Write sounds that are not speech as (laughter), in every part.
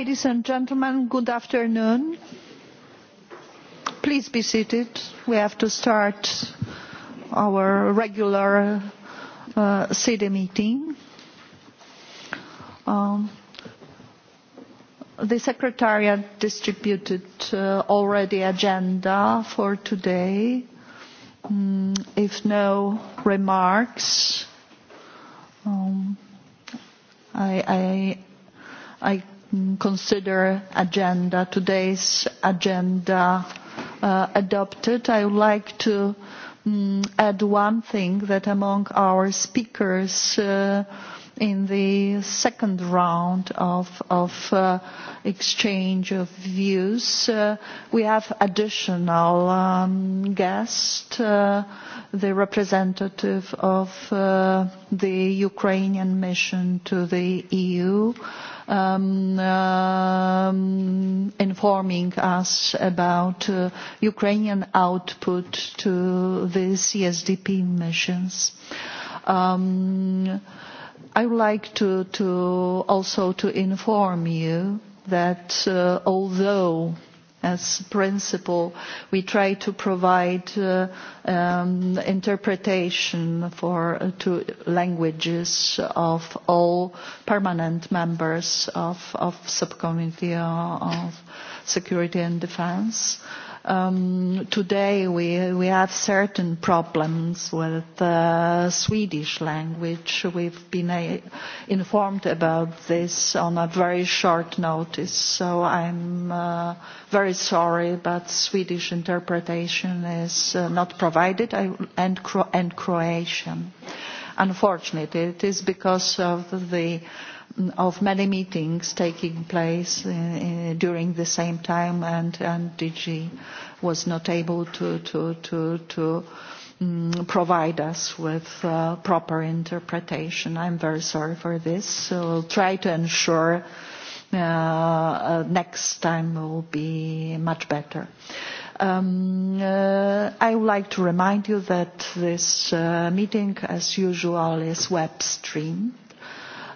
Ladies and gentlemen, good afternoon. Please be seated. We have to start our regular uh, city meeting. Um, the Secretariat distributed uh, already agenda for today. Mm, if no remarks, um, I, I, I Mm, consider agenda, today's agenda uh, adopted. I would like to um, add one thing that among our speakers uh, in the second round of, of uh, exchange of views. Uh, we have additional um, guest, uh, the representative of uh, the Ukrainian mission to the EU. Uh, um, um, informing us about uh, Ukrainian output to the CSDP missions. Um, I would like to, to also to inform you that uh, although as principle. We try to provide uh, um, interpretation for uh, to languages of all permanent members of, of subcommittee of security and defense. Uh, um, today we, we have certain problems with the uh, Swedish language. We've been a, informed about this on a very short notice, so I'm uh, very sorry, but Swedish interpretation is uh, not provided, I, and, Cro and Croatian. Unfortunately, it is because of the of many meetings taking place uh, uh, during the same time and, and DG was not able to, to, to, to um, provide us with uh, proper interpretation. I'm very sorry for this. So we'll try to ensure uh, uh, next time will be much better. Um, uh, I would like to remind you that this uh, meeting, as usual, is web streamed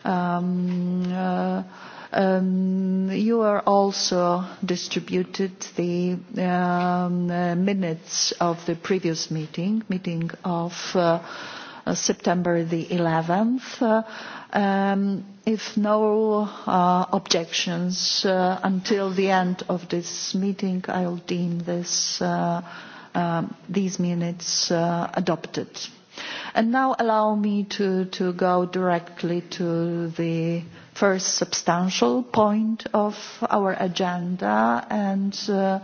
Um, uh, um, you are also distributed the um, uh, minutes of the previous meeting, meeting of uh, uh, September the 11th. Uh, um, if no uh, objections uh, until the end of this meeting, I'll deem this, uh, uh, these minutes uh, adopted. And now allow me to, to go directly to the first substantial point of our agenda and uh,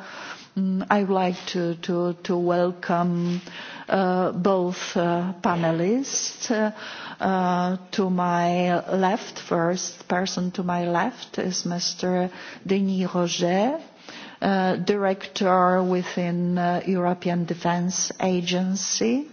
mm, I would like to, to, to welcome uh, both uh, panelists. Uh, uh, to my left, first person to my left is Mr. Denis Roger, uh, director within uh, European Defence Agency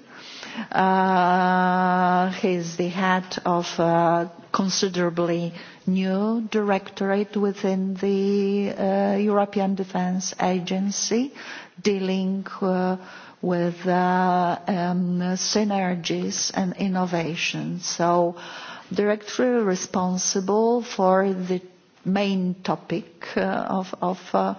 Uh, he's the head of a considerably new directorate within the uh, European Defence Agency dealing uh, with uh, um, synergies and innovation. So directly responsible for the main topic uh, of, of uh,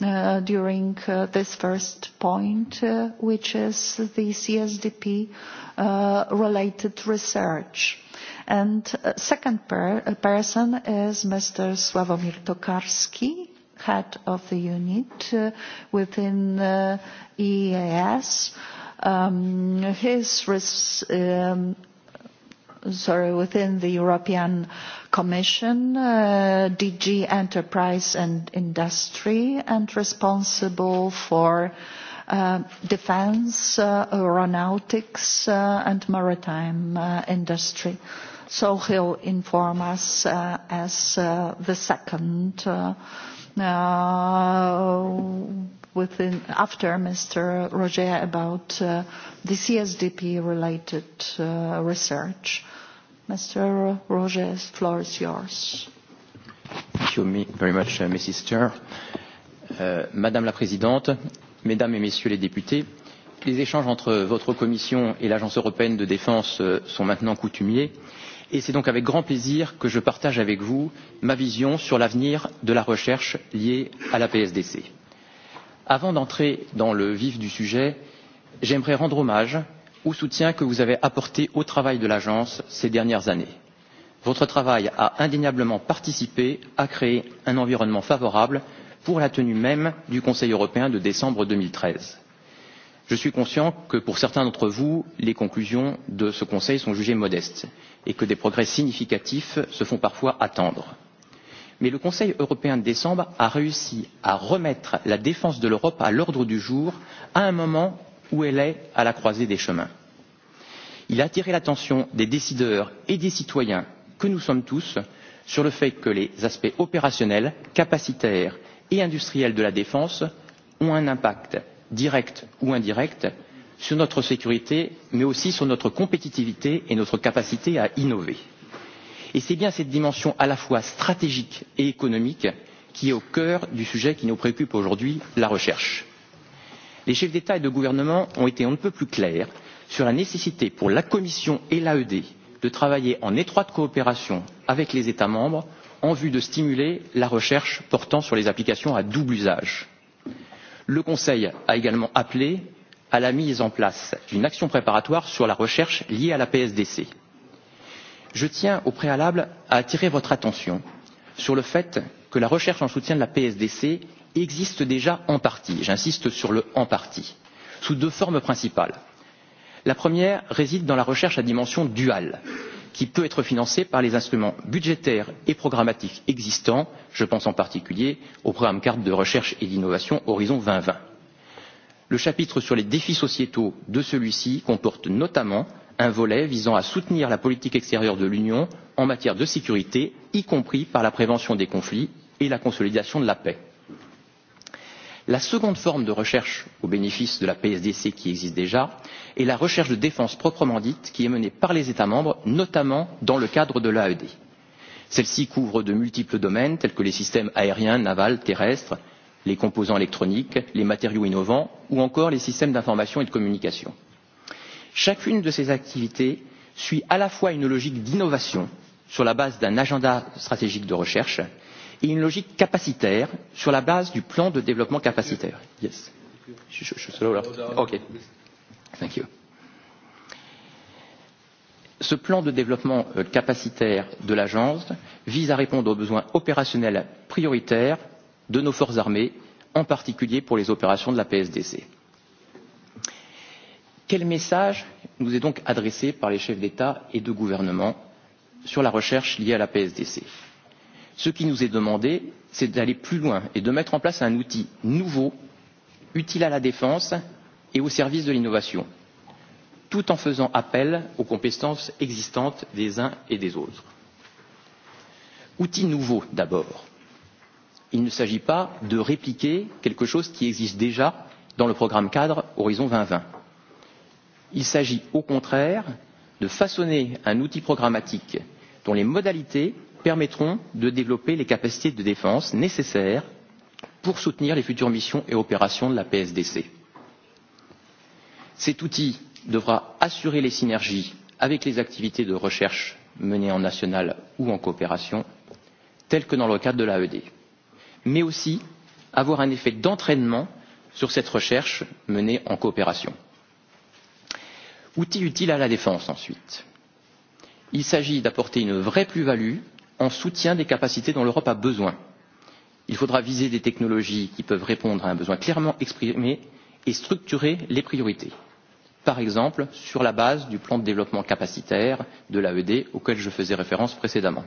uh, during uh, this first point, uh, which is the CSDP uh, related research. And uh, second per uh, person is Mr. Sławomir Tokarski, head of the unit uh, within uh, EAS. Um, his res um, sorry, within the European Commission, uh, DG Enterprise and Industry, and responsible for uh, defense, uh, aeronautics, uh, and maritime uh, industry. So he'll inform us uh, as uh, the second uh, uh, within, after Mr. Roger about uh, the CSDP-related uh, research. Mr. Roger, the floor is yours. Thank you very much, uh, Mrs. Chair. Uh, Madame la Présidente, Mesdames et Messieurs les députés, les échanges entre votre Commission et l'Agence européenne de défense euh, sont maintenant coutumiers et c'est donc avec grand plaisir que je partage avec vous ma vision sur l'avenir de la recherche liée à la PSDC. Avant d'entrer dans le vif du sujet, j'aimerais rendre hommage au soutien que vous avez apporté au travail de l'agence ces dernières années. Votre travail a indéniablement participé à créer un environnement favorable pour la tenue même du Conseil européen de décembre 2013. Je suis conscient que pour certains d'entre vous, les conclusions de ce Conseil sont jugées modestes et que des progrès significatifs se font parfois attendre mais le Conseil européen de décembre a réussi à remettre la défense de l'Europe à l'ordre du jour à un moment où elle est à la croisée des chemins. Il a attiré l'attention des décideurs et des citoyens que nous sommes tous sur le fait que les aspects opérationnels, capacitaires et industriels de la défense ont un impact direct ou indirect sur notre sécurité, mais aussi sur notre compétitivité et notre capacité à innover. Et c'est bien cette dimension à la fois stratégique et économique qui est au cœur du sujet qui nous préoccupe aujourd'hui, la recherche. Les chefs d'État et de gouvernement ont été on ne peut plus clairs sur la nécessité pour la Commission et l'AED de travailler en étroite coopération avec les États membres en vue de stimuler la recherche portant sur les applications à double usage. Le Conseil a également appelé à la mise en place d'une action préparatoire sur la recherche liée à la PSDC je tiens au préalable à attirer votre attention sur le fait que la recherche en soutien de la PSDC existe déjà en partie, j'insiste sur le en partie, sous deux formes principales. La première réside dans la recherche à dimension duale, qui peut être financée par les instruments budgétaires et programmatiques existants, je pense en particulier au programme carte de recherche et d'innovation Horizon 2020. Le chapitre sur les défis sociétaux de celui-ci comporte notamment un volet visant à soutenir la politique extérieure de l'Union en matière de sécurité, y compris par la prévention des conflits et la consolidation de la paix. La seconde forme de recherche au bénéfice de la PSDC qui existe déjà est la recherche de défense proprement dite qui est menée par les États membres, notamment dans le cadre de l'AED. Celle-ci couvre de multiples domaines tels que les systèmes aériens, navals, terrestres, les composants électroniques, les matériaux innovants ou encore les systèmes d'information et de communication. Chacune de ces activités suit à la fois une logique d'innovation sur la base d'un agenda stratégique de recherche et une logique capacitaire sur la base du plan de développement capacitaire. Yes. Okay. Thank you. Ce plan de développement euh, capacitaire de l'agence vise à répondre aux besoins opérationnels prioritaires de nos forces armées, en particulier pour les opérations de la PSDC. Quel message nous est donc adressé par les chefs d'État et de gouvernement sur la recherche liée à la PSDC Ce qui nous est demandé, c'est d'aller plus loin et de mettre en place un outil nouveau, utile à la défense et au service de l'innovation, tout en faisant appel aux compétences existantes des uns et des autres. Outil nouveau d'abord. Il ne s'agit pas de répliquer quelque chose qui existe déjà dans le programme cadre Horizon 2020. Il s'agit au contraire de façonner un outil programmatique dont les modalités permettront de développer les capacités de défense nécessaires pour soutenir les futures missions et opérations de la PSDC. Cet outil devra assurer les synergies avec les activités de recherche menées en national ou en coopération, telles que dans le cadre de l'AED, mais aussi avoir un effet d'entraînement sur cette recherche menée en coopération. Outils utile à la défense ensuite. Il s'agit d'apporter une vraie plus-value en soutien des capacités dont l'Europe a besoin. Il faudra viser des technologies qui peuvent répondre à un besoin clairement exprimé et structurer les priorités. Par exemple, sur la base du plan de développement capacitaire de l'AED auquel je faisais référence précédemment.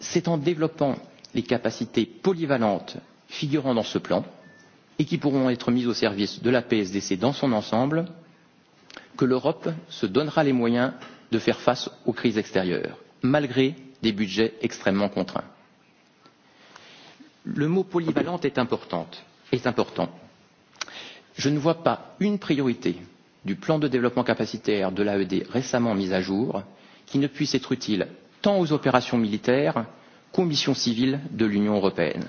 C'est en développant les capacités polyvalentes figurant dans ce plan et qui pourront être mises au service de la PSDC dans son ensemble, que l'Europe se donnera les moyens de faire face aux crises extérieures, malgré des budgets extrêmement contraints. Le mot polyvalente est, importante, est important. Je ne vois pas une priorité du plan de développement capacitaire de l'AED récemment mis à jour qui ne puisse être utile tant aux opérations militaires qu'aux missions civiles de l'Union européenne.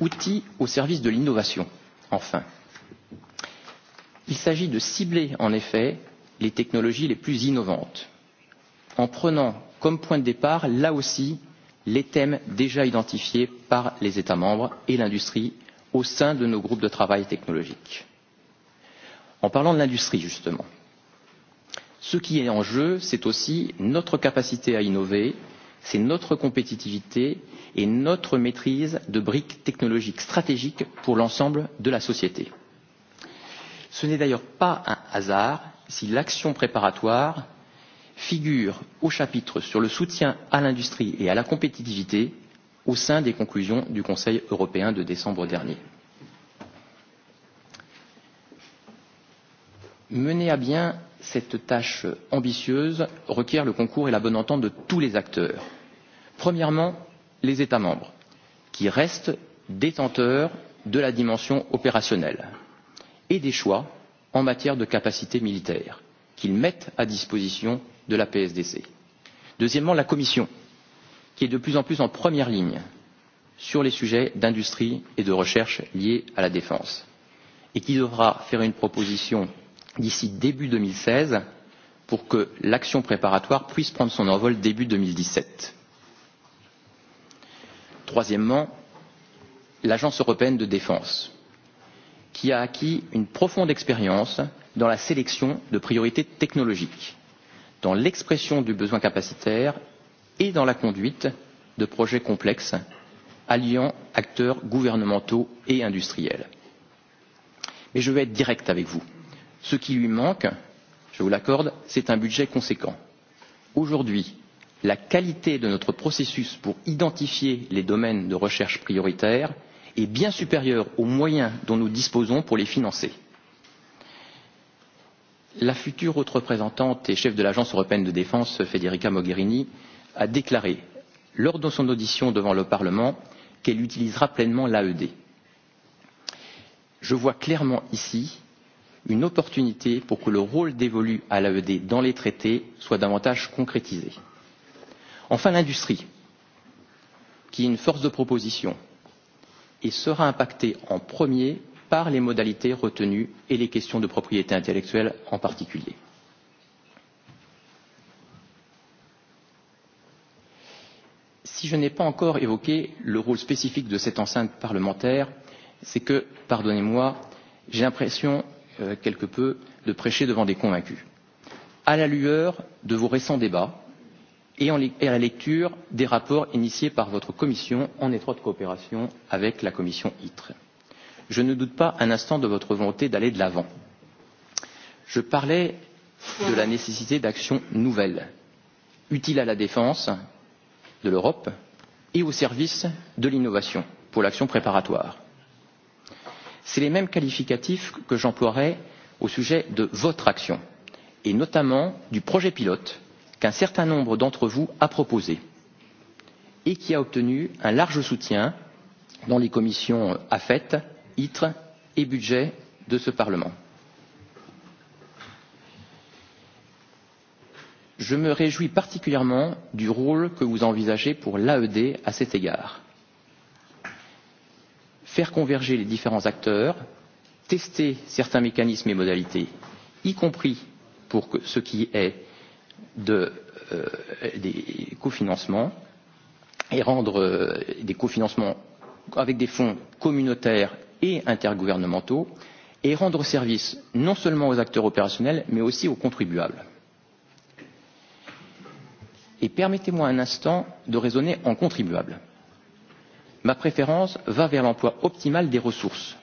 outils au service de l'innovation. Enfin, il s'agit de cibler en effet les technologies les plus innovantes, en prenant comme point de départ, là aussi, les thèmes déjà identifiés par les États membres et l'industrie au sein de nos groupes de travail technologiques. En parlant de l'industrie, justement, ce qui est en jeu, c'est aussi notre capacité à innover, c'est notre compétitivité et notre maîtrise de briques technologiques stratégiques pour l'ensemble de la société. Ce n'est d'ailleurs pas un hasard si l'action préparatoire figure au chapitre sur le soutien à l'industrie et à la compétitivité au sein des conclusions du Conseil européen de décembre dernier. Mener à bien cette tâche ambitieuse requiert le concours et la bonne entente de tous les acteurs. Premièrement, les États membres, qui restent détenteurs de la dimension opérationnelle et des choix en matière de capacité militaire qu'ils mettent à disposition de la PSDC. Deuxièmement, la Commission, qui est de plus en plus en première ligne sur les sujets d'industrie et de recherche liés à la défense, et qui devra faire une proposition d'ici début 2016 pour que l'action préparatoire puisse prendre son envol début 2017. Troisièmement, l'Agence européenne de défense, qui a acquis une profonde expérience dans la sélection de priorités technologiques, dans l'expression du besoin capacitaire et dans la conduite de projets complexes alliant acteurs gouvernementaux et industriels. Mais je vais être direct avec vous. Ce qui lui manque, je vous l'accorde, c'est un budget conséquent. Aujourd'hui, la qualité de notre processus pour identifier les domaines de recherche prioritaires est bien supérieure aux moyens dont nous disposons pour les financer. La future haute représentante et chef de l'Agence européenne de défense, Federica Mogherini, a déclaré lors de son audition devant le Parlement qu'elle utilisera pleinement l'AED. Je vois clairement ici une opportunité pour que le rôle dévolu à l'AED dans les traités soit davantage concrétisé. Enfin, l'industrie, qui est une force de proposition et sera impactée en premier par les modalités retenues et les questions de propriété intellectuelle en particulier. Si je n'ai pas encore évoqué le rôle spécifique de cette enceinte parlementaire, c'est que, pardonnez-moi, j'ai l'impression euh, quelque peu de prêcher devant des convaincus. À la lueur de vos récents débats, et, en, et à la lecture des rapports initiés par votre commission en étroite coopération avec la commission ITRE. Je ne doute pas un instant de votre volonté d'aller de l'avant. Je parlais de la nécessité d'actions nouvelles, utiles à la défense de l'Europe et au service de l'innovation pour l'action préparatoire. C'est les mêmes qualificatifs que j'emploierai au sujet de votre action et notamment du projet pilote qu'un certain nombre d'entre vous a proposé et qui a obtenu un large soutien dans les commissions AFET, ITRE et Budget de ce Parlement. Je me réjouis particulièrement du rôle que vous envisagez pour l'AED à cet égard. Faire converger les différents acteurs, tester certains mécanismes et modalités, y compris pour ce qui est de, euh, des cofinancements et rendre euh, des cofinancements avec des fonds communautaires et intergouvernementaux et rendre service non seulement aux acteurs opérationnels mais aussi aux contribuables. Et permettez-moi un instant de raisonner en contribuable. Ma préférence va vers l'emploi optimal des ressources,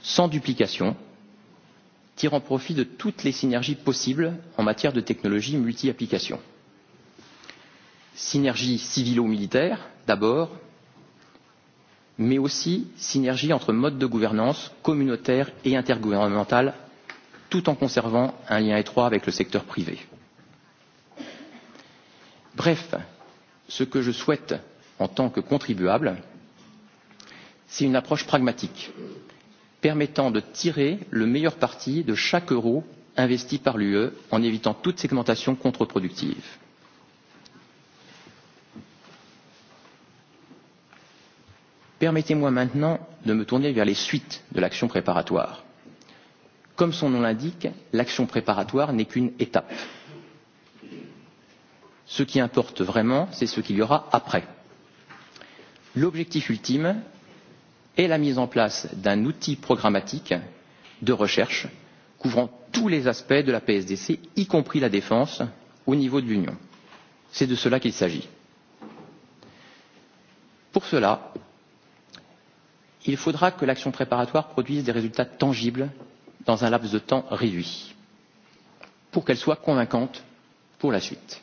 sans duplication, tirant profit de toutes les synergies possibles en matière de technologies multi-applications. Synergie civilo-militaire, d'abord, mais aussi synergie entre modes de gouvernance communautaire et intergouvernementale, tout en conservant un lien étroit avec le secteur privé. Bref, ce que je souhaite en tant que contribuable, c'est une approche pragmatique permettant de tirer le meilleur parti de chaque euro investi par l'UE en évitant toute segmentation contre-productive. Permettez-moi maintenant de me tourner vers les suites de l'action préparatoire. Comme son nom l'indique, l'action préparatoire n'est qu'une étape. Ce qui importe vraiment, c'est ce qu'il y aura après. L'objectif ultime, et la mise en place d'un outil programmatique de recherche couvrant tous les aspects de la PSDC, y compris la défense, au niveau de l'Union. C'est de cela qu'il s'agit. Pour cela, il faudra que l'action préparatoire produise des résultats tangibles dans un laps de temps réduit, pour qu'elle soit convaincante pour la suite.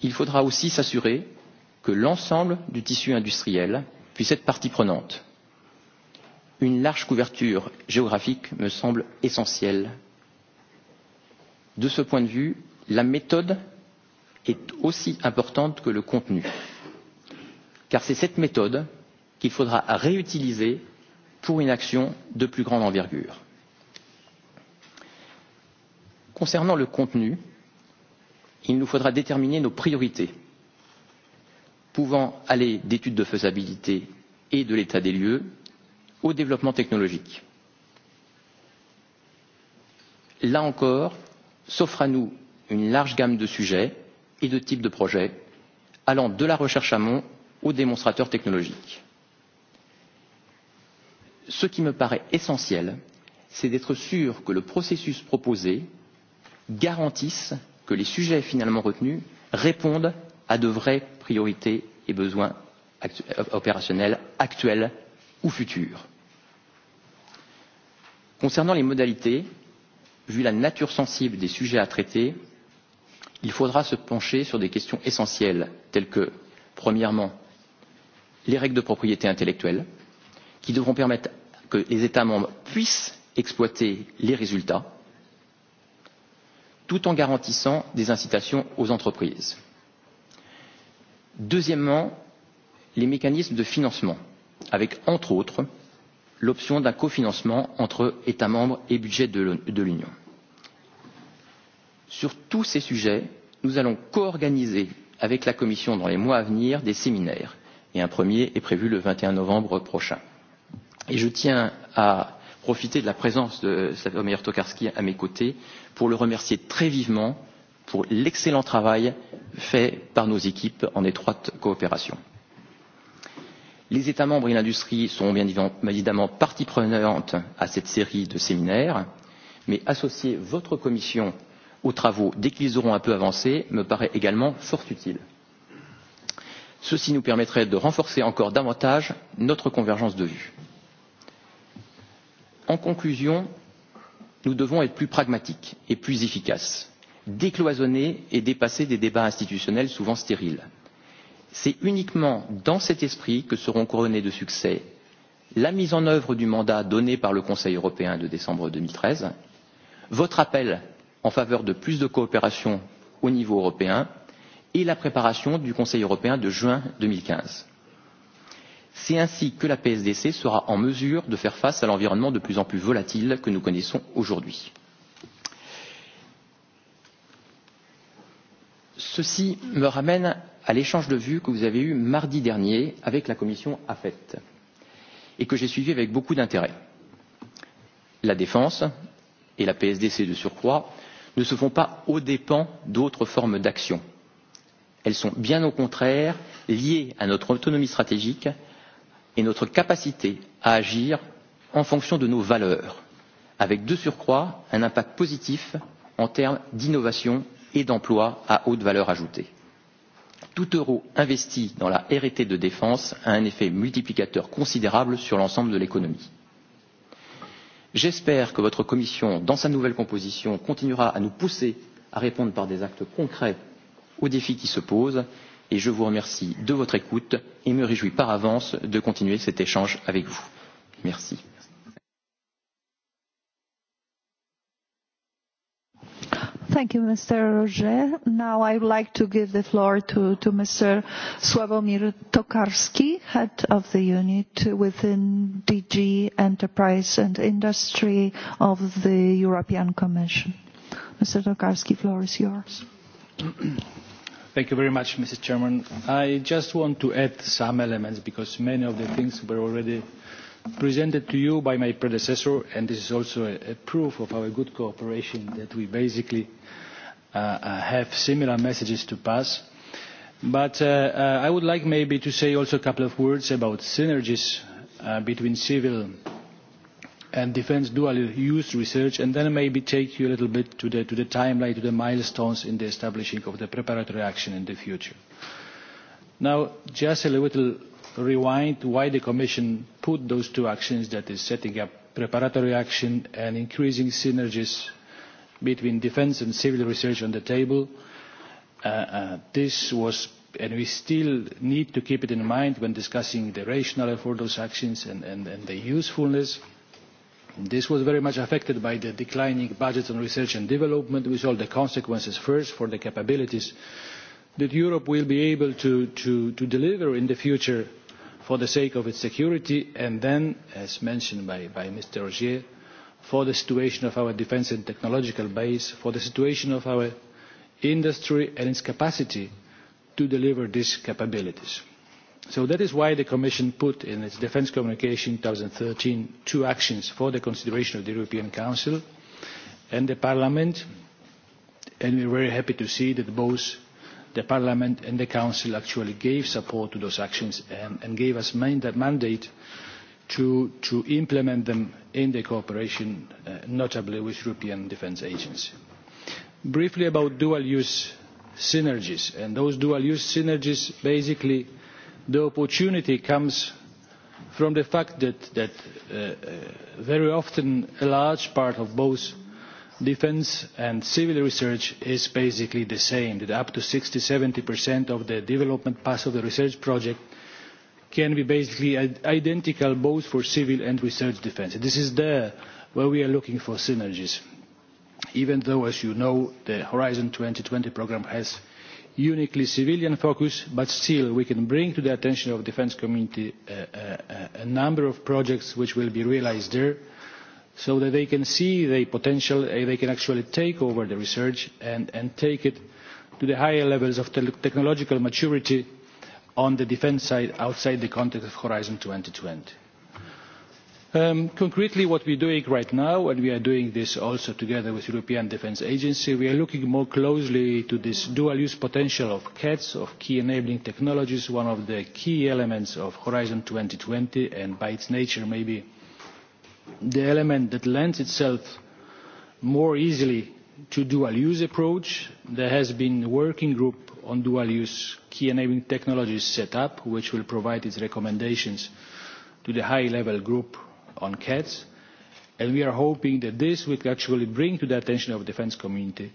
Il faudra aussi s'assurer que l'ensemble du tissu industriel puisse être partie prenante. Une large couverture géographique me semble essentielle. De ce point de vue, la méthode est aussi importante que le contenu, car c'est cette méthode qu'il faudra réutiliser pour une action de plus grande envergure. Concernant le contenu, il nous faudra déterminer nos priorités pouvant aller d'études de faisabilité et de l'état des lieux au développement technologique. Là encore, s'offre à nous une large gamme de sujets et de types de projets allant de la recherche amont aux démonstrateurs technologiques. Ce qui me paraît essentiel, c'est d'être sûr que le processus proposé garantisse que les sujets finalement retenus répondent à de vraies priorités et besoins euh, opérationnels actuels ou futurs. Concernant les modalités, vu la nature sensible des sujets à traiter, il faudra se pencher sur des questions essentielles telles que, premièrement, les règles de propriété intellectuelle, qui devront permettre que les États membres puissent exploiter les résultats, tout en garantissant des incitations aux entreprises. Deuxièmement, les mécanismes de financement, avec entre autres l'option d'un cofinancement entre États membres et budget de l'Union. Sur tous ces sujets, nous allons co-organiser avec la Commission dans les mois à venir des séminaires et un premier est prévu le 21 novembre prochain. Et je tiens à profiter de la présence de Slavomir Tokarski à mes côtés pour le remercier très vivement pour l'excellent travail fait par nos équipes en étroite coopération. Les États membres et l'industrie sont bien évidemment partie prenante à cette série de séminaires, mais associer votre commission aux travaux dès qu'ils auront un peu avancé me paraît également fort utile. Ceci nous permettrait de renforcer encore davantage notre convergence de vues. En conclusion, nous devons être plus pragmatiques et plus efficaces décloisonner et dépasser des débats institutionnels souvent stériles. C'est uniquement dans cet esprit que seront couronnés de succès la mise en œuvre du mandat donné par le Conseil européen de décembre 2013, votre appel en faveur de plus de coopération au niveau européen et la préparation du Conseil européen de juin 2015. C'est ainsi que la PSDC sera en mesure de faire face à l'environnement de plus en plus volatile que nous connaissons aujourd'hui. Ceci me ramène à l'échange de vues que vous avez eu mardi dernier avec la commission AFET et que j'ai suivi avec beaucoup d'intérêt. La défense et la PSDC de surcroît ne se font pas aux dépens d'autres formes d'action. Elles sont bien au contraire liées à notre autonomie stratégique et notre capacité à agir en fonction de nos valeurs, avec de surcroît un impact positif en termes d'innovation et d'emplois à haute valeur ajoutée. Tout euro investi dans la RT de défense a un effet multiplicateur considérable sur l'ensemble de l'économie. J'espère que votre commission, dans sa nouvelle composition, continuera à nous pousser à répondre par des actes concrets aux défis qui se posent et je vous remercie de votre écoute et me réjouis par avance de continuer cet échange avec vous. Merci. Thank you, Mr. Roger. Now I would like to give the floor to, to Mr. Sławomir Tokarski, head of the unit within DG Enterprise and Industry of the European Commission. Mr. Tokarski, floor is yours. (clears throat) Thank you very much, Mr. Chairman. I just want to add some elements because many of the things were already presented to you by my predecessor, and this is also a, a proof of our good cooperation that we basically uh, uh, have similar messages to pass. But uh, uh, I would like maybe to say also a couple of words about synergies uh, between civil and defense dual use research and then maybe take you a little bit to the, to the timeline, to the milestones in the establishing of the preparatory action in the future. Now, just a little rewind why the Commission put those two actions, that is setting up preparatory action and increasing synergies between defence and civil research on the table. Uh, uh, this was, and we still need to keep it in mind when discussing the rationale for those actions and, and, and the usefulness. This was very much affected by the declining budgets on research and development with all the consequences first for the capabilities that Europe will be able to, to, to deliver in the future for the sake of its security, and then, as mentioned by, by Mr. Roger, for the situation of our defense and technological base, for the situation of our industry and its capacity to deliver these capabilities. So that is why the Commission put in its Defence Communication 2013 two actions for the consideration of the European Council and the Parliament, and we are very happy to see that both the Parliament and the Council actually gave support to those actions and, and gave us main, mandate to, to implement them in the cooperation, uh, notably with European Defence Agency. Briefly about dual-use synergies, and those dual-use synergies, basically, the opportunity comes from the fact that, that uh, uh, very often a large part of both defense and civil research is basically the same, that up to 60-70% of the development path of the research project can be basically identical both for civil and research defense. This is there where we are looking for synergies, even though, as you know, the Horizon 2020 program has uniquely civilian focus, but still we can bring to the attention of the defense community a, a, a number of projects which will be realized there so that they can see the potential, uh, they can actually take over the research and, and take it to the higher levels of te technological maturity on the defence side outside the context of Horizon 2020. Um, concretely, what we're doing right now, and we are doing this also together with European Defence Agency, we are looking more closely to this dual-use potential of CATS, of key enabling technologies, one of the key elements of Horizon 2020, and by its nature maybe the element that lends itself more easily to dual use approach. There has been a working group on dual use key enabling technologies set up, which will provide its recommendations to the high level group on CATS. And we are hoping that this will actually bring to the attention of the defense community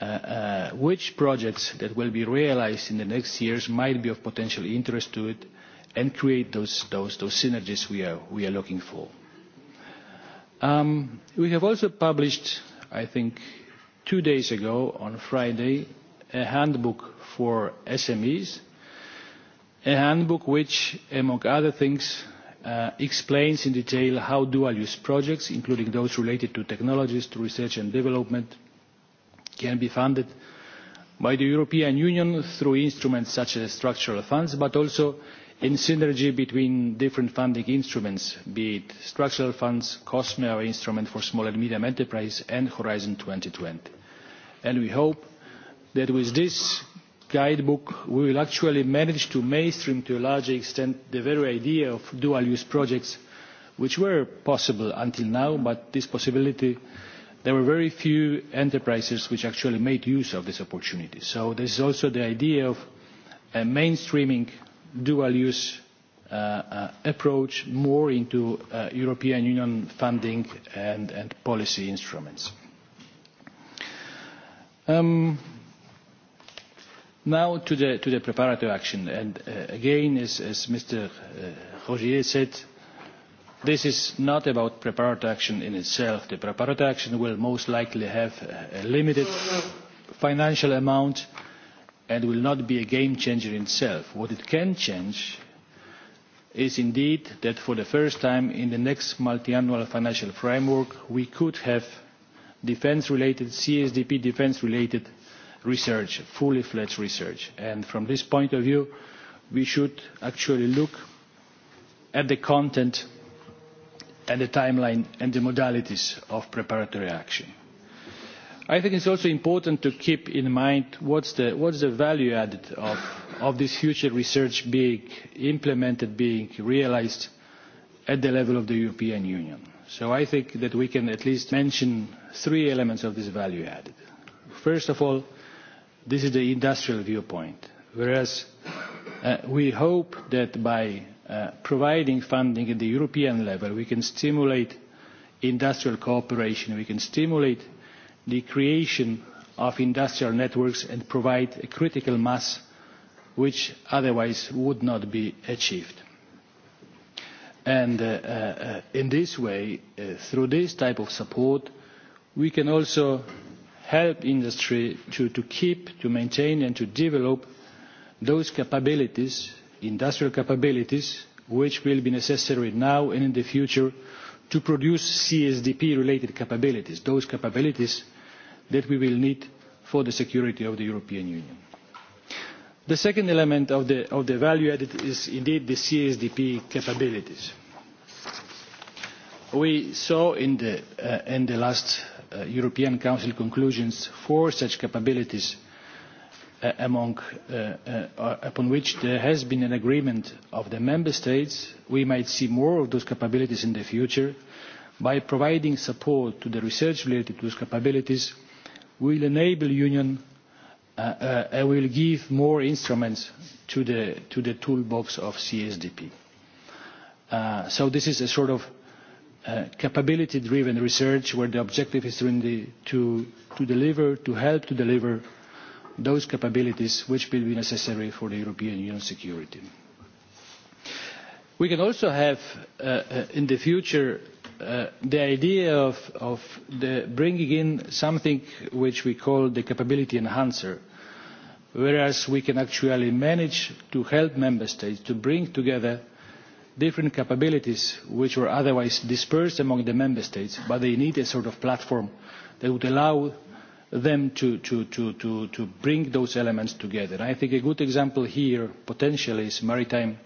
uh, uh, which projects that will be realized in the next years might be of potential interest to it and create those, those, those synergies we are, we are looking for. Um, we have also published, I think, two days ago on Friday, a handbook for SMEs, a handbook which, among other things, uh, explains in detail how dual-use projects, including those related to technologies, to research and development, can be funded by the European Union through instruments such as structural funds, but also in synergy between different funding instruments, be it structural funds, COSME, our instrument for small and medium enterprise, and Horizon 2020. And we hope that with this guidebook, we will actually manage to mainstream to a larger extent the very idea of dual-use projects, which were possible until now, but this possibility, there were very few enterprises which actually made use of this opportunity. So this is also the idea of a uh, mainstreaming dual-use uh, uh, approach more into uh, European Union funding and, and policy instruments. Um, now to the, to the preparatory action. And uh, again, as, as Mr. Uh, Rogier said, this is not about preparatory action in itself. The preparatory action will most likely have a limited financial amount and will not be a game changer in itself. What it can change is indeed that for the first time in the next multiannual financial framework we could have defence related CSDP defence related research, fully fledged research. And from this point of view we should actually look at the content and the timeline and the modalities of preparatory action. I think it's also important to keep in mind what's the, what's the value added of, of this future research being implemented, being realized at the level of the European Union. So I think that we can at least mention three elements of this value added. First of all, this is the industrial viewpoint, whereas uh, we hope that by uh, providing funding at the European level, we can stimulate industrial cooperation, we can stimulate the creation of industrial networks and provide a critical mass which otherwise would not be achieved. And uh, uh, in this way, uh, through this type of support, we can also help industry to, to keep, to maintain and to develop those capabilities, industrial capabilities, which will be necessary now and in the future to produce CSDP-related capabilities, those capabilities that we will need for the security of the European Union. The second element of the, of the value added is indeed the CSDP capabilities. We saw in the, uh, in the last uh, European Council conclusions four such capabilities uh, among, uh, uh, uh, upon which there has been an agreement of the Member States. We might see more of those capabilities in the future by providing support to the research related to those capabilities – will enable union uh, uh, and will give more instruments to the, to the toolbox of CSDP. Uh, so this is a sort of uh, capability-driven research where the objective is really to, to deliver, to help to deliver those capabilities which will be necessary for the European Union security. We can also have uh, uh in the future Uh, the idea of, of the bringing in something which we call the capability enhancer, whereas we can actually manage to help member states to bring together different capabilities which were otherwise dispersed among the member states, but they need a sort of platform that would allow them to, to, to, to, to bring those elements together. I think a good example here potentially is maritime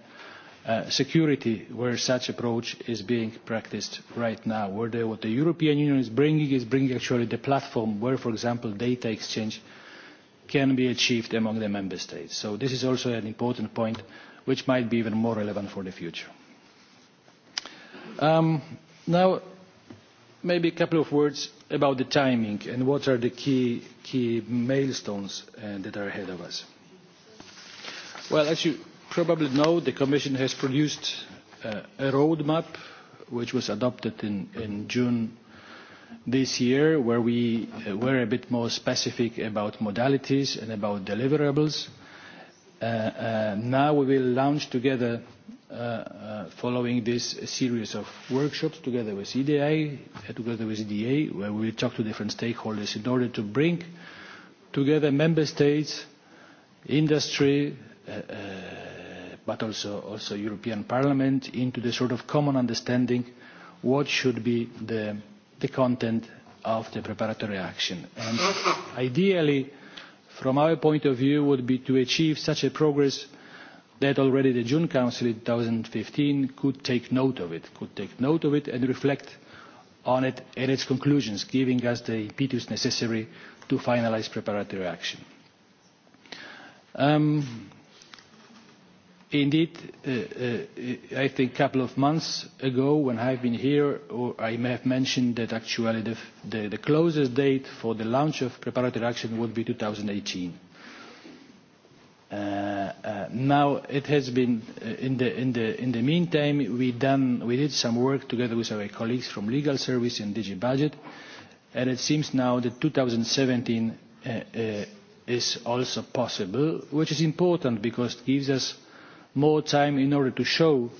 Uh, security where such approach is being practiced right now, where the, what the European Union is bringing is bringing actually the platform where, for example, data exchange can be achieved among the member states. So this is also an important point which might be even more relevant for the future. Um, now, maybe a couple of words about the timing and what are the key, key milestones uh, that are ahead of us. Well, as you probably know, the Commission has produced uh, a roadmap which was adopted in, in June this year, where we uh, were a bit more specific about modalities and about deliverables. Uh, uh, now we will launch together, uh, uh, following this series of workshops together with EDA, uh, together with EDA, where we will talk to different stakeholders in order to bring together member states, industry, uh, uh, but also, also European Parliament into the sort of common understanding what should be the, the content of the preparatory action. And ideally, from our point of view, would be to achieve such a progress that already the June Council in 2015 could take note of it, could take note of it and reflect on it and its conclusions, giving us the impetus necessary to finalize preparatory action. Um, Indeed, uh, uh, I think a couple of months ago when I've been here, or I may have mentioned that actually the, the, the closest date for the launch of preparatory action would be 2018. Uh, uh, now it has been uh, in the in the in the meantime we done we did some work together with our colleagues from legal service and DG budget and it seems now that 2017 uh, uh, is also possible which is important because it gives us more time in order to show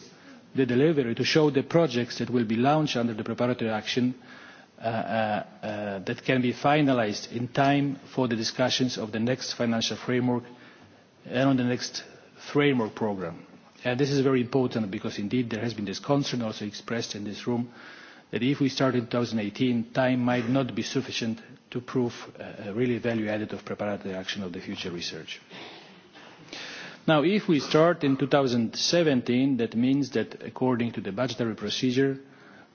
the delivery, to show the projects that will be launched under the preparatory action uh, uh, uh that can be finalized in time for the discussions of the next financial framework and on the next framework program. And uh, this is very important because indeed there has been this concern also expressed in this room that if we start in 2018, time might not be sufficient to prove uh, really value added of preparatory action of the future research. Now, if we start in 2017, that means that according to the budgetary procedure,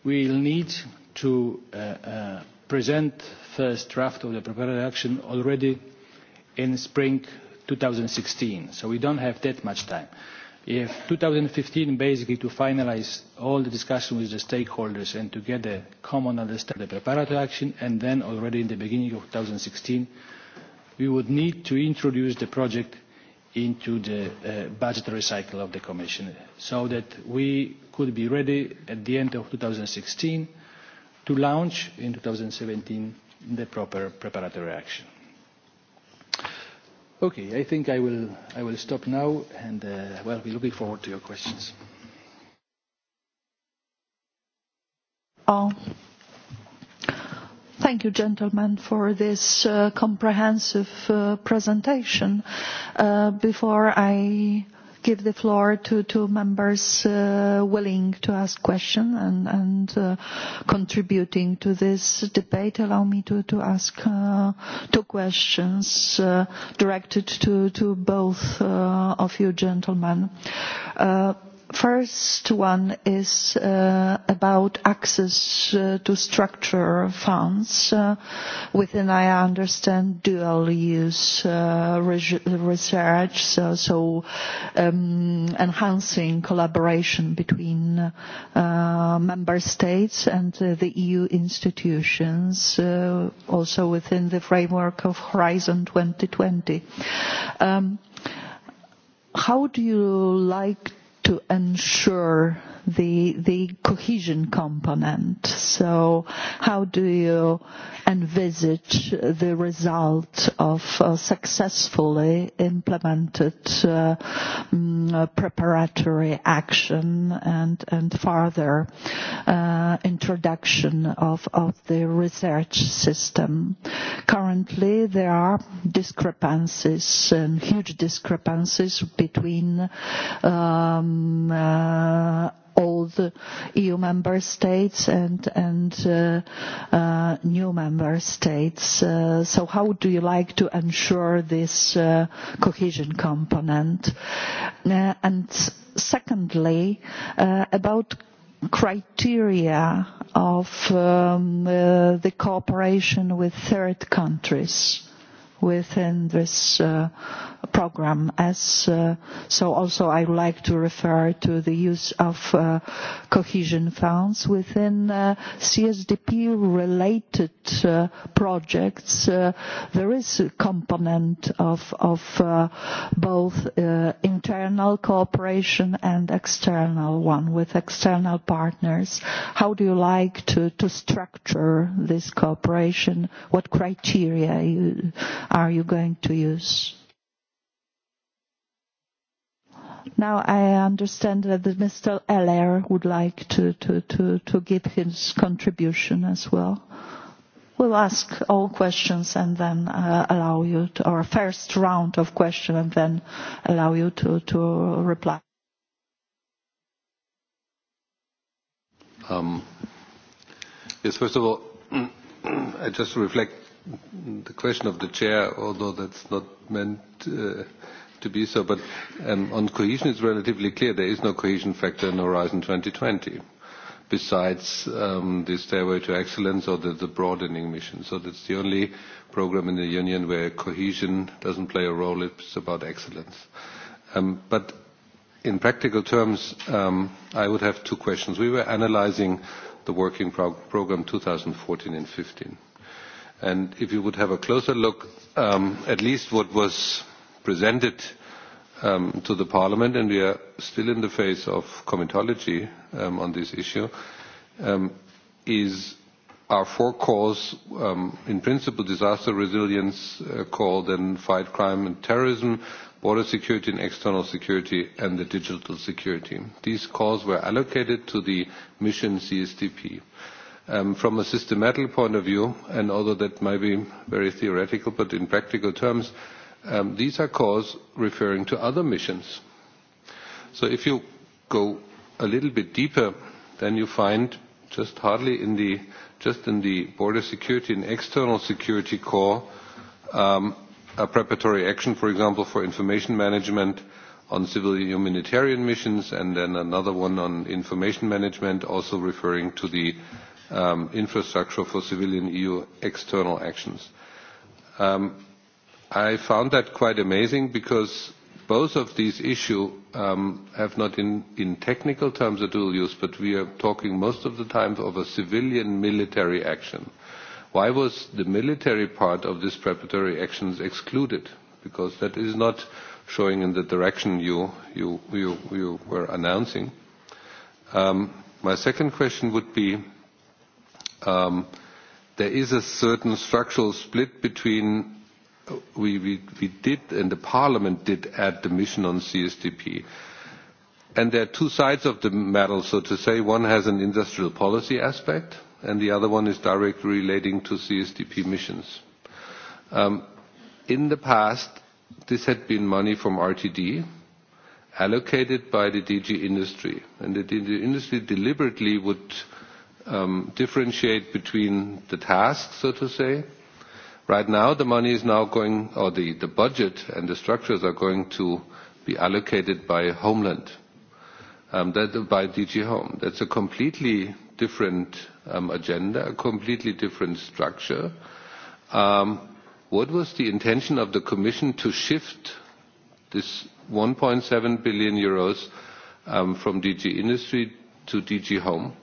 we will need to uh, uh, present first draft of the preparatory action already in spring 2016. So we don't have that much time. If 2015, basically to finalize all the discussion with the stakeholders and to get a common understanding of the preparatory action, and then already in the beginning of 2016, we would need to introduce the project into the uh, budgetary cycle of the Commission so that we could be ready at the end of 2016 to launch in 2017 the proper preparatory action. Okay, I think I will, I will stop now and, uh, well, we're looking forward to your questions. Oh. Thank you, gentlemen, for this uh, comprehensive uh, presentation. Uh, before I give the floor to two members uh, willing to ask questions and, and uh, contributing to this debate. Allow me to, to ask uh, two questions uh, directed to, to both uh, of you gentlemen. Uh, First one is uh, about access uh, to structure funds uh, within, I understand, dual use uh, research, so, so um, enhancing collaboration between uh, member states and uh, the EU institutions, uh, also within the framework of Horizon 2020. Um, how do you like to ensure the, the cohesion component. So how do you envisage the result of uh, successfully implemented uh, um, uh, preparatory action and, and further uh, introduction of, of the research system? Currently there are discrepancies and huge discrepancies between um, uh, all the EU member states and, and uh, uh, new member states. Uh, so how do you like to ensure this uh, cohesion component? Uh, and secondly, uh, about criteria of um, uh, the cooperation with third countries within this uh, program. As uh, so, also I would like to refer to the use of uh, cohesion funds within uh, CSDP-related uh, projects. Uh, there is a component of of uh, both uh, internal cooperation and external one with external partners. How do you like to to structure this cooperation? What criteria you, are you going to use? Now I understand that Mr. Eller would like to, to, to, to give his contribution as well. We'll ask all questions and then uh, allow you to, or first round of questions and then allow you to, to reply. Um, yes, first of all, (clears throat) I just reflect the question of the chair, although that's not meant uh, to be so, but um, on cohesion it's relatively clear there is no cohesion factor in Horizon 2020 besides um, the Stairway to Excellence or the, the broadening mission. So that's the only program in the Union where cohesion doesn't play a role, it's about excellence. Um, but in practical terms, um, I would have two questions. We were analyzing the working prog program 2014 and 15 And if you would have a closer look, um, at least what was presented um, to the Parliament, and we are still in the phase of comitology um, on this issue, um, is our four calls, um, in principle, disaster resilience uh, call, then fight crime and terrorism, border security and external security, and the digital security. These calls were allocated to the mission CSDP. Um, from a systematic point of view, and although that might be very theoretical, but in practical terms, um, these are calls referring to other missions. So if you go a little bit deeper, then you find just hardly in the just in the border security and external security core um, a preparatory action, for example, for information management on civil humanitarian missions, and then another one on information management, also referring to the um, infrastructure for civilian EU external actions. Um, I found that quite amazing because both of these issues um, have not in, in technical terms a dual use, but we are talking most of the time of a civilian military action. Why was the military part of this preparatory actions excluded? Because that is not showing in the direction you, you, you, you were announcing. Um, my second question would be, um, there is a certain structural split between uh, we, we, we did and the parliament did add the mission on CSDP. And there are two sides of the medal, so to say. One has an industrial policy aspect, and the other one is directly relating to CSDP missions. Um, in the past, this had been money from RTD, allocated by the DG industry. And the DG industry deliberately would um, differentiate between the tasks, so to say. Right now, the money is now going, or the, the budget and the structures are going to be allocated by Homeland, um, that, by DG Home. That's a completely different um, agenda, a completely different structure. Um, what was the intention of the Commission to shift this 1.7 billion euros um, from DG Industry to DG Home?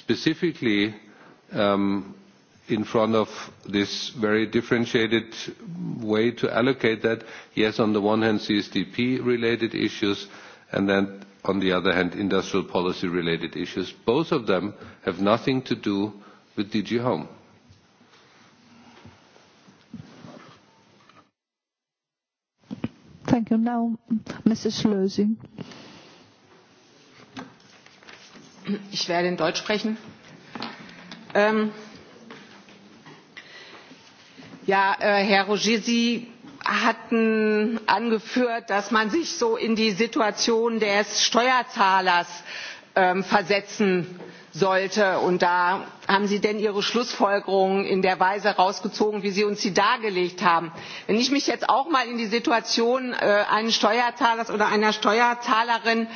specifically um, in front of this very differentiated way to allocate that. Yes, on the one hand, CSDP-related issues, and then on the other hand, industrial policy-related issues. Both of them have nothing to do with DG Home. Thank you. Now, Mrs. Lösing. Ich werde in Deutsch sprechen. Ähm ja, äh, Herr Roger, Sie hatten angeführt, dass man sich so in die Situation des Steuerzahlers ähm, versetzen äh, sollte. Und da haben Sie denn Ihre Schlussfolgerungen in der Weise rausgezogen, wie Sie uns sie dargelegt haben. Wenn ich mich jetzt auch mal in die Situation äh, eines Steuerzahlers oder einer Steuerzahlerin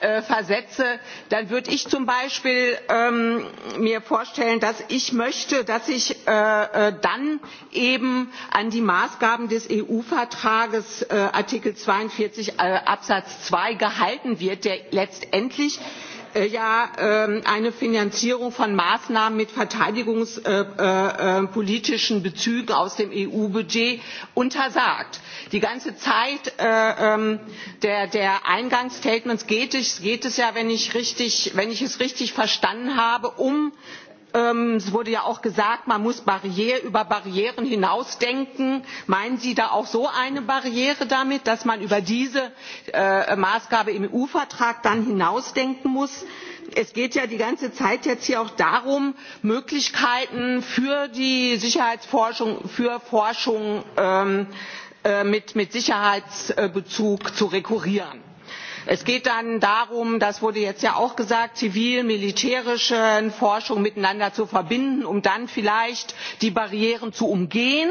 äh, versetze, dann würde ich zum Beispiel ähm, mir vorstellen, dass ich möchte, dass ich äh, äh dann eben an die Maßgaben des EU-Vertrages äh, Artikel 42 äh, Absatz 2 gehalten wird, der letztendlich äh, Äh, ja ähm, eine Finanzierung von Maßnahmen mit verteidigungspolitischen Bezügen aus dem EU-Budget untersagt. Die ganze Zeit äh, ähm, der, der Eingangsstatements geht es, geht es ja, wenn ich, richtig, wenn ich es richtig verstanden habe, um ähm, es wurde ja auch gesagt, man muss Barriere, über Barrieren hinausdenken. Meinen Sie da auch so eine Barriere damit, dass man über diese äh, Maßgabe im EU-Vertrag dann hinausdenken muss? es geht ja die ganze Zeit jetzt hier auch darum, Möglichkeiten für die Sicherheitsforschung, für Forschung ähm, äh, mit, mit Sicherheitsbezug zu rekurrieren. Es geht dann darum, das wurde jetzt ja auch gesagt, zivil-militärische Forschung miteinander zu verbinden, um dann vielleicht die Barrieren zu umgehen.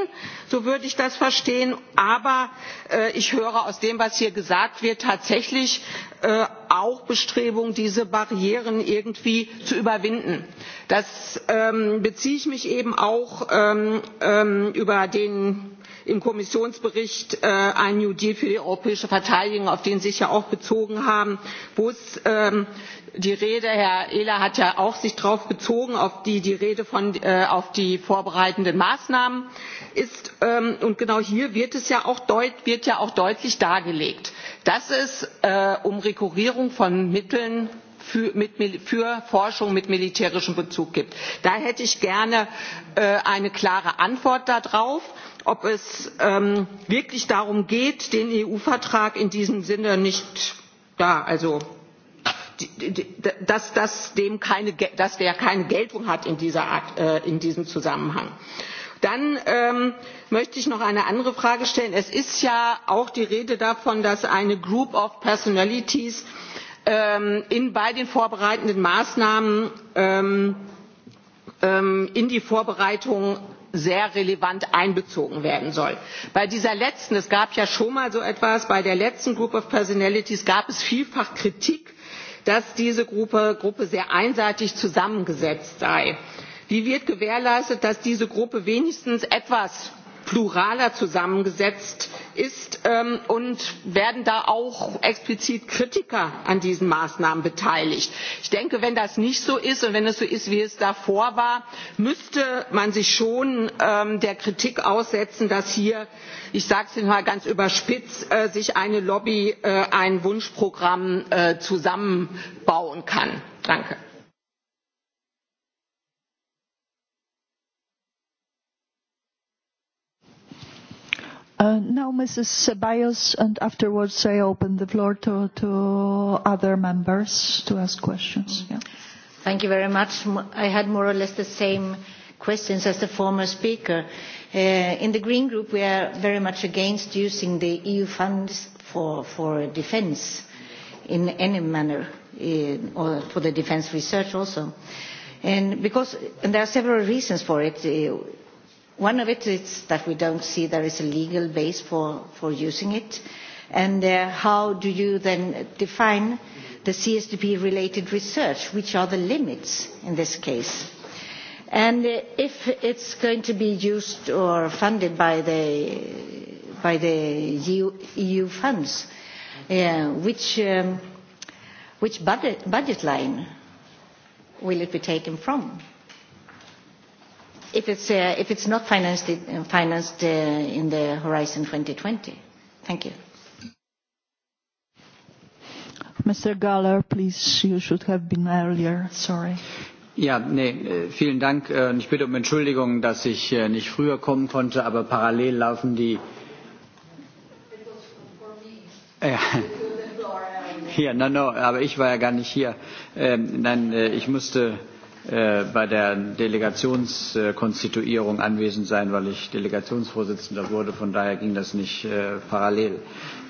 So würde ich das verstehen. Aber äh, ich höre aus dem, was hier gesagt wird, tatsächlich äh, auch Bestrebungen, diese Barrieren irgendwie zu überwinden. Das ähm, beziehe ich mich eben auch ähm, ähm, über den im kommissionsbericht äh, ein new deal für die europäische verteidigung auf den sie sich ja auch bezogen haben wo es ähm, die rede herr ehler hat ja auch sich darauf bezogen auf die, die rede von äh, auf die vorbereitenden maßnahmen ist ähm, und genau hier wird es ja auch, deut, wird ja auch deutlich dargelegt dass es äh, um rekurrierung von mitteln für, mit, für Forschung mit militärischem Bezug gibt. Da hätte ich gerne äh, eine klare Antwort darauf ob es ähm, wirklich darum geht, den EU-Vertrag in diesem Sinne nicht, da also, dass, dass, dem keine, dass der keine Geltung hat in, dieser Art, äh, in diesem Zusammenhang. Dann ähm, möchte ich noch eine andere Frage stellen. Es ist ja auch die Rede davon, dass eine Group of Personalities ähm, in, bei den vorbereitenden Maßnahmen ähm, ähm, in die Vorbereitung sehr relevant einbezogen werden soll. Bei dieser letzten, es gab ja schon mal so etwas, bei der letzten Group of Personalities gab es vielfach Kritik, dass diese Gruppe, Gruppe sehr einseitig zusammengesetzt sei. Wie wird gewährleistet, dass diese Gruppe wenigstens etwas pluraler zusammengesetzt ist ähm, und werden da auch explizit Kritiker an diesen Maßnahmen beteiligt. Ich denke, wenn das nicht so ist und wenn es so ist, wie es davor war, müsste man sich schon ähm, der Kritik aussetzen, dass hier, ich sage es mal ganz überspitzt, äh, sich eine Lobby äh, ein Wunschprogramm äh, zusammenbauen kann. Danke. Uh, now, Mrs. Ceballos, and afterwards I open the floor to, to other members to ask questions. Yeah. Thank you very much. I had more or less the same questions as the former speaker. Uh, in the Green Group, we are very much against using the EU funds for, for defense in any manner, in, uh, or for the defense research also. And because and there are several reasons for it. Uh, One of it is that we don't see there is a legal base for, for using it. And uh, how do you then define the CSDP-related research? Which are the limits in this case? And uh, if it's going to be used or funded by the, by the EU, EU funds, uh, which, um, which budget, budget line will it be taken from? if it's, uh, if it's not financed, uh, financed uh, in the Horizon 2020? Thank you. Mr. Galler, please, you should have been earlier. Sorry. Ja, nee, äh, vielen Dank. Äh, ich bitte um Entschuldigung, dass ich äh, nicht früher kommen konnte, aber parallel laufen die. Ja. (laughs) Ja, no, no, aber ich war ja gar nicht hier. Ähm, nein, ich musste Äh, bei der Delegationskonstituierung anwesend sein, weil ich Delegationsvorsitzender wurde. Von daher ging das nicht äh, parallel.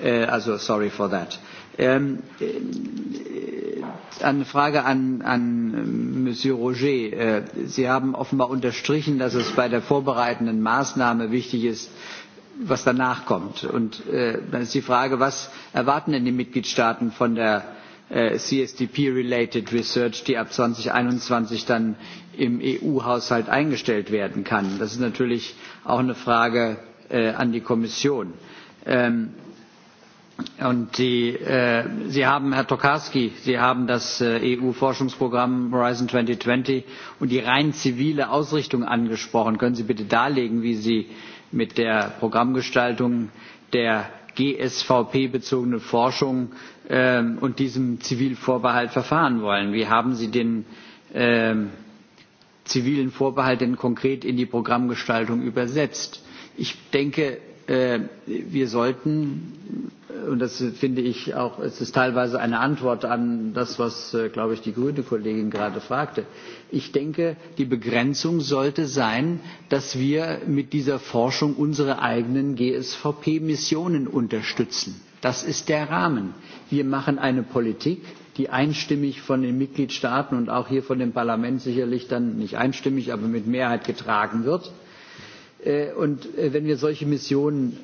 Äh, also sorry for that. Ähm, äh, eine Frage an, an Monsieur Roger. Äh, Sie haben offenbar unterstrichen, dass es bei der vorbereitenden Maßnahme wichtig ist, was danach kommt. Und äh, dann ist die Frage, was erwarten denn die Mitgliedstaaten von der Äh, CSDP-related Research, die ab 2021 dann im EU-Haushalt eingestellt werden kann. Das ist natürlich auch eine Frage äh, an die Kommission. Ähm, Und die, äh, Sie haben, Herr Tokarski, Sie haben das äh, EU-Forschungsprogramm Horizon 2020 und die rein zivile Ausrichtung angesprochen. Können Sie bitte darlegen, wie Sie mit der Programmgestaltung der GSVP bezogene Forschung ähm, und diesem Zivilvorbehalt verfahren wollen. Wie haben Sie den ähm, zivilen Vorbehalt denn konkret in die Programmgestaltung übersetzt? Ich denke, äh, wir sollten und das finde ich auch, es ist teilweise eine Antwort an das, was, äh, glaube ich, die grüne Kollegin gerade fragte. Ich denke, die Begrenzung sollte sein, dass wir mit dieser Forschung unsere eigenen GSVP-Missionen unterstützen. Das ist der Rahmen. Wir machen eine Politik, die einstimmig von den Mitgliedstaaten und auch hier von dem Parlament sicherlich dann nicht einstimmig, aber mit Mehrheit getragen wird. Äh, und äh, wenn wir solche Missionen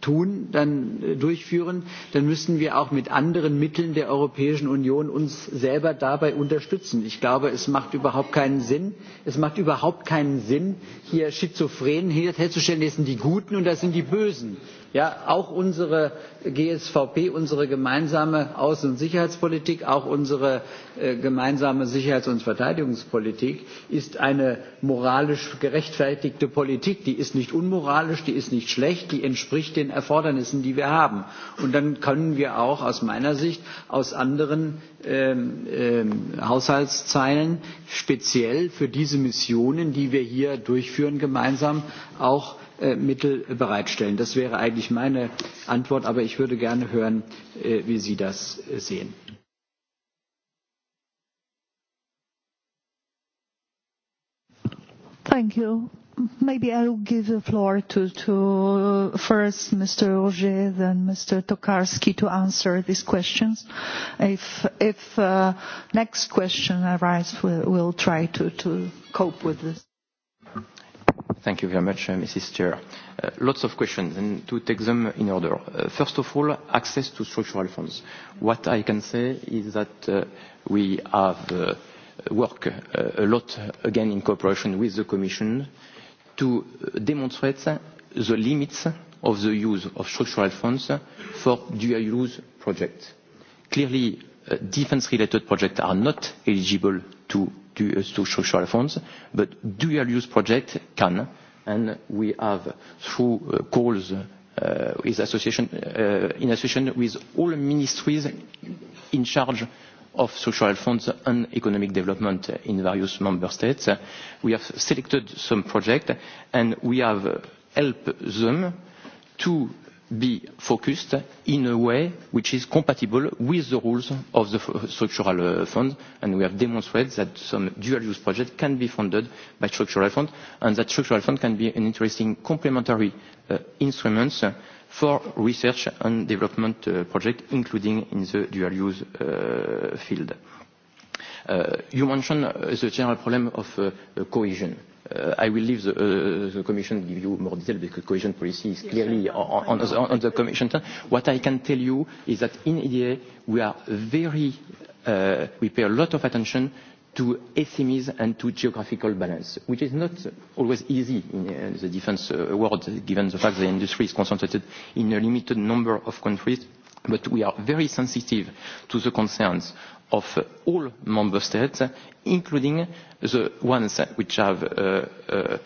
tun, dann äh, durchführen, dann müssen wir auch mit anderen Mitteln der Europäischen Union uns selber dabei unterstützen. Ich glaube, es macht überhaupt keinen Sinn, es macht überhaupt keinen Sinn, hier Schizophrenen herzustellen, das sind die Guten und das sind die Bösen. Ja, auch unsere GSVP, unsere gemeinsame Außen- und Sicherheitspolitik, auch unsere äh, gemeinsame Sicherheits- und Verteidigungspolitik ist eine moralisch gerechtfertigte Politik. Die ist nicht unmoralisch, die ist nicht schlecht, die entspricht den Erfordernissen, die wir haben. Und dann können wir auch aus meiner Sicht aus anderen ähm, ähm, Haushaltszeilen speziell für diese Missionen, die wir hier durchführen, gemeinsam auch Äh, Mittel bereitstellen. Das wäre eigentlich meine Antwort, aber ich würde gerne hören, äh, wie Sie das äh, sehen. Thank you. Maybe I'll give the floor to, to uh, first Mr. Roger, then Mr. Tokarski to answer these questions. If, if uh, next question arises, we'll, we'll try to, to cope with this. Thank you very much, uh, Mrs. Chair. Uh, lots of questions, and to take them in order. Uh, first of all, access to structural funds. What I can say is that uh, we have uh, worked uh, a lot, again, in cooperation with the Commission, to uh, demonstrate the limits of the use of structural funds for dual-use projects. Clearly, uh, defense-related projects are not eligible to to social uh, structural funds, but dual-use project can, and we have through uh, calls uh, with association, uh, in association with all ministries in charge of structural funds and economic development in various member states. We have selected some projects and we have uh, helped them to be focused in a way which is compatible with the rules of the uh, structural uh, fund and we have demonstrated that some dual use projects can be funded by structural fund and that structural fund can be an interesting complementary uh, instrument uh, for research and development uh, projects including in the dual use uh, field. Uh, you mentioned uh, the general problem of uh, uh cohesion. Uh, Uh, I will leave the, uh, the Commission give you more detail because cohesion policy is clearly on, on, on, on the Commission. What I can tell you is that in EDA we are very, uh, we pay a lot of attention to SMEs and to geographical balance, which is not always easy in uh, the defense uh, world, given the fact the industry is concentrated in a limited number of countries but we are very sensitive to the concerns of all member states, including the ones which have uh, uh,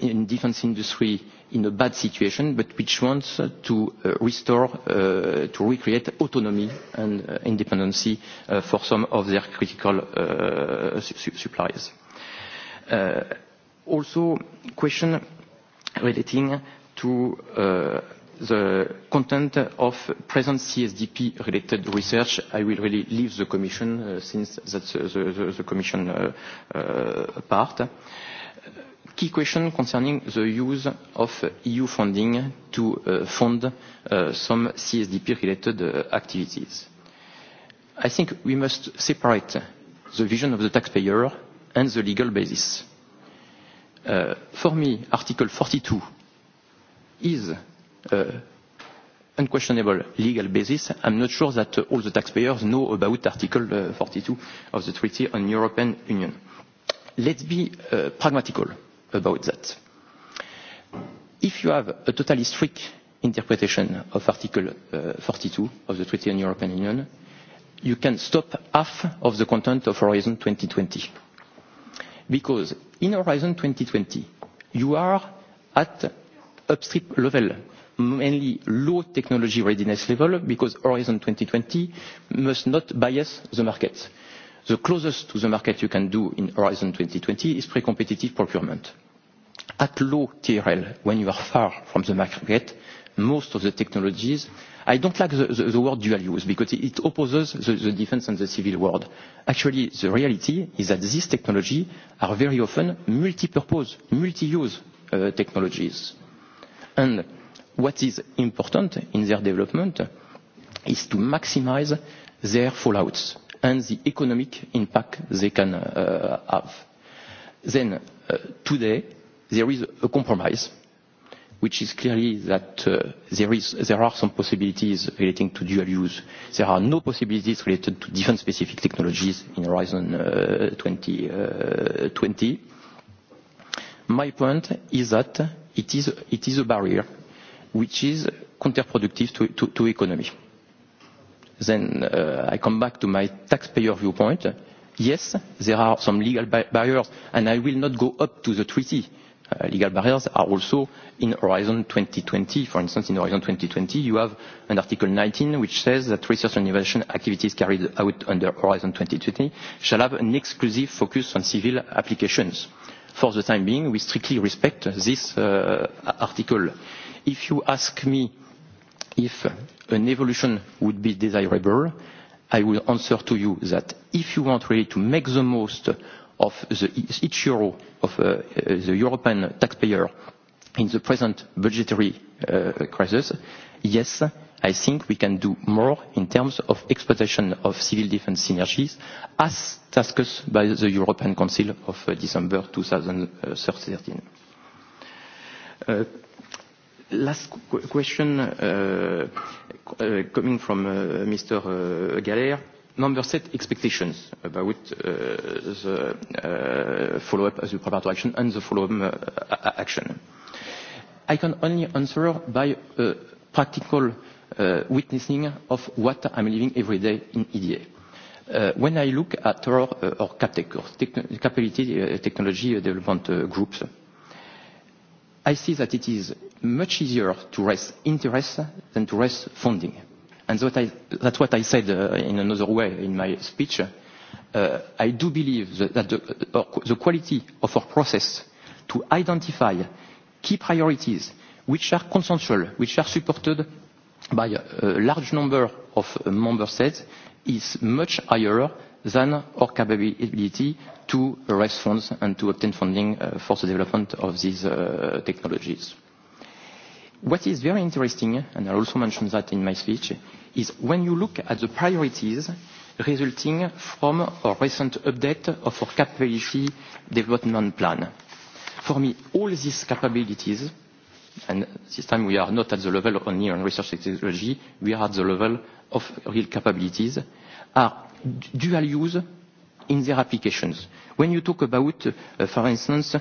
in defense industry in a bad situation, but which wants to uh, restore, uh, to recreate autonomy and uh, independency uh, for some of their critical uh, su suppliers. Uh, also, question relating to uh, the content of present CSDP related research, I will really leave the Commission uh, since that's uh, the, the, the Commission uh, uh, part. Key question concerning the use of EU funding to uh, fund uh, some CSDP related uh, activities. I think we must separate the vision of the taxpayer and the legal basis. Uh, for me, Article 42 is uh, unquestionable legal basis, I'm not sure that uh, all the taxpayers know about Article uh, 42 of the Treaty on European Union. Let's be uh, pragmatical about that. If you have a totally strict interpretation of Article uh, 42 of the Treaty on European Union, you can stop half of the content of Horizon 2020. Because in Horizon 2020, you are at upstream level mainly low technology readiness level because Horizon 2020 must not bias the market. The closest to the market you can do in Horizon 2020 is pre-competitive procurement. At low TRL, when you are far from the market, most of the technologies, I don't like the, the, the word dual use because it opposes the, the defense and the civil world. Actually, the reality is that these technologies are very often multi-purpose, multi-use uh, technologies. And what is important in their development is to maximize their fallouts and the economic impact they can uh, have. Then, uh, today, there is a compromise, which is clearly that uh, there, is, there are some possibilities relating to dual use. There are no possibilities related to different specific technologies in Horizon uh, 2020. Uh, 20. My point is that it is, it is a barrier which is counterproductive to, to, to economy. Then uh, I come back to my taxpayer viewpoint. Yes, there are some legal barriers, and I will not go up to the treaty. Uh, legal barriers are also in Horizon 2020. For instance, in Horizon 2020, you have an Article 19 which says that research and innovation activities carried out under Horizon 2020 shall have an exclusive focus on civil applications. For the time being, we strictly respect this uh, article if you ask me if an evolution would be desirable, I will answer to you that if you want really to make the most of the, e, each euro of uh, uh, the European taxpayer in the present budgetary uh, crisis, yes, I think we can do more in terms of exploitation of civil defense synergies as tasked by the European Council of uh, December 2013. Uh, Last qu question uh, uh, coming from uh, Mr. Uh, Galler. Number set expectations about uh, the uh, follow-up as the preparatory action and the follow-up uh, action. I can only answer by uh, practical uh, witnessing of what I'm living every day in EDA. Uh, when I look at our, uh, our capability uh, technology uh, development uh, groups, I see that it is much easier to raise interest than to raise funding. And that I, that's what I said uh, in another way in my speech. Uh, I do believe that, that the, uh, the quality of our process to identify key priorities which are consensual, which are supported by a large number of uh, member states is much higher than our capability to raise funds and to obtain funding uh, for the development of these uh, technologies. What is very interesting, and I also mentioned that in my speech, is when you look at the priorities resulting from our recent update of our capability development plan. For me, all these capabilities, and this time we are not at the level only on research technology, we are at the level of real capabilities, are dual use in their applications. When you talk about, uh, for instance, uh,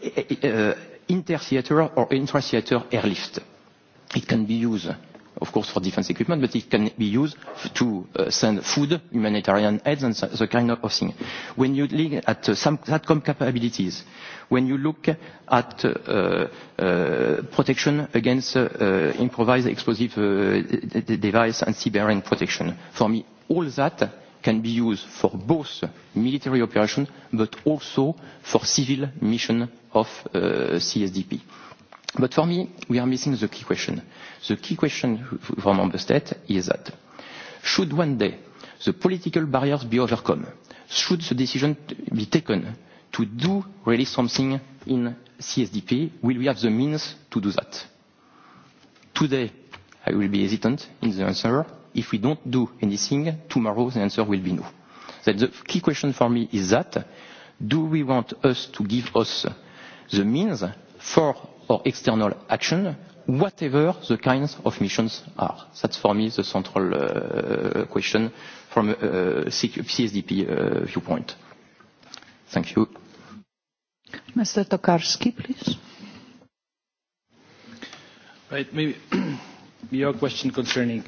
e, e, e, uh, inter-theater or intra-theater airlift, it can be used, of course, for defense equipment, but it can be used to uh, send food, humanitarian aids, and the kind of thing. When you look at uh, some SATCOM capabilities, when you look at uh, uh, protection against uh, uh improvised explosive uh, device and cyber protection, for me, all that can be used for both military operation but also for civil mission of uh, CSDP. But for me, we are missing the key question. The key question for member state is that should one day the political barriers be overcome, should the decision be taken to do really something in CSDP, will we have the means to do that? Today, I will be hesitant in the answer if we don't do anything, tomorrow the answer will be no. That the key question for me is that, do we want us to give us the means for our external action, whatever the kinds of missions are? That's for me the central uh, question from a uh, CSDP uh, viewpoint. Thank you. Mr. Tokarski, please. Right, maybe (clears throat) your question concerning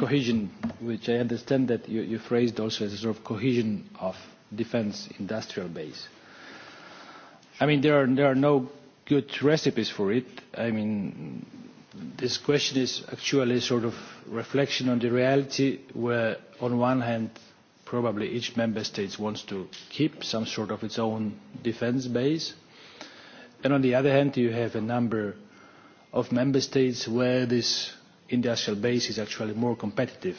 cohesion, which I understand that you, you phrased also as a sort of cohesion of defense industrial base. I mean, there are, there are no good recipes for it. I mean, this question is actually a sort of reflection on the reality where, on one hand, probably each member state wants to keep some sort of its own defense base. And on the other hand, you have a number of member states where this industrial base is actually more competitive.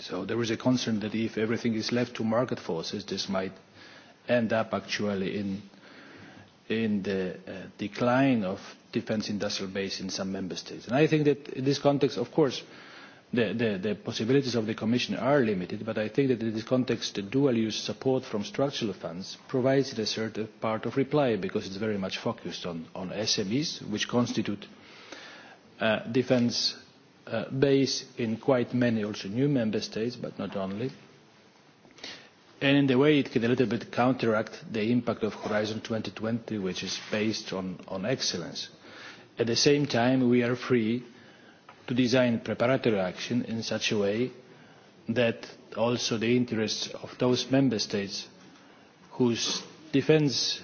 So there is a concern that if everything is left to market forces, this might end up actually in, in the uh, decline of defense industrial base in some member states. And I think that in this context, of course, the, the, the possibilities of the Commission are limited, but I think that in this context, the dual-use support from structural funds provides a certain part of reply because it's very much focused on, on SMEs, which constitute – uh, defence uh, base in quite many also new member states, but not only. And in the way it can a little bit counteract the impact of Horizon 2020, which is based on, on excellence. At the same time, we are free to design preparatory action in such a way that also the interests of those member states whose defence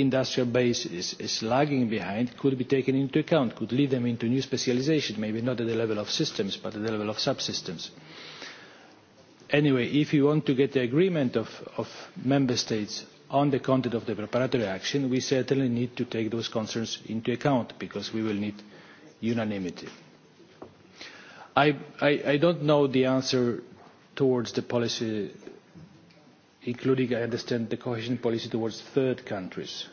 industrial base is, is lagging behind could be taken into account, could lead them into new specialization, maybe not at the level of systems, but at the level of subsystems. Anyway, if you want to get the agreement of, of member states on the content of the preparatory action, we certainly need to take those concerns into account because we will need unanimity. I, I, I don't know the answer towards the policy including, I understand, the cohesion policy towards third countries.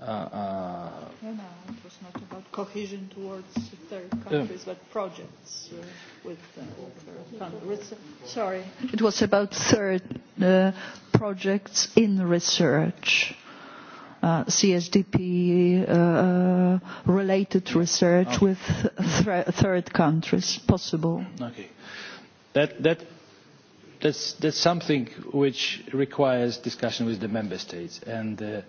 Uh, uh, no, no, it was not about cohesion towards third countries, uh, but projects uh, with uh, third countries. Sorry, it was about third uh, projects in research. Uh, CSDP uh, uh, related research okay. with th third countries possible. Okay. That, that that's, that's something which requires discussion with the member states. And uh,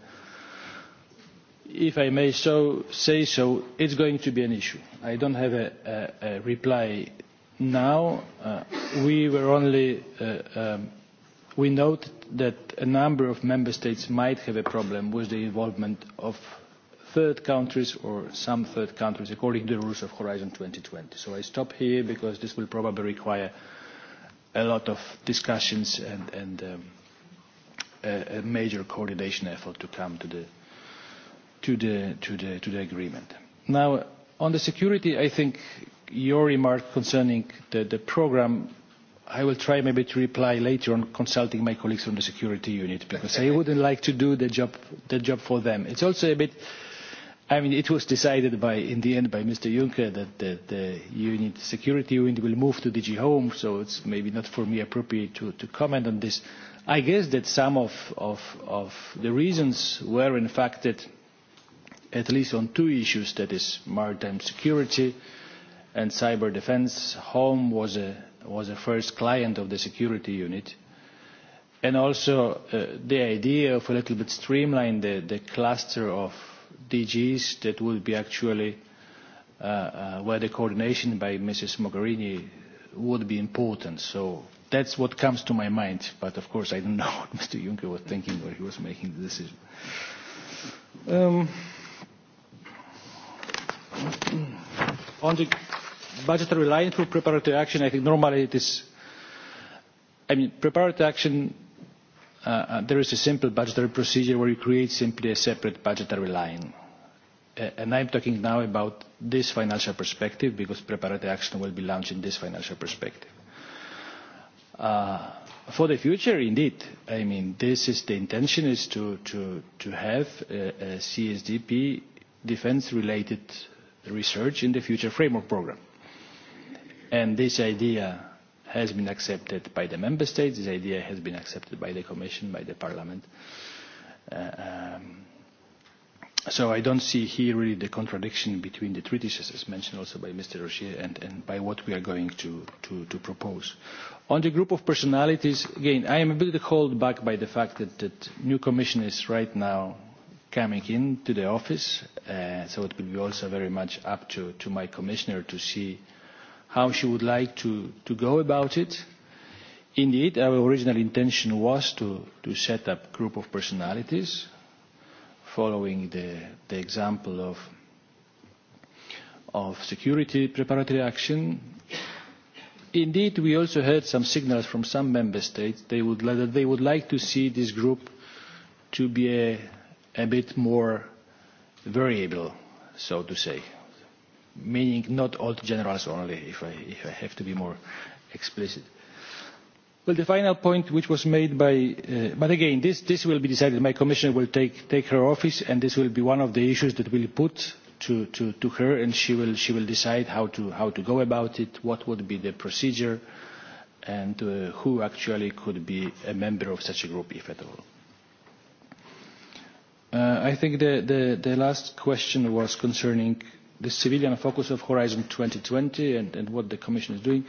if I may so, say so, it's going to be an issue. I don't have a, a, a reply now. Uh, we were only, uh, um, we note that a number of member states might have a problem with the involvement of third countries or some third countries according to the rules of Horizon 2020. So I stop here because this will probably require a lot of discussions and, and um, a, a major coordination effort to come to the, to the, to the, to the agreement. Now, on the security, I think your remark concerning the, the program, I will try maybe to reply later on consulting my colleagues from the security unit because I wouldn't like to do the job, the job for them. It's also a bit I mean, it was decided by, in the end by Mr. Juncker that the, the unit, security unit will move to DG Home, so it's maybe not for me appropriate to, to comment on this. I guess that some of, of, of the reasons were, in fact, that at least on two issues, that is maritime security and cyber defense, Home was a, was a first client of the security unit and also uh, the idea of a little bit streamline the, the cluster of DGs that will be actually uh, uh, where the coordination by Mrs. Mogherini would be important. So that's what comes to my mind. But of course, I don't (laughs) know what Mr. Juncker was thinking when he was making the decision. Um, on the budgetary line for preparatory action, I think normally it is, I mean, preparatory action Uh, uh, there is a simple budgetary procedure where you create simply a separate budgetary line. Uh, and I'm talking now about this financial perspective because preparatory action will be launched in this financial perspective. Uh, for the future, indeed, I mean, this is the intention is to, to, to have a, a CSDP defense-related research in the future framework program. And this idea has been accepted by the member states. This idea has been accepted by the Commission, by the Parliament. Uh, um, so I don't see here really the contradiction between the treaties, as mentioned also by Mr. Rocher, and, and by what we are going to, to, to propose. On the group of personalities, again, I am a bit held back by the fact that the new commission is right now coming in to the office, uh, so it will be also very much up to, to my commissioner to see uh, how she would like to, to go about it. Indeed, our original intention was to, to set up a group of personalities following the, the example of, of security preparatory action. Indeed, we also heard some signals from some member states they would, that they would like to see this group to be a, a bit more variable, so to say meaning not all generals only, if I, if I have to be more explicit. Well, the final point which was made by, uh, but again, this, this will be decided. My commissioner will take, take her office and this will be one of the issues that will put to, to, to her and she will, she will decide how to, how to go about it, what would be the procedure and uh, who actually could be a member of such a group, if at all. Uh, I think the, the, the last question was concerning the civilian focus of Horizon 2020 and, and what the Commission is doing.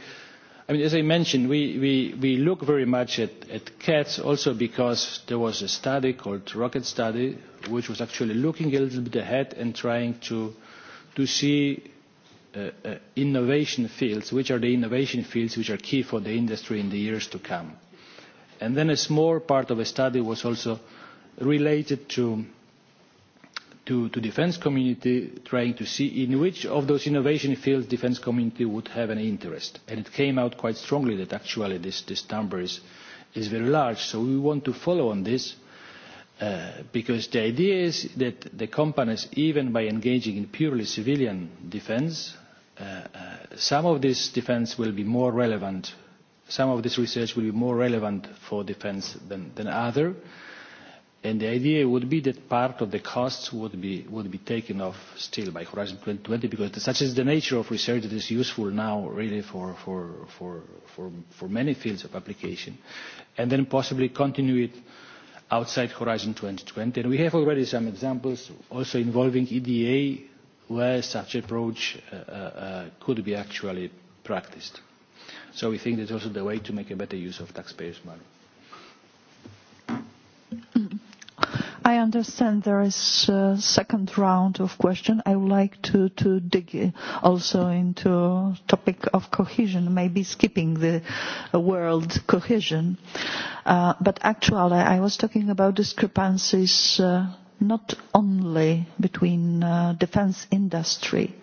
I mean, as I mentioned, we, we, we look very much at, at cats also because there was a study called Rocket Study, which was actually looking a little bit ahead and trying to, to see uh, uh, innovation fields, which are the innovation fields which are key for the industry in the years to come. And then a small part of a study was also related to to to defence community trying to see in which of those innovation fields the defence community would have an interest. And it came out quite strongly that actually this, this number is, is very large. So we want to follow on this uh, because the idea is that the companies, even by engaging in purely civilian defence, uh, uh, some of this defence will be more relevant, some of this research will be more relevant for defence than, than other. And the idea would be that part of the costs would be, would be taken off still by Horizon 2020 because such is the nature of research that is useful now really for, for, for, for, for many fields of application. And then possibly continue it outside Horizon 2020. And we have already some examples also involving EDA where such approach uh, uh, uh, could be actually practiced. So we think that's also the way to make a better use of taxpayers' money. understand there is a second round of question. I would like to, to dig also into topic of cohesion, maybe skipping the world cohesion. Uh, but actually, I was talking about discrepancies uh, not only between uh, defense industry,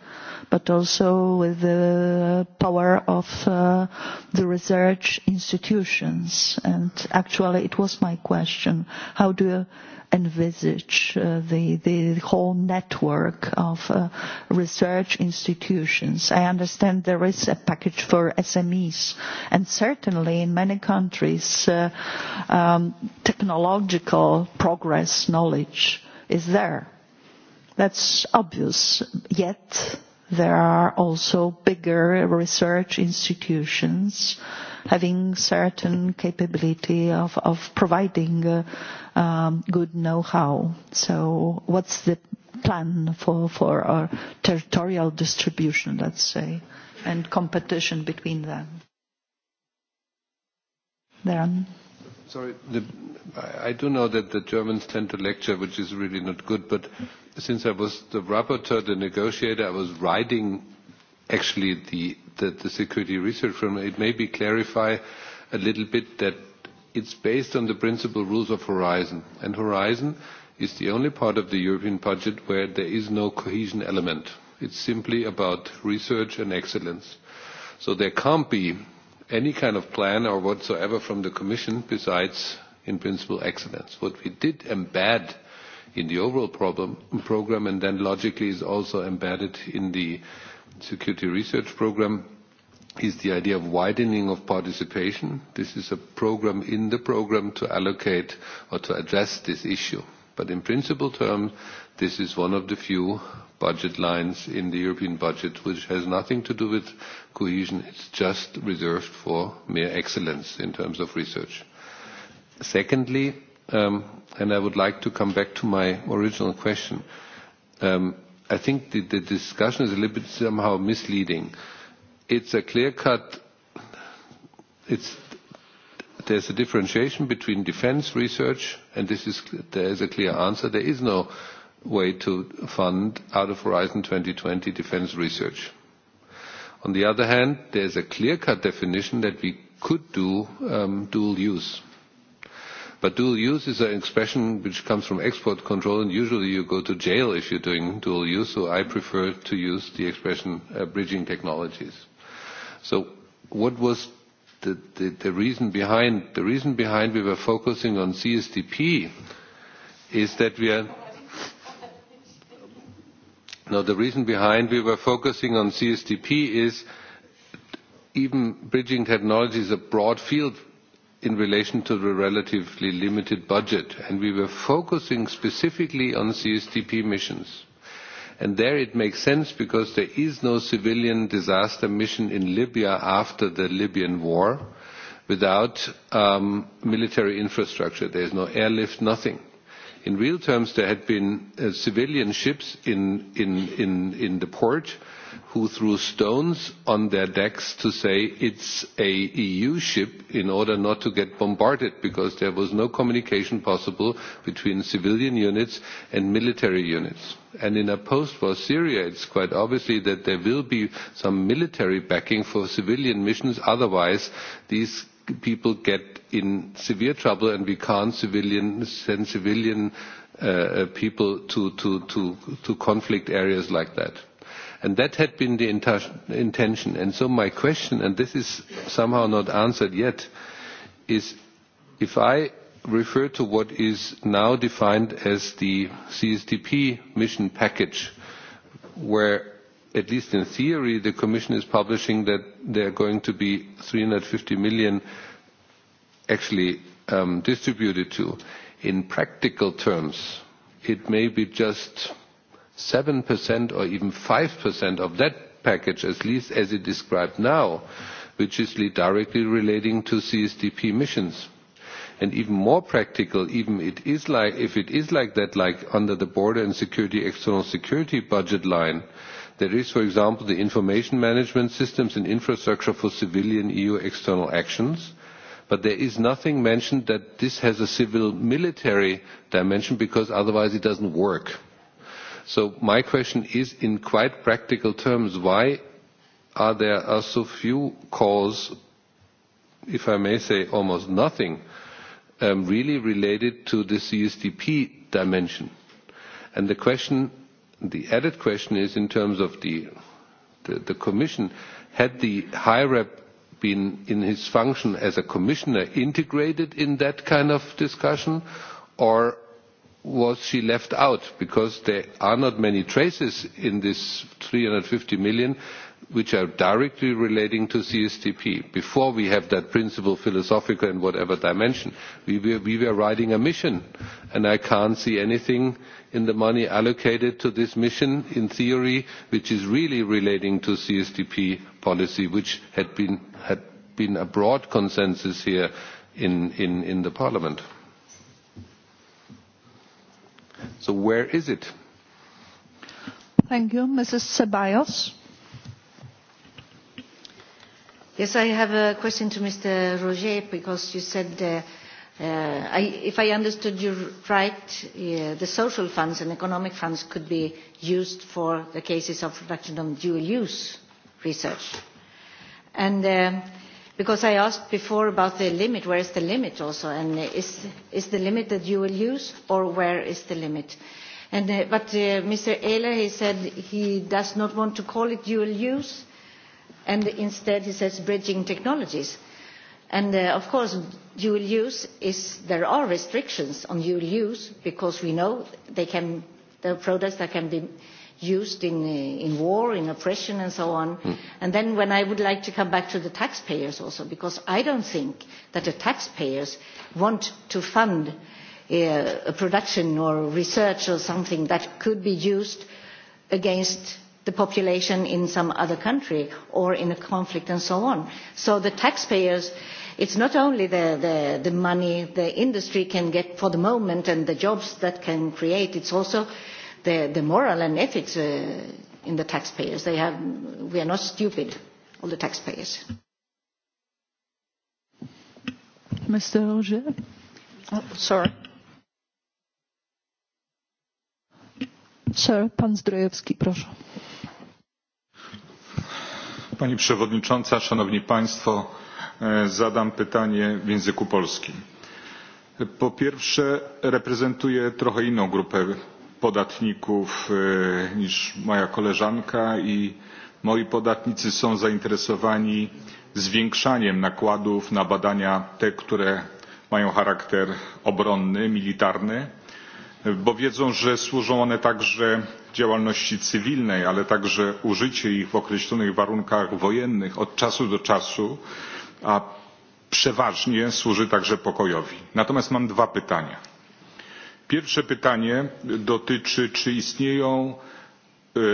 but also with the power of uh, the research institutions. And actually, it was my question. How do you envisage uh, the, the whole network of uh, research institutions. I understand there is a package for SMEs, and certainly in many countries, uh, um, technological progress knowledge is there. That's obvious, yet there are also bigger research institutions uh, having certain capability of, of providing uh, um, good know-how. So what's the plan for, for our territorial distribution, let's say, and competition between them? Darren? Sorry, the, I do know that the Germans tend to lecture, which is really not good, but since I was the rapporteur, the negotiator, I was writing actually the that the security research firm, it maybe clarify a little bit that it's based on the principal rules of Horizon. And Horizon is the only part of the European budget where there is no cohesion element. It's simply about research and excellence. So there can't be any kind of plan or whatsoever from the Commission besides, in principle, excellence. What we did embed in the overall problem, program and then logically is also embedded in the security research program is the idea of widening of participation. This is a program in the program to allocate or to address this issue. But in principle terms, this is one of the few budget lines in the European budget which has nothing to do with cohesion. It's just reserved for mere excellence in terms of research. Secondly, um, and I would like to come back to my original question, um, I think the, the discussion is a little bit somehow misleading. It's a clear cut, it's, there's a differentiation between defense research, and this is, there is a clear answer. There is no way to fund out of Horizon 2020 defense research. On the other hand, there's a clear cut definition that we could do um, dual use But dual use is an expression which comes from export control, and usually you go to jail if you're doing dual use, so I prefer to use the expression uh, bridging technologies. So what was the, the, the reason behind? The reason behind we were focusing on CSDP is that we are No the reason behind we were focusing on CSDP is even bridging technology is a broad field in relation to the relatively limited budget, and we were focusing specifically on CSTP missions. And there it makes sense because there is no civilian disaster mission in Libya after the Libyan war without um, military infrastructure. There is no airlift, nothing in real terms, there had been uh, civilian ships in, in, in, in the port who threw stones on their decks to say it's a EU ship in order not to get bombarded because there was no communication possible between civilian units and military units. And in a post-war Syria, it's quite obviously that there will be some military backing for civilian missions. Otherwise, these people get in severe trouble and we can't civilian, send civilian uh, uh, people to, to, to, to conflict areas like that. And that had been the intention. And so my question, and this is somehow not answered yet, is if I refer to what is now defined as the CSDP mission package, where at least in theory, the Commission is publishing that there are going to be 350 million actually um, distributed to. In practical terms, it may be just 7% or even 5% of that package, at least as it described now, which is directly relating to CSDP missions. And even more practical, even it is like, if it is like that, like under the border and security, external security budget line, There is, for example, the information management systems and infrastructure for civilian EU external actions. But there is nothing mentioned that this has a civil military dimension because otherwise it doesn't work. So my question is, in quite practical terms, why are there are so few calls, if I may say almost nothing, um, really related to the CSDP dimension? And the question the added question is in terms of the, the, the Commission, had the high rep been in his function as a commissioner integrated in that kind of discussion or was she left out because there are not many traces in this 350 million which are directly relating to CSTP. Before we have that principle, philosophical and whatever dimension, we were, we were writing a mission, and I can't see anything in the money allocated to this mission, in theory, which is really relating to CSTP policy, which had been, had been a broad consensus here in, in, in the Parliament. So where is it? Thank you. Mrs. Ceballos. Yes, I have a question to Mr. Roger because you said, uh, uh, I, if I understood you right, uh, the social funds and economic funds could be used for the cases of reduction of dual use research. And uh, because I asked before about the limit, where is the limit also? And is, is the limit that you will use or where is the limit? And, uh, but uh, Mr. Ehler, he said he does not want to call it dual use and instead he says bridging technologies. And uh, of course, dual use is, there are restrictions on dual use because we know they can, the are products that can be used in, uh, in war, in oppression and so on. Mm. And then when I would like to come back to the taxpayers also, because I don't think that the taxpayers want to fund uh, a production or research or something that could be used against the population in some other country or in a conflict and so on. So the taxpayers, it's not only the, the, the money the industry can get for the moment and the jobs that can create, it's also the, the moral and ethics uh, in the taxpayers. They have, we are not stupid, all the taxpayers. Mr. Roger? Oh, sorry. Sir, pan Zdrojewski, proszę. Pani Przewodnicząca, Szanowni Państwo, e, zadam pytanie w języku polskim. Po pierwsze, reprezentuję trochę inną grupę podatników e, niż moja koleżanka i moi podatnicy są zainteresowani zwiększaniem nakładów na badania te, które mają charakter obronny, militarny bo wiedzą, że służą one także działalności cywilnej, ale także użycie ich w określonych warunkach wojennych od czasu do czasu, a przeważnie służy także pokojowi. Natomiast mam dwa pytania. Pierwsze pytanie dotyczy, czy istnieją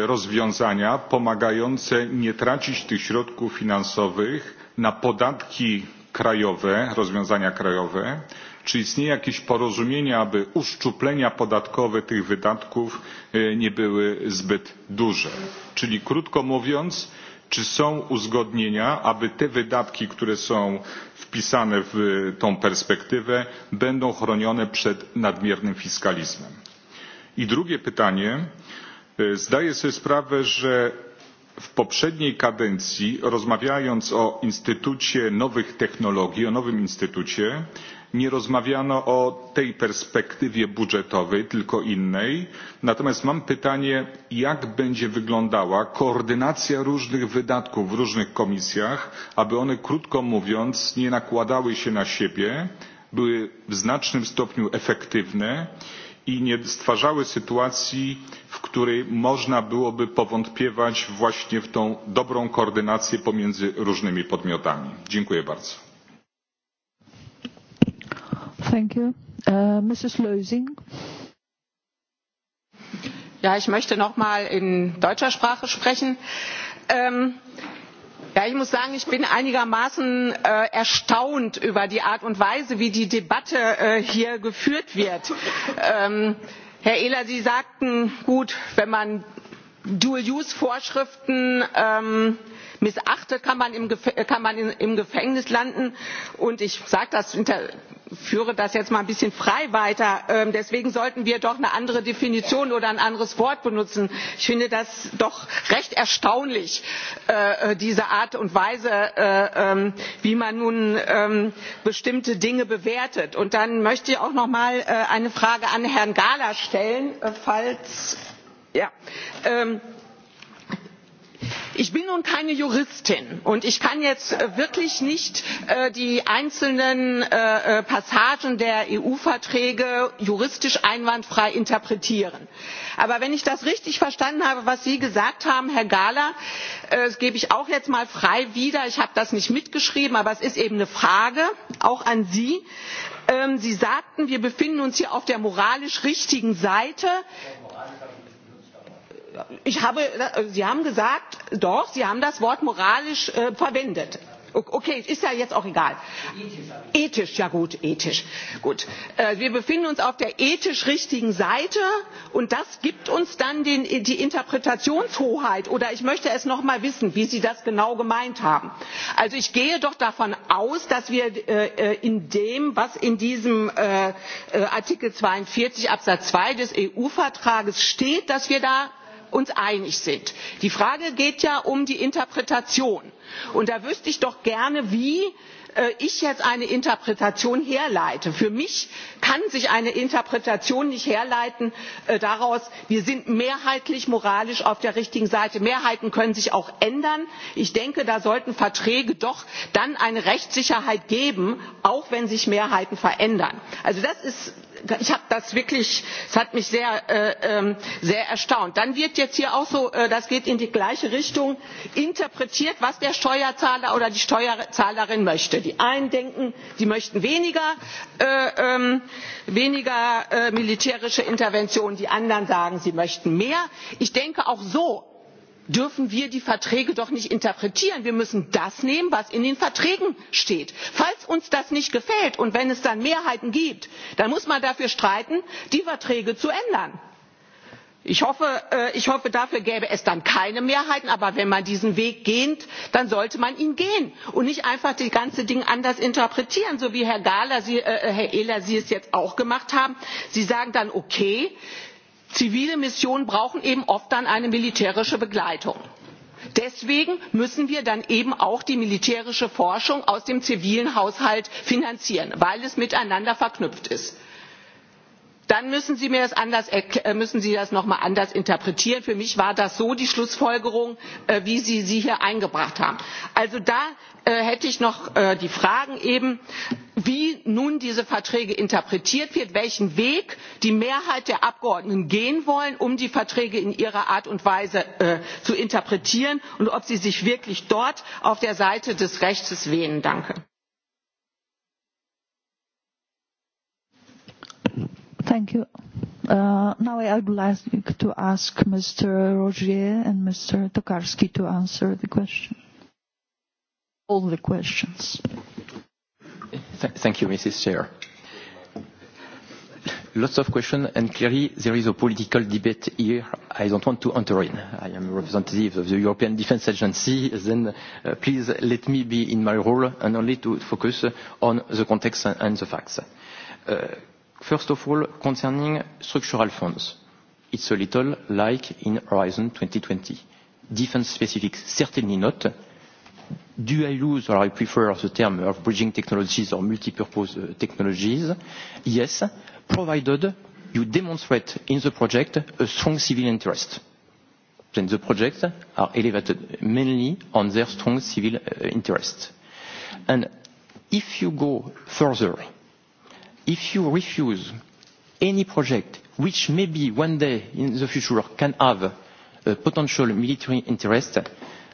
rozwiązania pomagające nie tracić tych środków finansowych na podatki krajowe, rozwiązania krajowe, Czy istnieje jakieś porozumienie, aby uszczuplenia podatkowe tych wydatków e, nie były zbyt duże? Czyli krótko mówiąc, czy są uzgodnienia, aby te wydatki, które są wpisane w tą perspektywę, będą chronione przed nadmiernym fiskalizmem? I drugie pytanie. E, zdaję sobie sprawę, że w poprzedniej kadencji, rozmawiając o Instytucie Nowych Technologii, o nowym instytucie, nie rozmawiano o tej perspektywie budżetowej, tylko innej. Natomiast mam pytanie, jak będzie wyglądała koordynacja różnych wydatków w różnych komisjach, aby one, krótko mówiąc, nie nakładały się na siebie, były w znacznym stopniu efektywne i nie stwarzały sytuacji, w której można byłoby powątpiewać właśnie w tą dobrą koordynację pomiędzy różnymi podmiotami. Dziękuję bardzo. Thank you. Uh, Mrs. Lösing. Ja, ich möchte noch mal in deutscher Sprache sprechen. Ähm, ja, ich muss sagen, ich bin einigermaßen äh, erstaunt über die Art und Weise, wie die Debatte äh, hier geführt wird. Ähm, Herr Ehler, Sie sagten, gut, wenn man Dual-Use-Vorschriften ähm, äh, missachtet kann man im, kann man in, im Gefängnis landen. Und ich sage das, führe das jetzt mal ein bisschen frei weiter. Ähm, deswegen sollten wir doch eine andere Definition oder ein anderes Wort benutzen. Ich finde das doch recht erstaunlich, äh, äh, diese Art und Weise, äh, ähm, wie man nun ähm, bestimmte Dinge bewertet. Und dann möchte ich auch noch mal äh, eine Frage an Herrn Gala stellen, äh, falls ja. Ähm, Ich bin nun keine Juristin und ich kann jetzt äh, wirklich nicht äh, die einzelnen äh, Passagen der EU-Verträge juristisch einwandfrei interpretieren. Aber wenn ich das richtig verstanden habe, was Sie gesagt haben, Herr Gahler, das gebe ich auch jetzt mal frei wieder. Ich habe das nicht mitgeschrieben, aber es ist eben eine Frage, auch an Sie. Ähm, Sie sagten, wir befinden uns hier auf der moralisch richtigen Seite ich habe, äh, Sie haben gesagt, doch, Sie haben das Wort moralisch äh, verwendet. Okay, ist ja jetzt auch egal. Ethisch, ja gut, ethisch. Gut. Äh, wir befinden uns auf der ethisch richtigen Seite und das gibt uns dann den, die Interpretationshoheit. Oder ich möchte es noch mal wissen, wie Sie das genau gemeint haben. Also ich gehe doch davon aus, dass wir äh, äh in dem, was in diesem äh, äh Artikel 42 Absatz 2 des EU-Vertrages steht, dass wir da uns einig sind. die frage geht ja um die interpretation und da wüsste ich doch gerne wie äh, ich jetzt eine interpretation herleite. für mich kann sich eine interpretation nicht herleiten äh, daraus wir sind mehrheitlich moralisch auf der richtigen seite. mehrheiten können sich auch ändern. ich denke da sollten verträge doch dann eine rechtssicherheit geben auch wenn sich mehrheiten verändern. also das ist ich habe das wirklich, es hat mich sehr, äh, ähm, sehr erstaunt. Dann wird jetzt hier auch so, äh, das geht in die gleiche Richtung, interpretiert, was der Steuerzahler oder die Steuerzahlerin möchte. Die einen denken, die möchten weniger, äh, äh, weniger äh, militärische Intervention, die anderen sagen, sie möchten mehr. Ich denke, auch so dürfen wir die Verträge doch nicht interpretieren. Wir müssen das nehmen, was in den Verträgen steht. Falls uns das nicht gefällt und wenn es dann Mehrheiten gibt, dann muss man dafür streiten, die Verträge zu ändern. Ich hoffe, äh, ich hoffe, dafür gäbe es dann keine Mehrheiten, aber wenn man diesen Weg geht, dann sollte man ihn gehen und nicht einfach das ganze Ding anders interpretieren, so wie Herr Gahler, Sie, äh, äh, Herr Ehler, Sie es jetzt auch gemacht haben. Sie sagen dann, okay, zivile missionen brauchen eben oft dann eine militärische begleitung. deswegen müssen wir dann eben auch die militärische forschung aus dem zivilen haushalt finanzieren weil es miteinander verknüpft ist dann müssen Sie, mir das anders, äh, müssen Sie das noch mal anders interpretieren. Für mich war das so die Schlussfolgerung, äh, wie Sie sie hier eingebracht haben. Also da äh, hätte ich noch die Fragen eben, wie nun diese Verträge interpretiert wird, welchen Weg die Mehrheit der Abgeordneten gehen wollen, um die Verträge in ihrer Art und Weise zu interpretieren und ob Sie sich wirklich dort auf der Seite des Rechts wähnen. Danke. Thank you. Uh, now I would like to ask Mr. Rogier and Mr. Tokarski to answer the question. All the questions. Th thank you, Mrs. Chair. Lots of questions, and clearly there is a political debate here. I don't want to enter in. I am a representative of the European Defence Agency, then uh, please let me be in my role and only to focus on the context and the facts. Uh, First of all, concerning structural funds, it's a little like in Horizon 2020. Defense specific, certainly not. Do I use, or I prefer the term of bridging technologies or multi-purpose uh, technologies? Yes, provided you demonstrate in the project a strong civil interest. Then the projects are elevated mainly on their strong civil uh, interest. And if you go further, if you refuse any project which maybe one day in the future can have a potential military interest,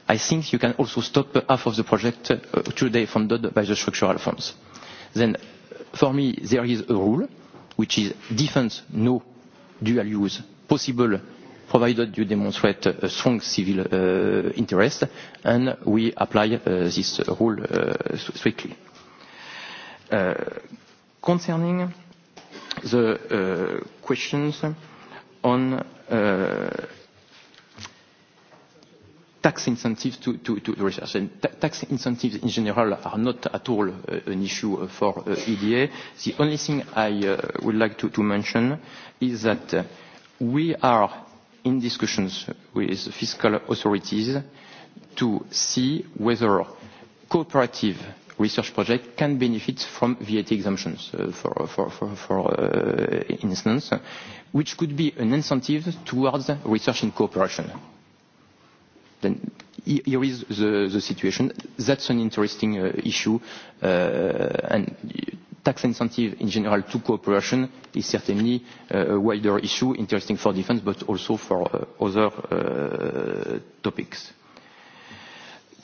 I think you can also stop half of the project uh, today funded by the structural funds. Then, for me, there is a rule, which is defense, no dual use, possible, provided you demonstrate a strong civil uh, interest, and we apply uh, this rule uh, strictly. Uh, Concerning the uh, questions on uh, tax incentives to, to, to research. And ta tax incentives in general are not at all uh, an issue uh, for uh, EDA. The only thing I uh, would like to, to mention is that uh, we are in discussions with fiscal authorities to see whether cooperative research project can benefit from VAT exemptions, uh, for, for, for, for uh, instance, which could be an incentive towards research in cooperation. Then here is the, the situation. That's an interesting uh, issue, uh, and tax incentive in general to cooperation is certainly uh, a wider issue, interesting for defense, but also for uh, other uh, topics.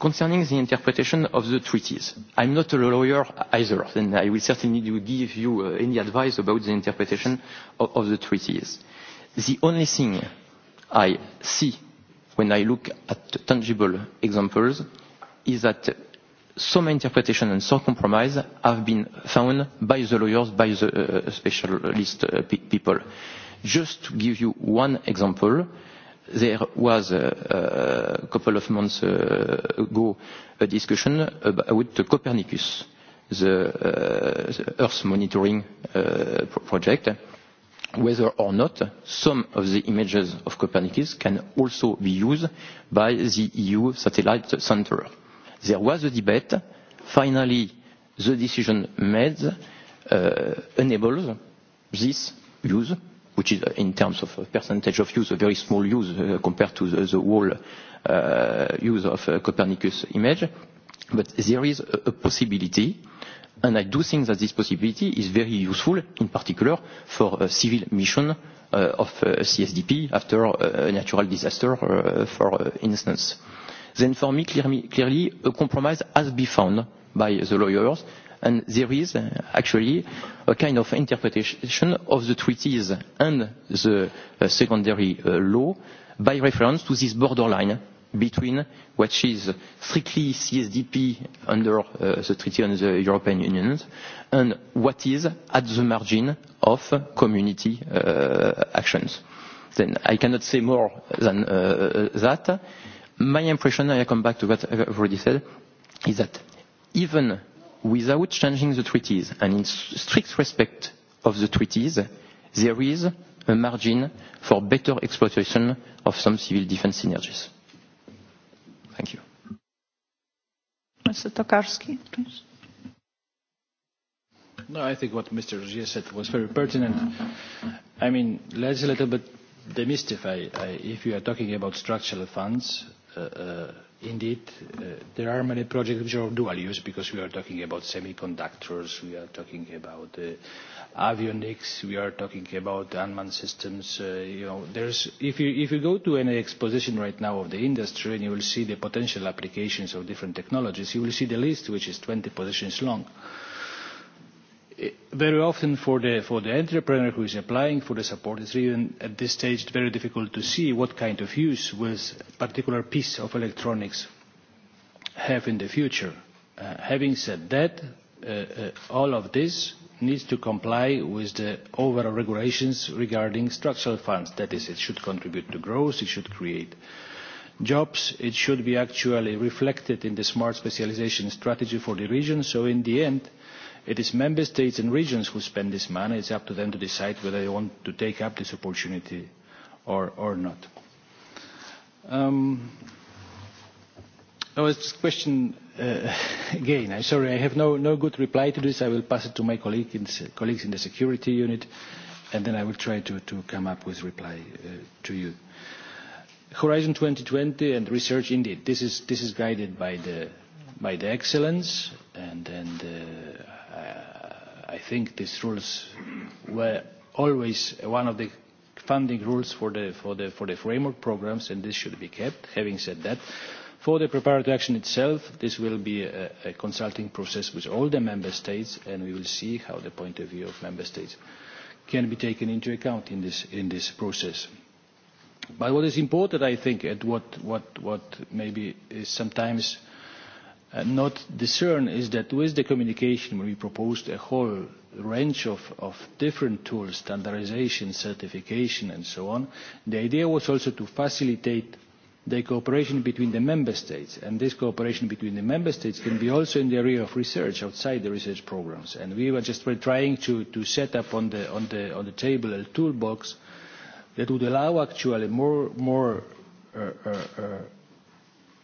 Concerning the interpretation of the treaties, I'm not a lawyer either, and I will certainly give you uh, any advice about the interpretation of, of the treaties. The only thing I see when I look at tangible examples is that some interpretation and some compromise have been found by the lawyers, by the uh, specialist uh, pe people. Just to give you one example, uh, there was a, a couple of months uh, ago a discussion about Copernicus, the, uh, the Earth monitoring uh, project, whether or not some of the images of Copernicus can also be used by the EU Satellite Center. There was a debate. Finally, the decision made uh, enables this use which is uh, in terms of uh, percentage of use, a very small use uh, compared to the, the whole uh, use of uh, Copernicus image. But there is a, possibility, and I do think that this possibility is very useful, in particular for a civil mission uh, of uh, CSDP after a natural disaster, uh, for instance. Then for me, clearly, clearly, a compromise has been found by the lawyers and there is uh, actually a kind of interpretation of the treaties and the uh, secondary uh, law by reference to this borderline between what is strictly CSDP under uh, the Treaty on the European Union and what is at the margin of community uh, actions. Then I cannot say more than uh, that. My impression, and I come back to what I've already said, is that even without changing the treaties and in strict respect of the treaties, there is a margin for better exploitation of some civil defense synergies. Thank you. Mr. Tokarski, please. No, I think what Mr. Rogier said was very pertinent. I mean, let's a little bit demystify. I, if you are talking about structural funds, uh, uh, Indeed, uh, there are many projects which are dual use because we are talking about semiconductors, we are talking about uh, avionics, we are talking about unmanned systems. Uh, you know, there's, if, you, if you go to any exposition right now of the industry and you will see the potential applications of different technologies, you will see the list which is 20 positions long. Uh, Eh, very often for the, for the entrepreneur who is applying for the support, it's even at this stage very difficult to see what kind of use will a particular piece of electronics have in the future. Uh, having said that, uh, uh, all of this needs to comply with the overall regulations regarding structural funds. That is, it should contribute to growth, it should create jobs, it should be actually reflected in the smart specialization strategy for the region. So in the end, uh, It is member states and regions who spend this money. It's up to them to decide whether they want to take up this opportunity or, or not. Um, oh, it's question uh, (laughs) again. I'm sorry, I have no, no good reply to this. I will pass it to my colleague in, colleagues in the security unit, and then I will try to, to come up with reply uh, to you. Horizon 2020 and research, indeed, this is, this is guided by the, by the excellence and, and uh, I think these rules were always one of the funding rules for the, for the, for the framework programs, and this should be kept. Having said that, for the preparatory action itself, this will be a, a consulting process with all the member states, and we will see how the point of view of member states can be taken into account in this, in this process. But what is important, I think, and what, what, what maybe is sometimes uh, not discern is that with the communication we proposed a whole range of, of different tools, standardization, certification and so on. The idea was also to facilitate the cooperation between the member states and this cooperation between the member states can be also in the area of research outside the research programs and we were just trying to, to set up on the, on, the, on the table a toolbox that would allow actually more, more uh, uh, uh,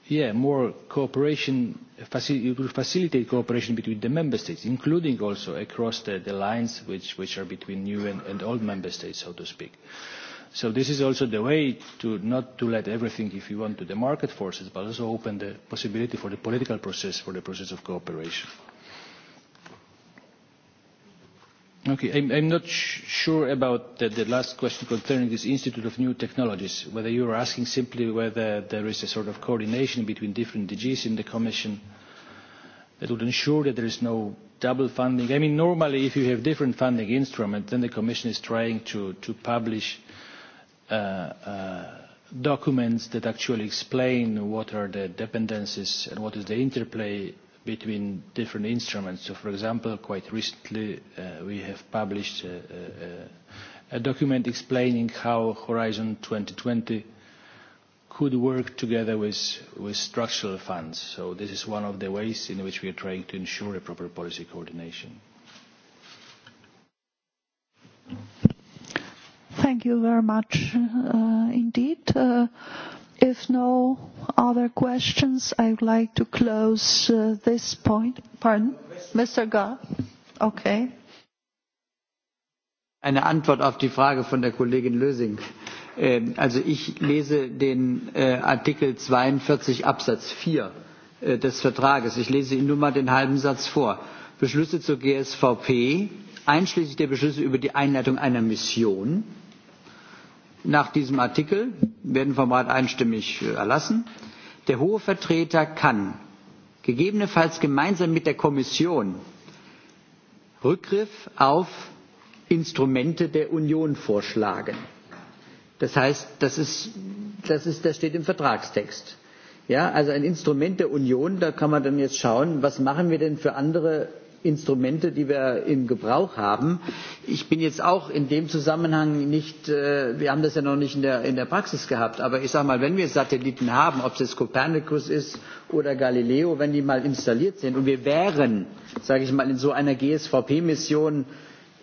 yeah, more cooperation, you could facilitate cooperation between the member states, including also across the, the lines which, which are between new and, and old member states, so to speak. So this is also the way to not to let everything, if you want, to the market forces, but also open the possibility for the political process, for the process of cooperation. Okay, I'm, I'm not sh sure about the, the last question concerning this Institute of New Technologies, whether you are asking simply whether there is a sort of coordination between different DGs in the Commission that would ensure that there is no double funding. I mean, normally if you have different funding instruments, then the Commission is trying to, to publish uh, uh, documents that actually explain what are the dependencies and what is the interplay between different instruments. So, for example, quite recently uh, we have published a, uh, a, uh, a document explaining how Horizon 2020 could work together with, with structural funds. So this is one of the ways in which we are trying to ensure a proper policy coordination. Thank you very much uh, indeed. Uh, If no other questions, I would like to close uh, this point. Pardon? Mr. Gar? Okay. Eine Antwort auf die Frage von der Kollegin Lösing. Ähm, also ich lese den äh, Artikel 42 Absatz 4 äh, des Vertrages. Ich lese Ihnen nur mal den halben Satz vor. Beschlüsse zur GSVP, einschließlich der Beschlüsse über die Einleitung einer Mission, nach diesem Artikel, werden vom Rat einstimmig äh, erlassen, der hohe Vertreter kann gegebenenfalls gemeinsam mit der Kommission Rückgriff auf Instrumente der Union vorschlagen. Das heißt, das, ist, das, ist, das steht im Vertragstext. Ja, also ein Instrument der Union, da kann man dann jetzt schauen, was machen wir denn für andere Instrumente, die wir im Gebrauch haben. Ich bin jetzt auch in dem Zusammenhang nicht, äh, wir haben das ja noch nicht in der, in der Praxis gehabt, aber ich sage mal, wenn wir Satelliten haben, ob es jetzt Copernicus ist oder Galileo, wenn die mal installiert sind und wir wären, sage ich mal, in so einer GSVP-Mission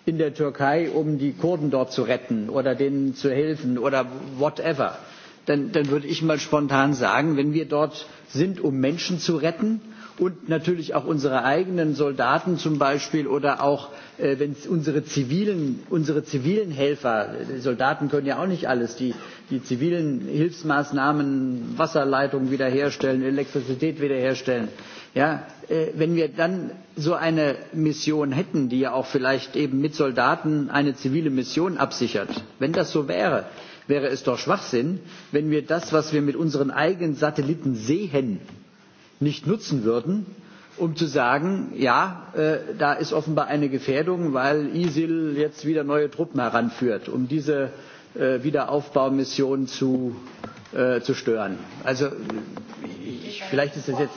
in der Türkei, um die Kurden dort zu retten oder denen zu helfen oder whatever, dann, dann würde ich mal spontan sagen, wenn wir dort sind, um Menschen zu retten, und natürlich auch unsere eigenen Soldaten zum Beispiel oder auch äh, wenn unsere zivilen, unsere zivilen Helfer, die äh, Soldaten können ja auch nicht alles, die, die zivilen Hilfsmaßnahmen, Wasserleitungen wiederherstellen, Elektrizität wiederherstellen. Ja, äh, wenn wir dann so eine Mission hätten, die ja auch vielleicht eben mit Soldaten eine zivile Mission absichert, wenn das so wäre, wäre es doch Schwachsinn, wenn wir das, was wir mit unseren eigenen Satelliten sehen, nicht nutzen würden, um zu sagen, ja, äh, da ist offenbar eine Gefährdung, weil ISIL jetzt wieder neue Truppen heranführt, um diese äh, Wiederaufbaumission zu, äh, zu stören. Also ich, vielleicht ist das jetzt.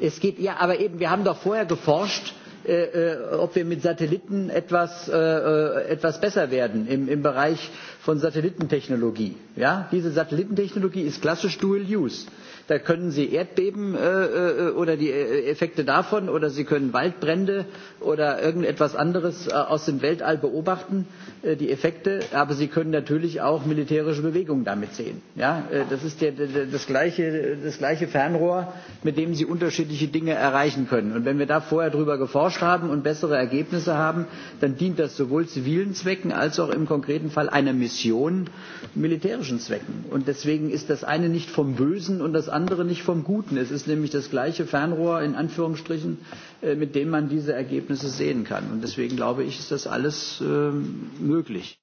Es geht ja, aber eben, wir haben doch vorher geforscht, äh, äh ob wir mit Satelliten etwas, äh, äh, etwas besser werden im, im Bereich von Satellitentechnologie. Ja? Diese Satellitentechnologie ist klassisch Dual Use. Da können Sie Erdbeben äh, äh oder die äh, Effekte davon oder Sie können Waldbrände oder irgendetwas anderes äh, aus dem Weltall beobachten, äh, die Effekte. Aber Sie können natürlich auch militärische Bewegungen damit sehen. Ja? Äh, das ist der, der, das, gleiche, das gleiche Fernrohr, mit dem Sie unterschiedliche Dinge erreichen können. Und wenn wir da vorher drüber geforscht haben und bessere Ergebnisse haben, dann dient das sowohl zivilen Zwecken als auch im konkreten Fall einer Mission militärischen Zwecken. Und deswegen ist das eine nicht vom Bösen und das andere nicht vom Guten. Es ist nämlich das gleiche Fernrohr in Anführungsstrichen, äh, mit dem man diese Ergebnisse sehen kann. Und deswegen glaube ich, ist das alles ähm, möglich.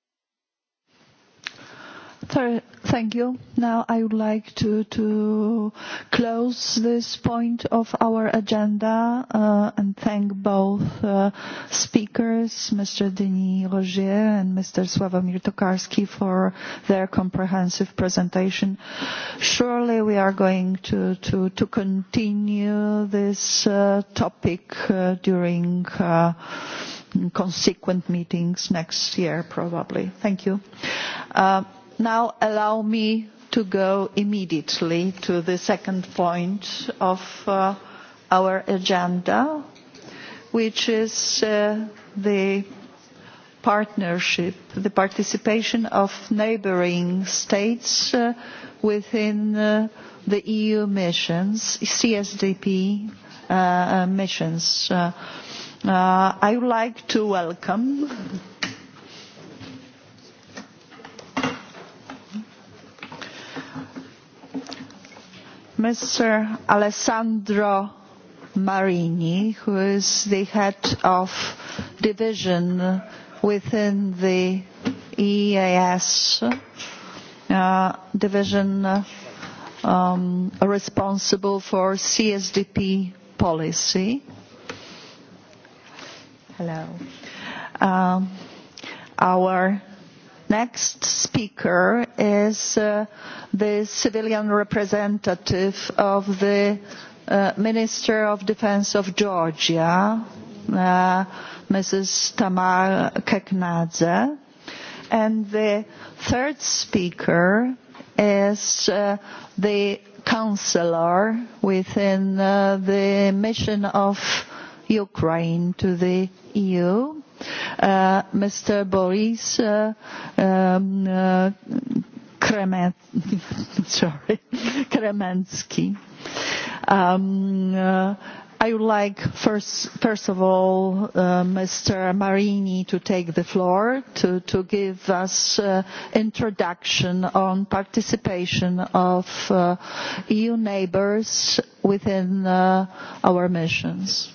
Thank you. Now I would like to, to close this point of our agenda uh, and thank both uh, speakers, Mr. Denis Roger and Mr. Sławomir Tokarski for their comprehensive presentation. Surely we are going to, to, to continue this uh, topic uh, during uh, consequent meetings next year probably. Thank you. Uh, now allow me to go immediately to the second point of uh, our agenda, which is uh, the partnership, the participation of neighboring states uh, within uh, the EU missions, CSDP uh, uh, missions. Uh, uh, I would like to welcome Mr. Alessandro Marini, who is the head of division within the EAS uh, division um, responsible for CSDP policy. Hello. Um, our Next speaker is uh, the civilian representative of the uh, Minister of Defense of Georgia, uh, Mrs. Tamar Keknadze. And the third speaker is uh, the counselor within uh, the mission of Ukraine to the EU Uh, Mr. Boris uh, um, uh, (laughs) Kremensky. Um, uh, I would like first, first of all, uh, Mr. Marini to take the floor to, to give us uh, introduction on participation of uh, EU neighbors within uh, our missions.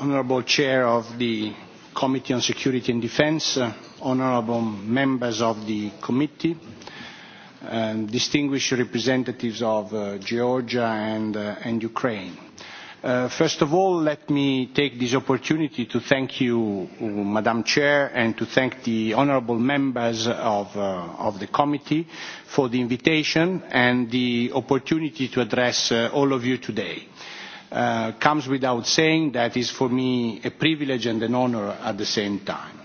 Honourable Chair of the Committee on Security and Defence, uh, Honourable Members of the Committee, um, distinguished representatives of uh, Georgia and, uh, and Ukraine. Uh, first of all, let me take this opportunity to thank you, Madam Chair, and to thank the honourable members of, uh, of the committee for the invitation and the opportunity to address uh, all of you today. Uh, comes without saying. That is for me a privilege and an honor at the same time.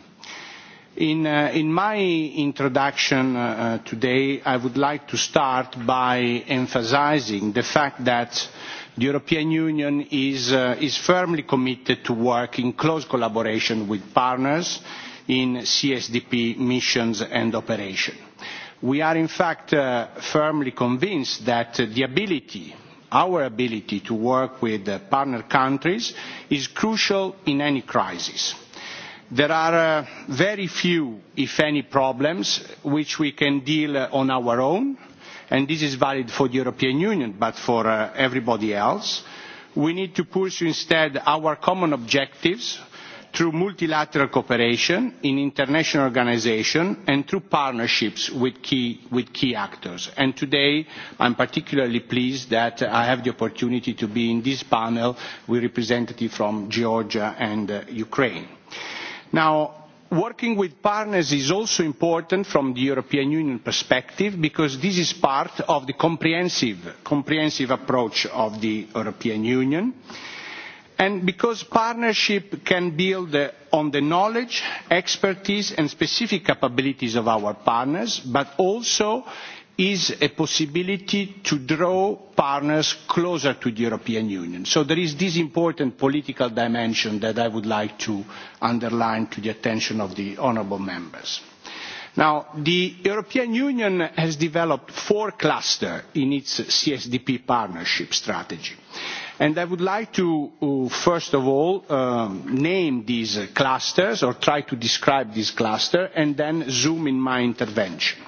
In, uh, in my introduction uh, uh, today, I would like to start by emphasizing the fact that the European Union is, uh, is firmly committed to work in close collaboration with partners in CSDP missions and operations. We are in fact uh, firmly convinced that the ability our ability to work with uh, partner countries is crucial in any crisis. There are uh, very few, if any, problems which we can deal uh, on our own, and this is valid for the European Union, but for uh, everybody else. We need to pursue instead our common objectives through multilateral cooperation in international organizations and through partnerships with key, with key actors. And today I'm particularly pleased that I have the opportunity to be in this panel with representatives from Georgia and uh, Ukraine. Now, Working with partners is also important from the European Union perspective because this is part of the comprehensive, comprehensive approach of the European Union. And because partnership can build uh, on the knowledge, expertise and specific capabilities of our partners, but also is a possibility to draw partners closer to the European Union. So there is this important political dimension that I would like to underline to the attention of the honourable members. Now, the European Union has developed four clusters in its CSDP partnership strategy. And I would like to, uh, first of all, um, name these clusters or try to describe this cluster and then zoom in my intervention.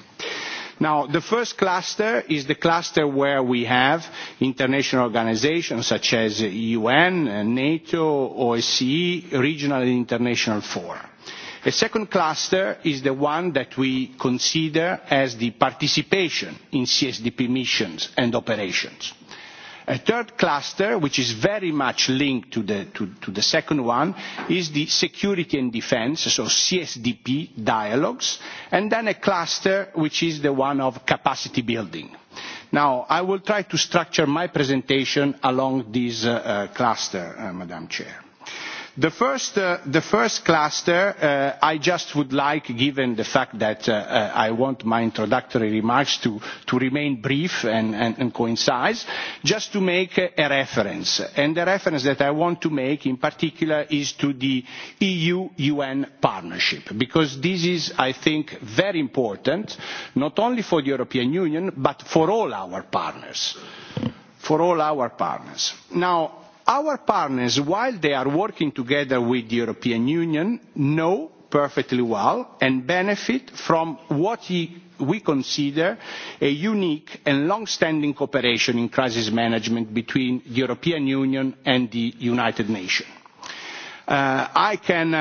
Now, the first cluster is the cluster where we have international organizations such as UN, NATO, OSCE, regional and international fora. A second cluster is the one that we consider as the participation in CSDP missions and operations. A third cluster, which is very much linked to the, to, to the second one, is the security and defense, so CSDP dialogues, and then a cluster which is the one of capacity building. Now, I will try to structure my presentation along this uh, uh, cluster, uh, Madam Chair. The first, uh, the first cluster, uh, I just would like, given the fact that uh, uh, I want my introductory remarks to, to remain brief and, and, and concise, just to make a reference. And the reference that I want to make in particular is to the EU-UN partnership, because this is, I think, very important, not only for the European Union, but for all our partners. For all our partners. Now, Our partners, while they are working together with the European Union, know perfectly well and benefit from what we consider a unique and long-standing cooperation in crisis management between the European Union and the United Nations. Uh, I can uh,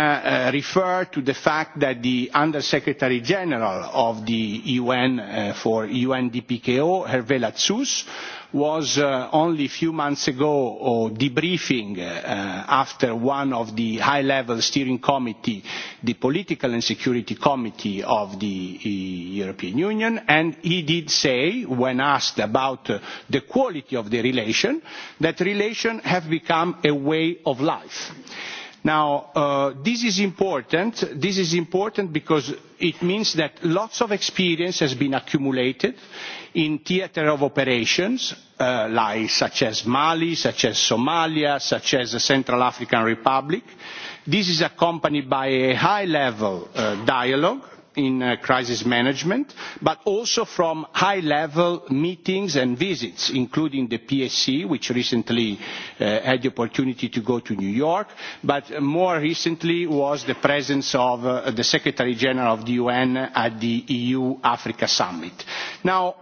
uh, refer to the fact that the Under Secretary General of the UN uh, for UNDPKO, Hervé Latsous, was uh, only a few months ago or debriefing uh, after one of the high-level steering committee, the political and security committee of the uh, European Union, and he did say, when asked about uh, the quality of the relation, that relations have become a way of life. Now, uh, this is important. This is important because it means that lots of experience has been accumulated in theatre of operations, uh, like such as Mali, such as Somalia, such as the Central African Republic. This is accompanied by a high-level uh, dialogue in uh, crisis management, but also from high-level meetings and visits, including the PSC, which recently uh, had the opportunity to go to New York, but more recently was the presence of uh, the Secretary General of the UN at the EU-Africa Summit. Now,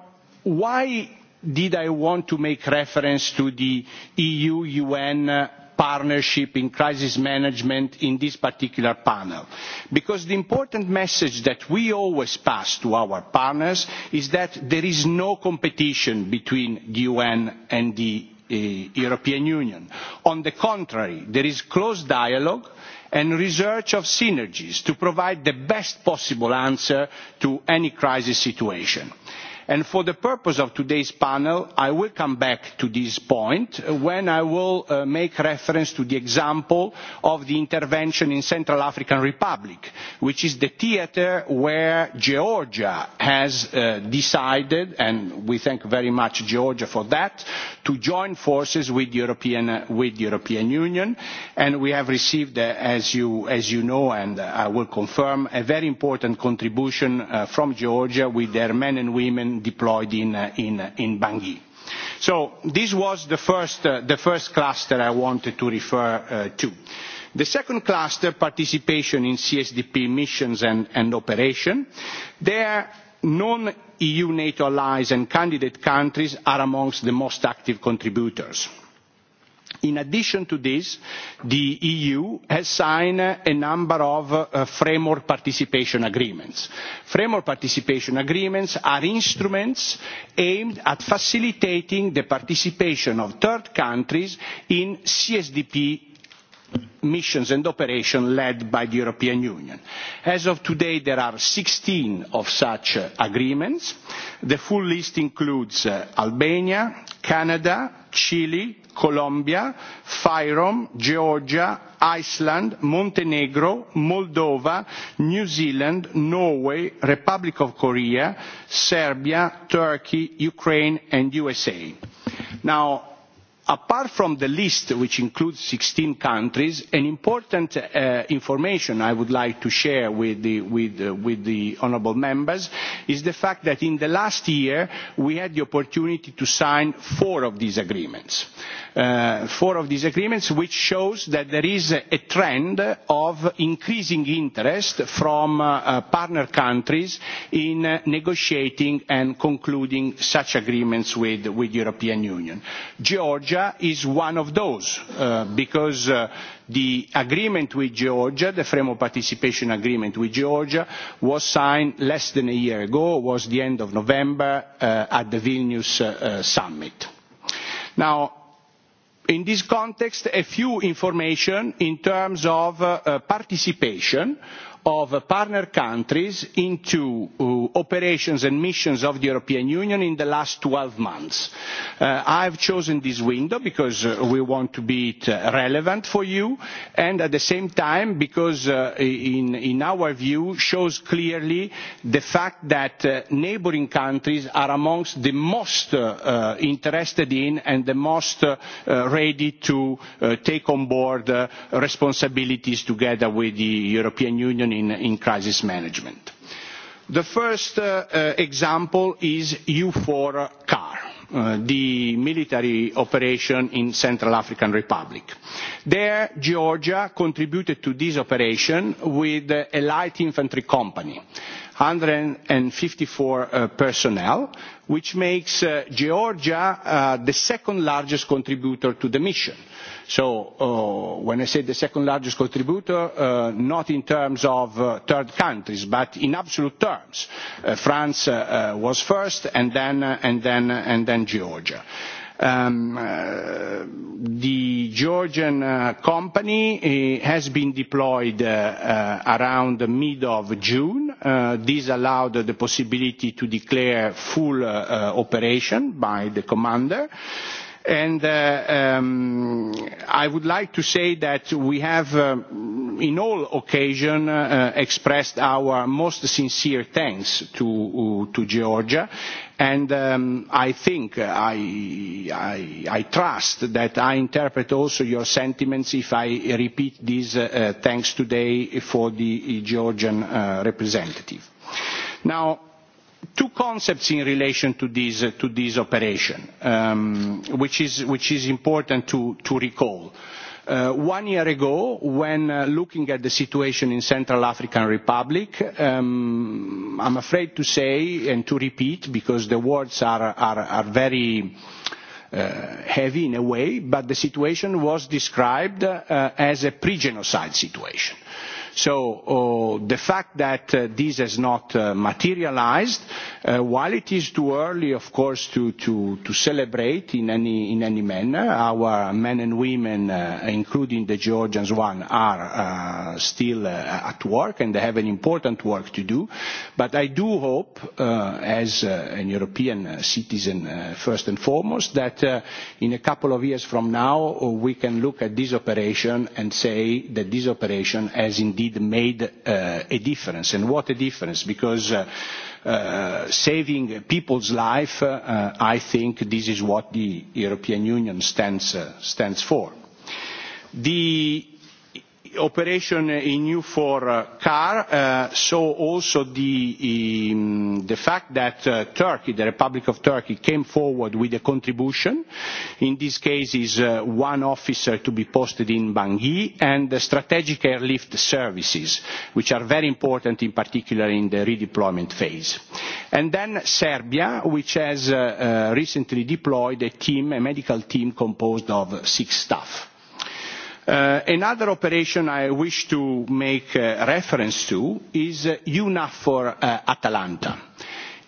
Why did I want to make reference to the EU-UN uh, partnership in crisis management in this particular panel. Because the important message that we always pass to our partners is that there is no competition between the UN and the uh, European Union. On the contrary, there is close dialogue and research of synergies to provide the best possible answer to any crisis situation. And for the purpose of today's panel, I will come back to this point uh, when I will uh, make reference to the example of the intervention in Central African Republic, which is the theater where Georgia has uh, decided, and we thank very much Georgia for that, to join forces with the European, uh, with the European Union. And we have received, uh, as, you, as you know, and uh, I will confirm, a very important contribution uh, from Georgia with their men and women then deployed uh, uh, in, Bangui. So this was the first, uh, cluster I wanted to refer to. The second cluster, participation in CSDP missions and, operation, there non-EU NATO allies and candidate countries are amongst the most active contributors. In addition to this, the EU has signed a number of uh, framework participation agreements. Framework participation agreements are instruments aimed at facilitating the participation of third countries in CSDP missions and operations led by the European Union. As of today, there are 16 of such uh, agreements. The full list includes uh, Albania, Canada, Chile, Colombia, Fyrom, Georgia, Iceland, Montenegro, Moldova, New Zealand, Norway, Republic of Korea, Serbia, Turkey, Ukraine and USA. Now, apart from the list which includes 16 countries an important uh, information i would like to share with the with uh, with the honorable members is the fact that in the last year we had the opportunity to sign four of these agreements uh, four of these agreements which shows that there is a trend of increasing interest from uh, uh, partner countries in uh, negotiating and concluding such agreements with with european union georgia Georgia is one of those uh, because uh, the agreement with Georgia, the framework participation agreement with Georgia, was signed less than a year ago, was the end of November uh, at the Vilnius uh, uh, summit. Now, in this context, a few information in terms of uh, uh, participation. Uh, of partner countries into uh, operations and missions of the European Union in the last 12 months. Uh, I've chosen this window because uh, we want to be it, uh, relevant for you and at the same time because uh, in, in our view shows clearly the fact that uh, neighboring countries are amongst the most uh, uh, interested in and the most uh, uh, ready to uh, take on board uh, responsibilities together with the European Union in, in crisis management. The first uh, uh, example is U 4 CAR, uh, the military operation in Central African Republic. There, Georgia contributed to this operation with uh, a light infantry company, 154 uh, personnel, which makes uh, Georgia uh, the second largest contributor to the mission So uh, when I say the second largest contributor, uh, not in terms of uh, third countries, but in absolute terms, uh, France uh, uh, was first, and then uh, and then uh, and then Georgia. Um, uh, the Georgian uh, company uh, has been deployed uh, uh, around the mid of June. Uh, this allowed uh, the possibility to declare full uh, uh, operation by the commander. And uh, um, I would like to say that we have, um, in all occasions, uh, uh, expressed our most sincere thanks to, uh, to Georgia. And um, I think, uh, I, I, I trust that I interpret also your sentiments if I repeat these uh, uh thanks today for the Georgian uh, representative. Now, two concepts in relation to this, uh, to this operation, um, which, is, which is important to, to recall. Uh, one year ago, when uh, looking at the situation in Central African Republic, um, I'm afraid to say and to repeat, because the words are, are, are very uh, heavy in a way, but the situation was described uh, as a pre-genocide situation. Uh, So uh, the fact that uh, this has not uh, materialized, uh, while it is too early, of course, to, to, to celebrate in any, in any manner, our men and women, uh, including the Georgians one, are uh, still uh, at work and they have an important work to do. But I do hope, uh, as uh, an European uh, citizen uh, first and foremost, that uh, in a couple of years from now, uh, we can look at this operation and say that this operation has indeed indeed made uh, a difference. And what a difference, because uh, uh, saving people's life, uh, I think this is what the European Union stands, uh, stands for. The operation in eu for uh, car, uh, so also the, um, the fact that uh, Turkey, the Republic of Turkey, came forward with a contribution. In this case is uh, one officer to be posted in Bangui and the strategic airlift services, which are very important in particular in the redeployment phase. And then Serbia, which has uh, uh, recently deployed a team, a medical team composed of six staff. Uh, another operation I wish to make uh, reference to is uh, UNAFOR uh, Atalanta.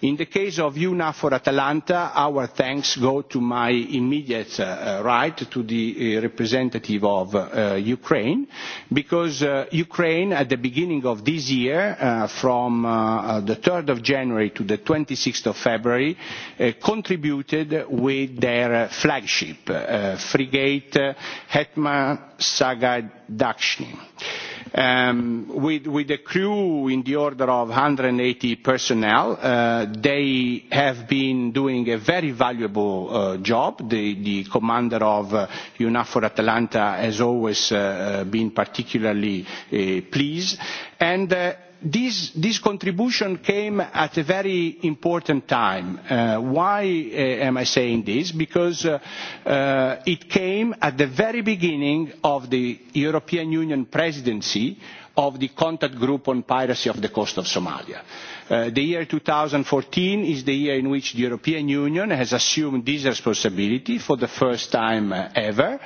In the case of EUNAVFOR Atalanta, our thanks go to my immediate uh, uh, right, to the uh, representative of uh, Ukraine, because uh, Ukraine at the beginning of this year, uh, from uh, uh the 3rd of January to the 26th of February, uh, contributed with their uh, flagship, uh, frigate uh, Hetman Saga Dakshni um, with, with a crew in the order of 180 personnel. Uh, they have been doing a very valuable uh, job. The, the commander of uh, UNAFOR Atalanta has always uh, uh been particularly uh, pleased. And uh, this, this contribution came at a very important time. Uh, why uh, am I saying this? Because uh, uh, it came at the very beginning of the European Union presidency of the contact group on piracy of the coast of Somalia. Uh, the year 2014 is the year in which the European Union has assumed this responsibility for the first time uh, ever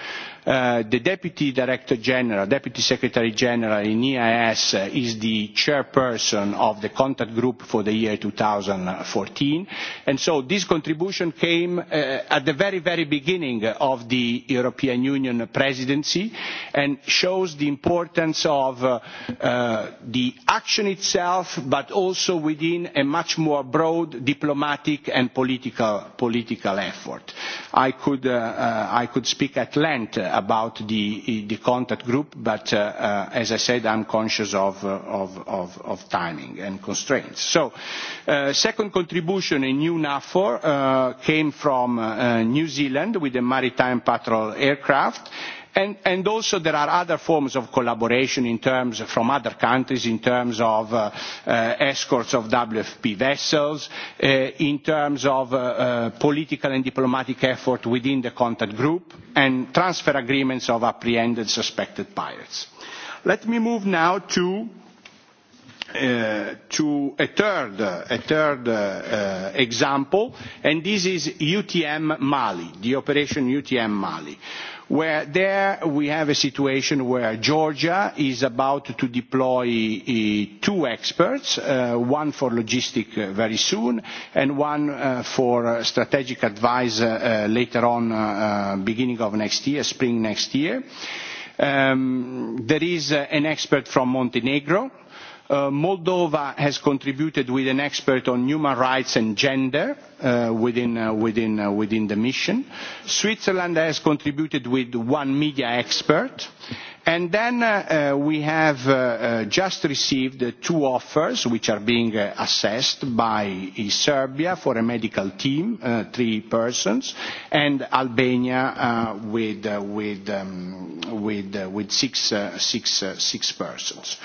Uh, the Deputy Director General, Deputy Secretary General in EIS uh, is the chairperson of the contact group for the year 2014. And so this contribution came uh, at the very, very beginning of the European Union presidency and shows the importance of uh, uh, the action itself, but also within a much more broad diplomatic and political, political effort. I could, uh, uh, I could speak at length uh, Uh, about the, the contact group, but uh, uh, as I said, I'm conscious of, uh, of, of, of timing and constraints. So, uh, second contribution in new NAFOR uh, came from uh, New Zealand with the maritime patrol aircraft, And, and also there are other forms of collaboration in terms from other countries in terms of uh, uh, escorts of WFP vessels, uh, in terms of uh, uh, political and diplomatic effort within the contact group, and transfer agreements of apprehended suspected pirates. Let me move now to Uh, to a third, a third uh, uh, example, and this is UTM Mali, the operation UTM Mali where there we have a situation where Georgia is about to deploy uh, two experts, uh, one for logistic uh, very soon and one uh, for uh, strategic advice uh, uh, later on, uh, uh, beginning of next year, spring next year. Um, there is uh, an expert from Montenegro Uh, Moldova has contributed with an expert on human rights and gender uh, within, uh, within, uh, within the mission. Switzerland has contributed with one media expert. And then uh, uh, we have uh, uh, just received uh, two offers which are being uh, assessed by uh, Serbia for a medical team, uh, three persons, and Albania uh, with, uh, with, um, with, uh, with six, uh, six, uh, six persons.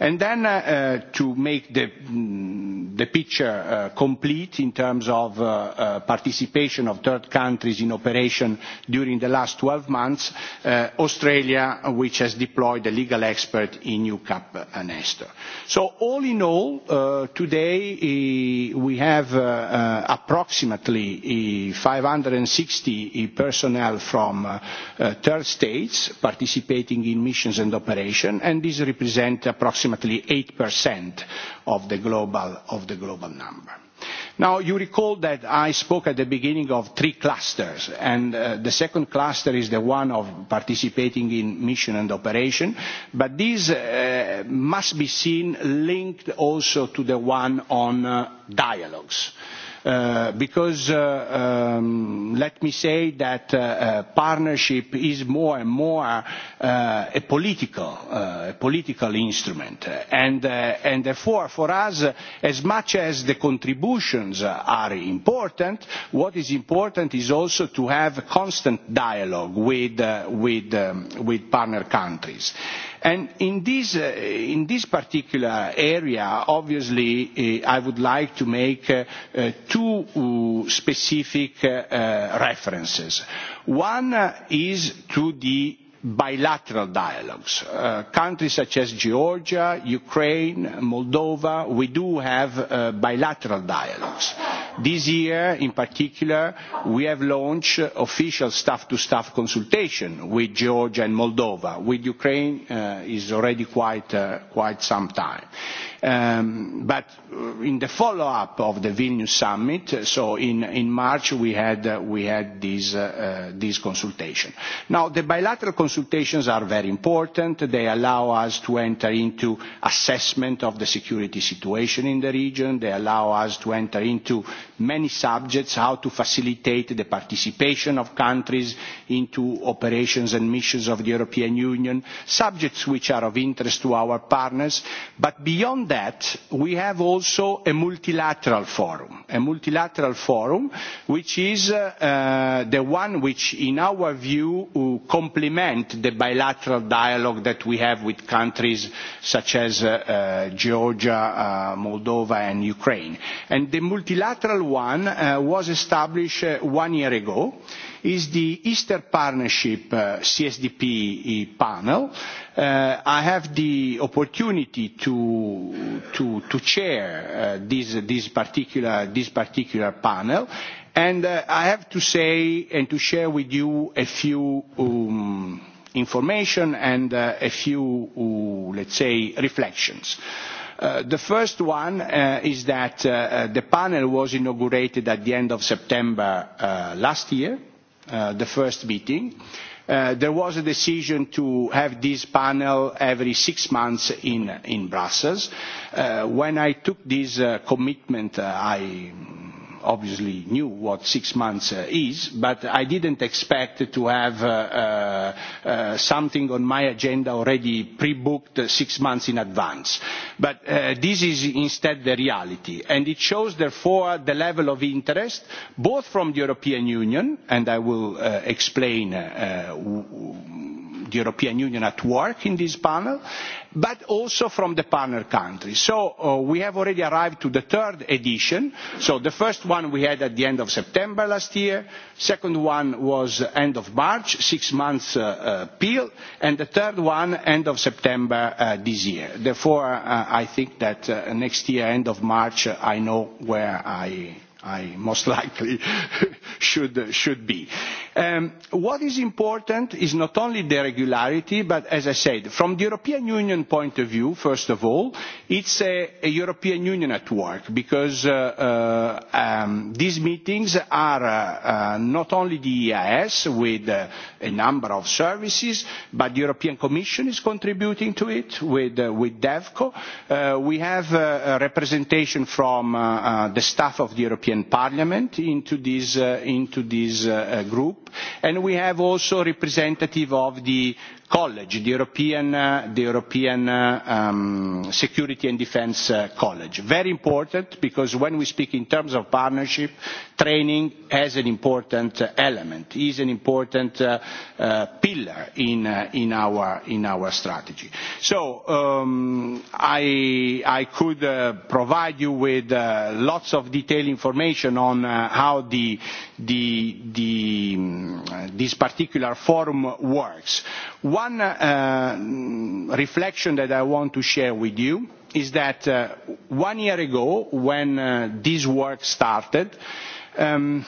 And then uh, uh, to make the mm, the picture uh, complete in terms of uh, uh, participation of third countries in operation during the last 12 months, uh, Australia, which has deployed a legal expert in UCAP and uh, Esther. So all in all, uh, today uh, we have uh, uh, approximately uh, 560 uh, personnel from uh, uh, third states participating in missions and operation, and this represents approximately 8% of the global of of the global number. Now, you recall that I spoke at the beginning of three clusters, and uh, the second cluster is the one of participating in mission and operation, but these uh, must be seen linked also to the one on uh, dialogues. Uh, Uh, because uh, um, let me say that uh, uh, partnership is more and more uh, a political uh, a political instrument and uh, and therefore for us uh, as much as the contributions uh, are important what is important is also to have constant dialogue with uh, with um, with partner countries And in this, uh, in this particular area, obviously, uh, I would like to make uh, uh, two uh, specific uh, uh, references. One uh, is to the bilateral dialogues. Uh, countries such as Georgia, Ukraine, Moldova, we do have uh, bilateral dialogues. This year, in particular, we have launched official staff-to-staff -staff consultation with Georgia and Moldova. With Ukraine, uh, is already quite, uh, quite some time. Um, but uh, in the follow-up of the Vilnius summit, uh, so in, in March we had, uh, we had these, uh, uh, this consultation. Now, the bilateral consultations are very important. They allow us to enter into assessment of the security situation in the region. They allow us to enter into many subjects, how to facilitate the participation of countries into operations and missions of the European Union, subjects which are of interest to our partners. But beyond that, we have also a multilateral forum, a multilateral forum which is uh, uh, the one which, in our view, uh, complement the bilateral dialogue that we have with countries such as uh, uh, Georgia, uh, Moldova, and Ukraine. And the multilateral one uh, was established uh, one year ago is the Easter Partnership uh, CSDP uh, panel Uh, I have the opportunity to, to, to chair uh, this, this, particular, this particular panel, and uh, I have to say and to share with you a few um, information and uh, a few, uh, let's say, reflections. Uh, the first one uh, is that uh, uh the panel was inaugurated at the end of September uh, last year, uh, the first meeting. Uh, Uh, there was a decision to have this panel every six months in, in Brussels. Uh, when I took this uh, commitment, uh, I obviously knew what six months uh, is, but I didn't expect to have uh, uh, uh, something on my agenda already pre-booked six months in advance. But uh, this is instead the reality, and it shows, therefore, the level of interest, both from the European Union, and I will uh, explain uh, the European Union at work in this panel, but also from the partner countries. So uh, we have already arrived to the third edition. So the first one we had at the end of September last year, second one was end of March, six months uh, uh, peel, and the third one end of September uh, this year. Therefore, uh, I think that uh, next year, end of March, uh, I know where I, I most (laughs) likely should, should be. Um, what is important is not only the regularity, but as I said, from the European Union point of view, first of all, it's a, a European Union at work because uh, uh, um, these meetings are uh, uh, not only the EIS with uh, a number of services, but the European Commission is contributing to it with, uh, with DEVCO. Uh, we have a, uh, a representation from uh, uh, the staff of the European Parliament into this, uh, into this uh, group and we have also representatives of the College, the European, uh, the European uh, um, Security and Defense uh, College. Very important because when we speak in terms of partnership, training has an important uh, element, is an important uh, uh, pillar in, uh, in, our, in our strategy. So um, I, I could uh, provide you with uh, lots of detailed information on uh, how the, the, the, um, this particular forum works. What One uh, reflection that I want to share with you is that uh, one year ago, when uh, this work started, um,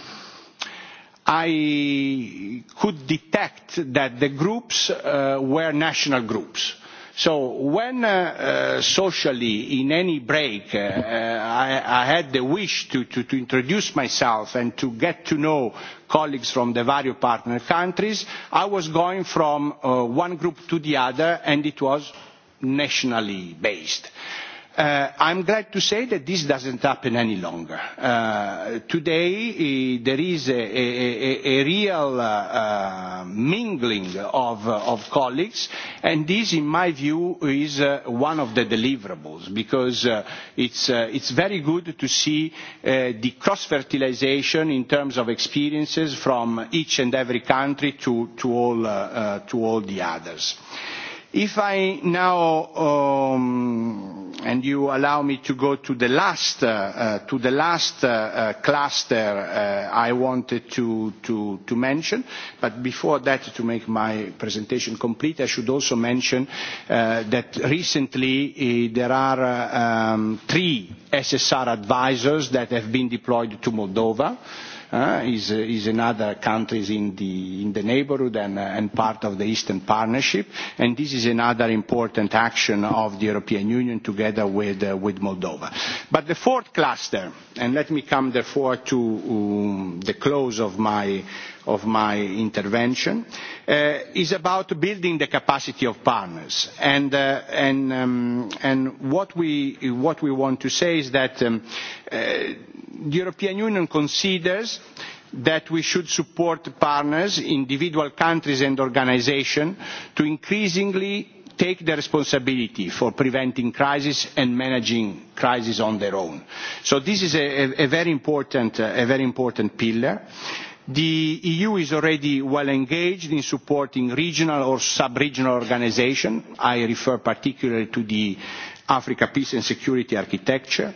I could detect that the groups uh, were national groups So when uh, uh, socially in any break uh, uh, I, I had the wish to, to, to introduce myself and to get to know colleagues from the various partner countries, I was going from uh, one group to the other and it was nationally based. Uh, I'm glad to say that this doesn't happen any longer. Uh, today, uh, there is a, a, a, a real uh, uh, mingling of, uh, of colleagues, and this, in my view, is uh, one of the deliverables, because uh, it's, uh, it's very good to see uh, the cross-fertilization in terms of experiences from each and every country to, to, all, uh, uh, to all the others. Uh, If I now, um, and you allow me to go to the last, uh, uh, to the last uh, uh, cluster uh, I wanted to, to, to mention, but before that, to make my presentation complete, I should also mention uh, that recently uh, there are uh, um, three SSR advisors that have been deployed to Moldova uh, is, uh, is in other countries in the, in the neighborhood and, uh, and part of the Eastern Partnership. And this is another important action of the European Union together with, uh, with Moldova. But the fourth cluster, and let me come therefore to um, the close of my of my intervention, uh, is about building the capacity of partners. And, uh, and, um, and what, we, what we want to say is that um, uh, the European Union considers that we should support partners, individual countries and organisations to increasingly take the responsibility for preventing crisis and managing crisis on their own. So this is a, a, a very important, uh, a very important pillar. Uh, The EU is already well engaged in supporting regional or sub-regional organizations. I refer particularly to the Africa Peace and Security Architecture.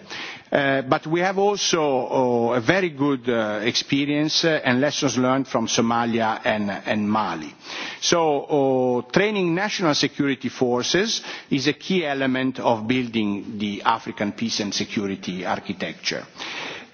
Uh, but we have also uh, a very good uh, experience uh, and lessons learned from Somalia and, and Mali. So uh, training national security forces is a key element of building the African peace and security architecture.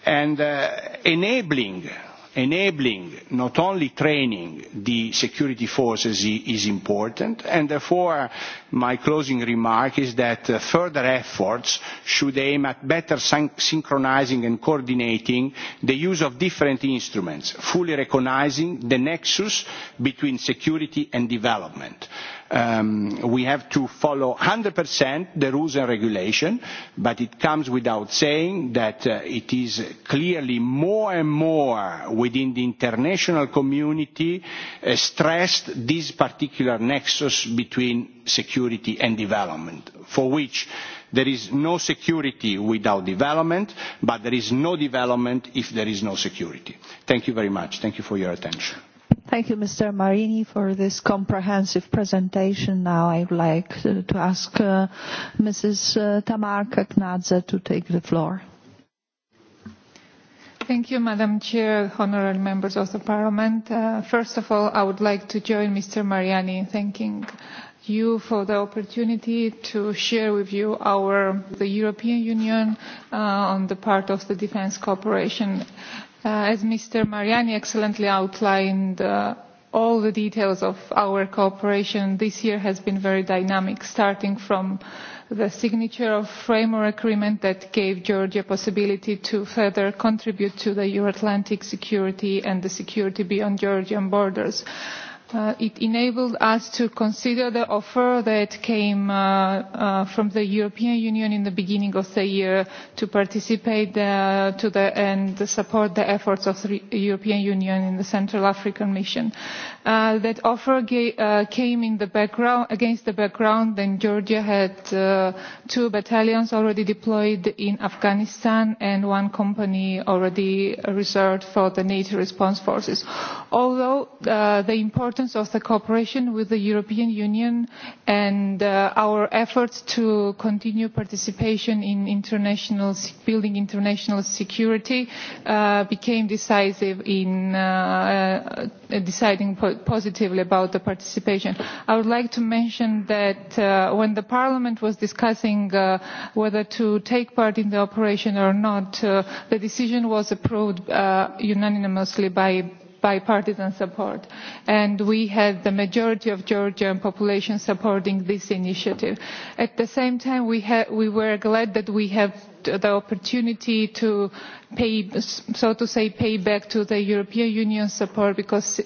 And uh, enabling enabling not only training the security forces is important and therefore my closing remark is that uh, further efforts should aim at better synchronizing and coordinating the use of different instruments fully recognizing the nexus between security and development Um, we have to follow 100% the rules and regulation, but it comes without saying that uh, it is clearly more and more within the international community uh, stressed this particular nexus between security and development, for which there is no security without development, but there is no development if there is no security. Thank you very much. Thank you for your attention. Thank you, Mr. Marini, for this comprehensive presentation. Now I would like to, to ask uh, Mrs. Uh, Tamar Kaknadze to take the floor. Thank you, Madam Chair, honorable members of the Parliament. Uh, first of all, I would like to join Mr. Mariani in thanking you for the opportunity to share with you our, the European Union uh, on the part of the defense cooperation. Uh, Uh, as Mr. Mariani excellently outlined, uh, all the details of our cooperation this year has been very dynamic, starting from the signature of framework agreement that gave Georgia possibility to further contribute to the Euro-Atlantic security and the security beyond Georgian borders. Uh, Uh, it enabled us to consider the offer that came uh, uh, from the European Union in the beginning of the year to participate uh, to the, and support the efforts of the European Union in the Central African Mission. Uh, that offer gave, uh, came in the background, against the background that Georgia had uh, two battalions already deployed in Afghanistan and one company already reserved for the NATO response forces. Although uh, the importance importance of the cooperation with the European Union and uh, our efforts to continue participation in international building international security uh, became decisive in uh, uh, deciding po positively about the participation. I would like to mention that uh, when the Parliament was discussing uh, whether to take part in the operation or not, uh, the decision was approved uh, unanimously by bipartisan support. And we had the majority of Georgian population supporting this initiative. At the same time, we, ha we were glad that we have the opportunity to pay, so to say, pay back to the European Union support because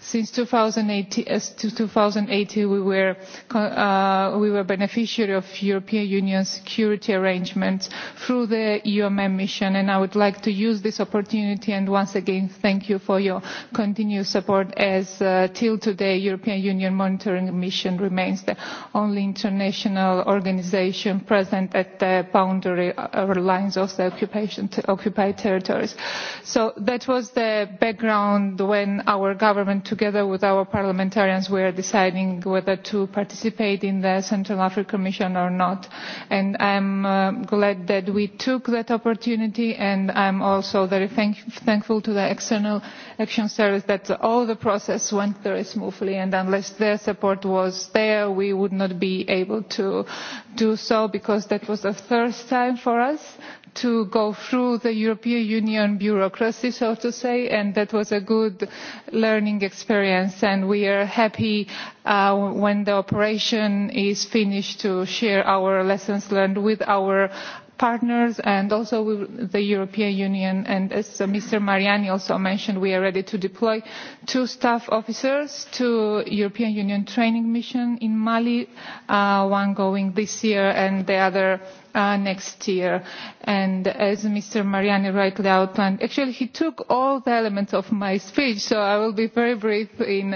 since 2018, as uh, to 2018 we were, uh, we were beneficiary of European Union security arrangements through the UMM mission and I would like to use this opportunity and once again thank you for your continued support as uh, till today European Union monitoring mission remains the only international organization present at the boundary or uh, lines of the occupation, occupied territories. So that was the background when our government government together with our parliamentarians we are deciding whether to participate in the Central African Mission or not. And I'm uh, glad that we took that opportunity and I'm also very thank thankful to the External Action Service that all the process went very smoothly and unless their support was there we would not be able to do so because that was the first time for us to go through the European Union bureaucracy, so to say, and that was a good learning experience. And we are happy uh, when the operation is finished to share our lessons learned with our partners and also with the European Union. And as Mr. Mariani also mentioned, we are ready to deploy two staff officers to European Union training mission in Mali, uh, one going this year and the other uh, next year. And as Mr. Mariani rightly outlined, actually he took all the elements of my speech, so I will be very brief in,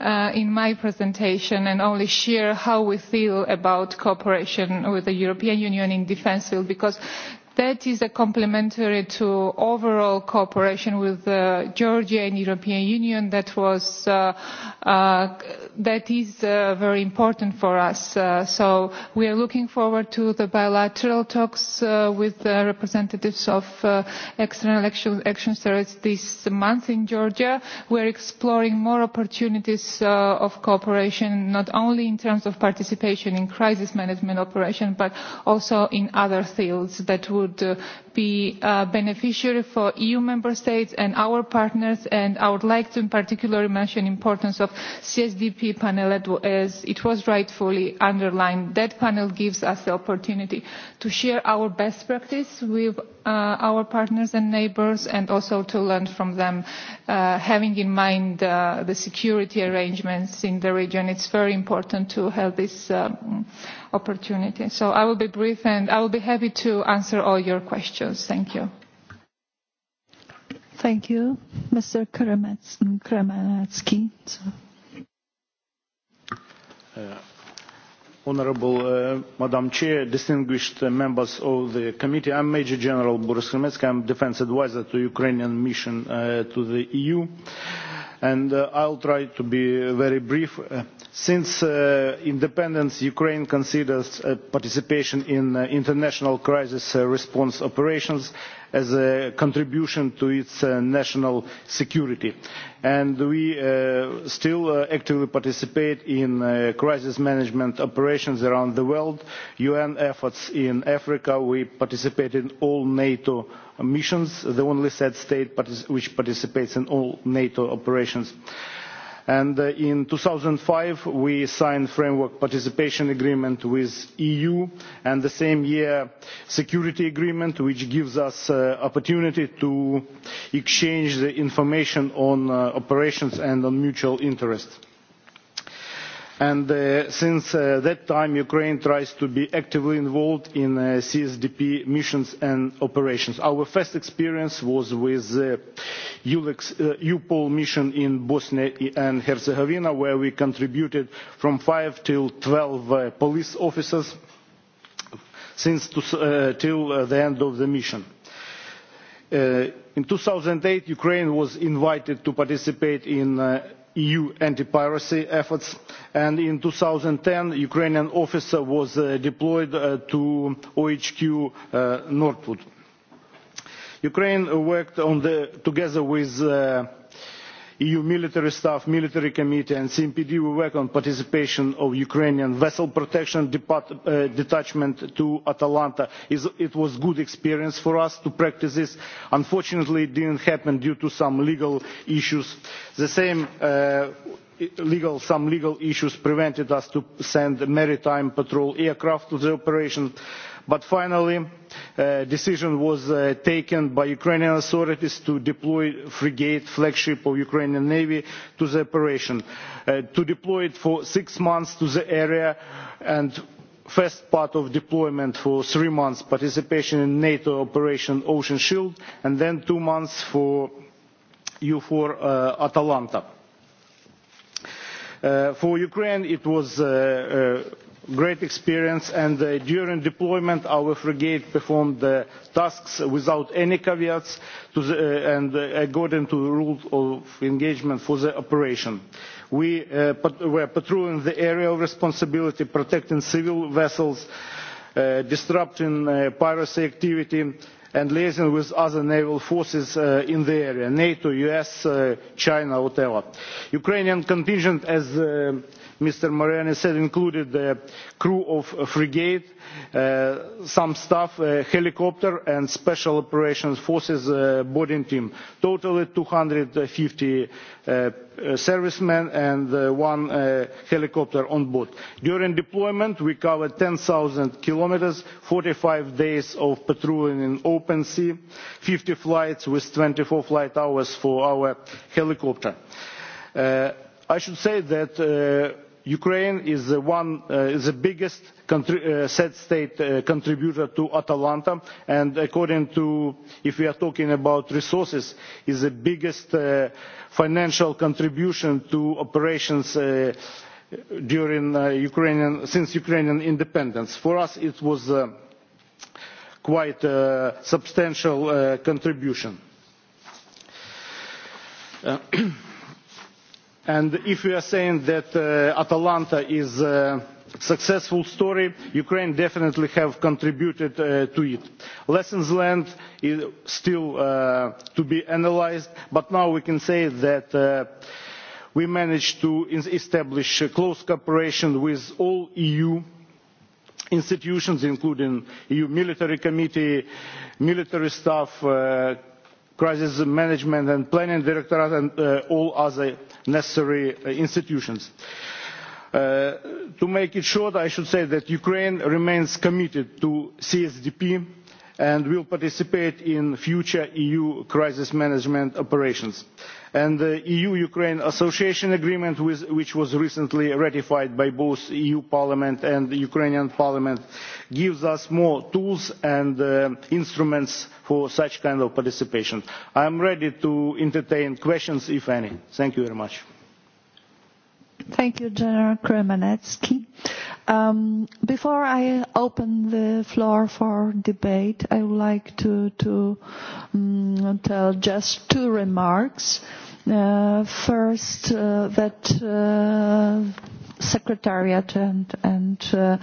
uh, in my presentation and only share how we feel about cooperation with the European Union in defense field, because That is a complementary to overall cooperation with uh, Georgia and European Union that was uh, uh, that is uh, very important for us. Uh, so we are looking forward to the bilateral talks uh, with the representatives of uh, external action, action service this month in Georgia. We are exploring more opportunities uh, of cooperation, not only in terms of participation in crisis management operation, but also in other fields that we could uh, be uh, beneficiary for EU member states and our partners. And I would like to in particular mention importance of CSDP panel as it was rightfully underlined. That panel gives us the opportunity to share our best practice with uh, our partners and neighbors and also to learn from them, uh, having in mind uh, the security arrangements in the region. It's very important to have this um, opportunity. So I will be brief and I will be happy to answer all your questions. Thank you. Thank you. Mr. Kremetsky. Uh, Honorable uh, Madam Chair, distinguished uh, members of the committee, I'm Major General Boris Kremetsky. I'm defense advisor to Ukrainian mission uh, to the EU. And uh, I'll try to be very brief. Uh, since uh, independence, Ukraine considers uh, participation in uh, international crisis uh, response operations as a contribution to its uh, national security. And we uh, still uh, actively participate in uh, crisis management operations around the world, UN efforts in Africa. We participate in all NATO missions, the only said state partic which participates in all NATO operations. Uh, And uh, in 2005, we signed framework participation agreement with EU, and the same year, security agreement, which gives us uh, opportunity to exchange the information on uh, operations and on mutual interest. And uh, since uh, that time, Ukraine tries to be actively involved in uh, CSDP missions and operations. Our first experience was with the uh, uh, UPOL mission in Bosnia and Herzegovina, where we contributed from 5 till 12 uh, police officers since to, uh, till uh, the end of the mission. Uh, in 2008, Ukraine was invited to participate in uh, EU anti-piracy efforts. And in 2010, Ukrainian officer was uh, deployed uh, to OHQ uh, Nordwood. Ukraine worked on the, together with uh, EU military staff, military committee and CMPD will work on participation of Ukrainian vessel protection depart, uh, detachment to Atalanta. It was good experience for us to practice this. Unfortunately, it didn't happen due to some legal issues. The same uh, legal, some legal issues prevented us to send maritime patrol aircraft to the operation. But finally, a uh, decision was uh, taken by Ukrainian authorities to deploy frigate flagship of Ukrainian Navy to the operation, uh, to deploy it for six months to the area and first part of deployment for three months participation in NATO operation Ocean Shield and then two months for U4 uh, Atalanta. Uh, for Ukraine, it was a uh, uh, great experience, and uh, during deployment, our frigate performed the tasks without any caveats to the, uh, and uh, according to the rules of engagement for the operation. We uh, pat were patrolling the area of responsibility, protecting civil vessels, uh, disrupting uh, piracy activity, and liaison with other naval forces uh, in the area, NATO, US, uh, China, whatever. Ukrainian contingent as uh, Mr. Moreno said, included the crew of a frigate, uh, some staff, a helicopter, and special operations forces uh, boarding team. Totally 250 uh, uh, servicemen and uh, one uh, helicopter on board. During deployment, we covered 10,000 kilometers, 45 days of patrolling in open sea, 50 flights with 24 flight hours for our helicopter. Uh, I should say that uh, Ukraine is the, one, uh, is the biggest uh, said state uh, contributor to Atalanta, and according to, if we are talking about resources, is the biggest uh, financial contribution to operations uh, during uh, Ukrainian, since Ukrainian independence. For us, it was uh, quite a uh, substantial uh, contribution. Uh, (clears throat) And if you are saying that uh, Atalanta is a successful story, Ukraine definitely have contributed uh, to it. Lessons learned is still uh, to be analyzed, but now we can say that uh, we managed to establish close cooperation with all EU institutions, including EU military committee, military staff, uh, crisis management and planning directorate, and uh, all other necessary uh, institutions. Uh, to make it short, I should say that Ukraine remains committed to CSDP and will participate in future EU crisis management operations. Uh, and the EU-Ukraine Association Agreement, which was recently ratified by both EU Parliament and the Ukrainian Parliament, gives us more tools and uh, instruments for such kind of participation. I am ready to entertain questions, if any. Thank you very much. Thank you, General Kremenetsky. Um, before I open the floor for debate, I would like to, to um, tell just two remarks. Uh, first, uh, that uh, Secretariat and, and uh,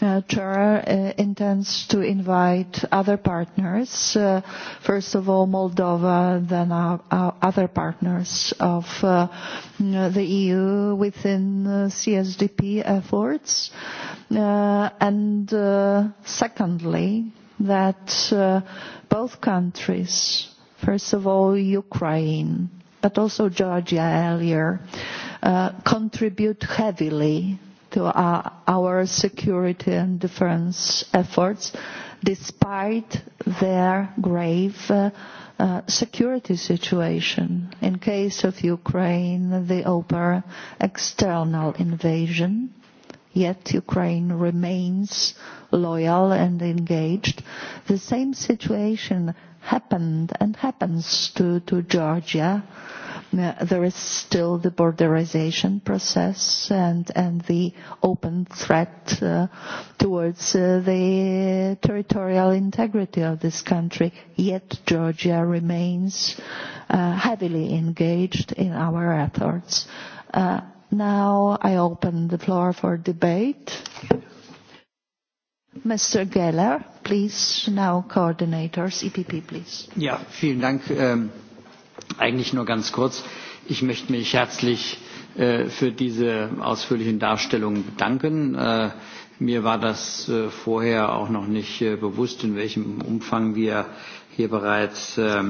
uh, Chair uh, intends to invite other partners, uh, first of all Moldova, then our, our other partners of uh, the EU within uh, CSDP efforts. Uh, and uh, secondly, that uh, both countries, first of all Ukraine, but also Georgia earlier, uh, Uh, contribute heavily to our, our security and defense efforts despite their grave uh, uh, security situation. In case of Ukraine, the open external invasion, yet Ukraine remains loyal and engaged. The same situation happened and happens to, to Georgia Uh, there is still the borderization process and, and the open threat uh, towards uh, the territorial integrity of this country. Yet Georgia remains uh, heavily engaged in our efforts. Uh, now I open the floor for debate. Mr. Geller, please, now coordinators, EPP, please. Yeah, vielen Dank. Um Eigentlich nur ganz kurz. Ich möchte mich herzlich äh, für diese ausführlichen Darstellungen bedanken. Äh, mir war das äh, vorher auch noch nicht äh, bewusst, in welchem Umfang wir hier bereits äh,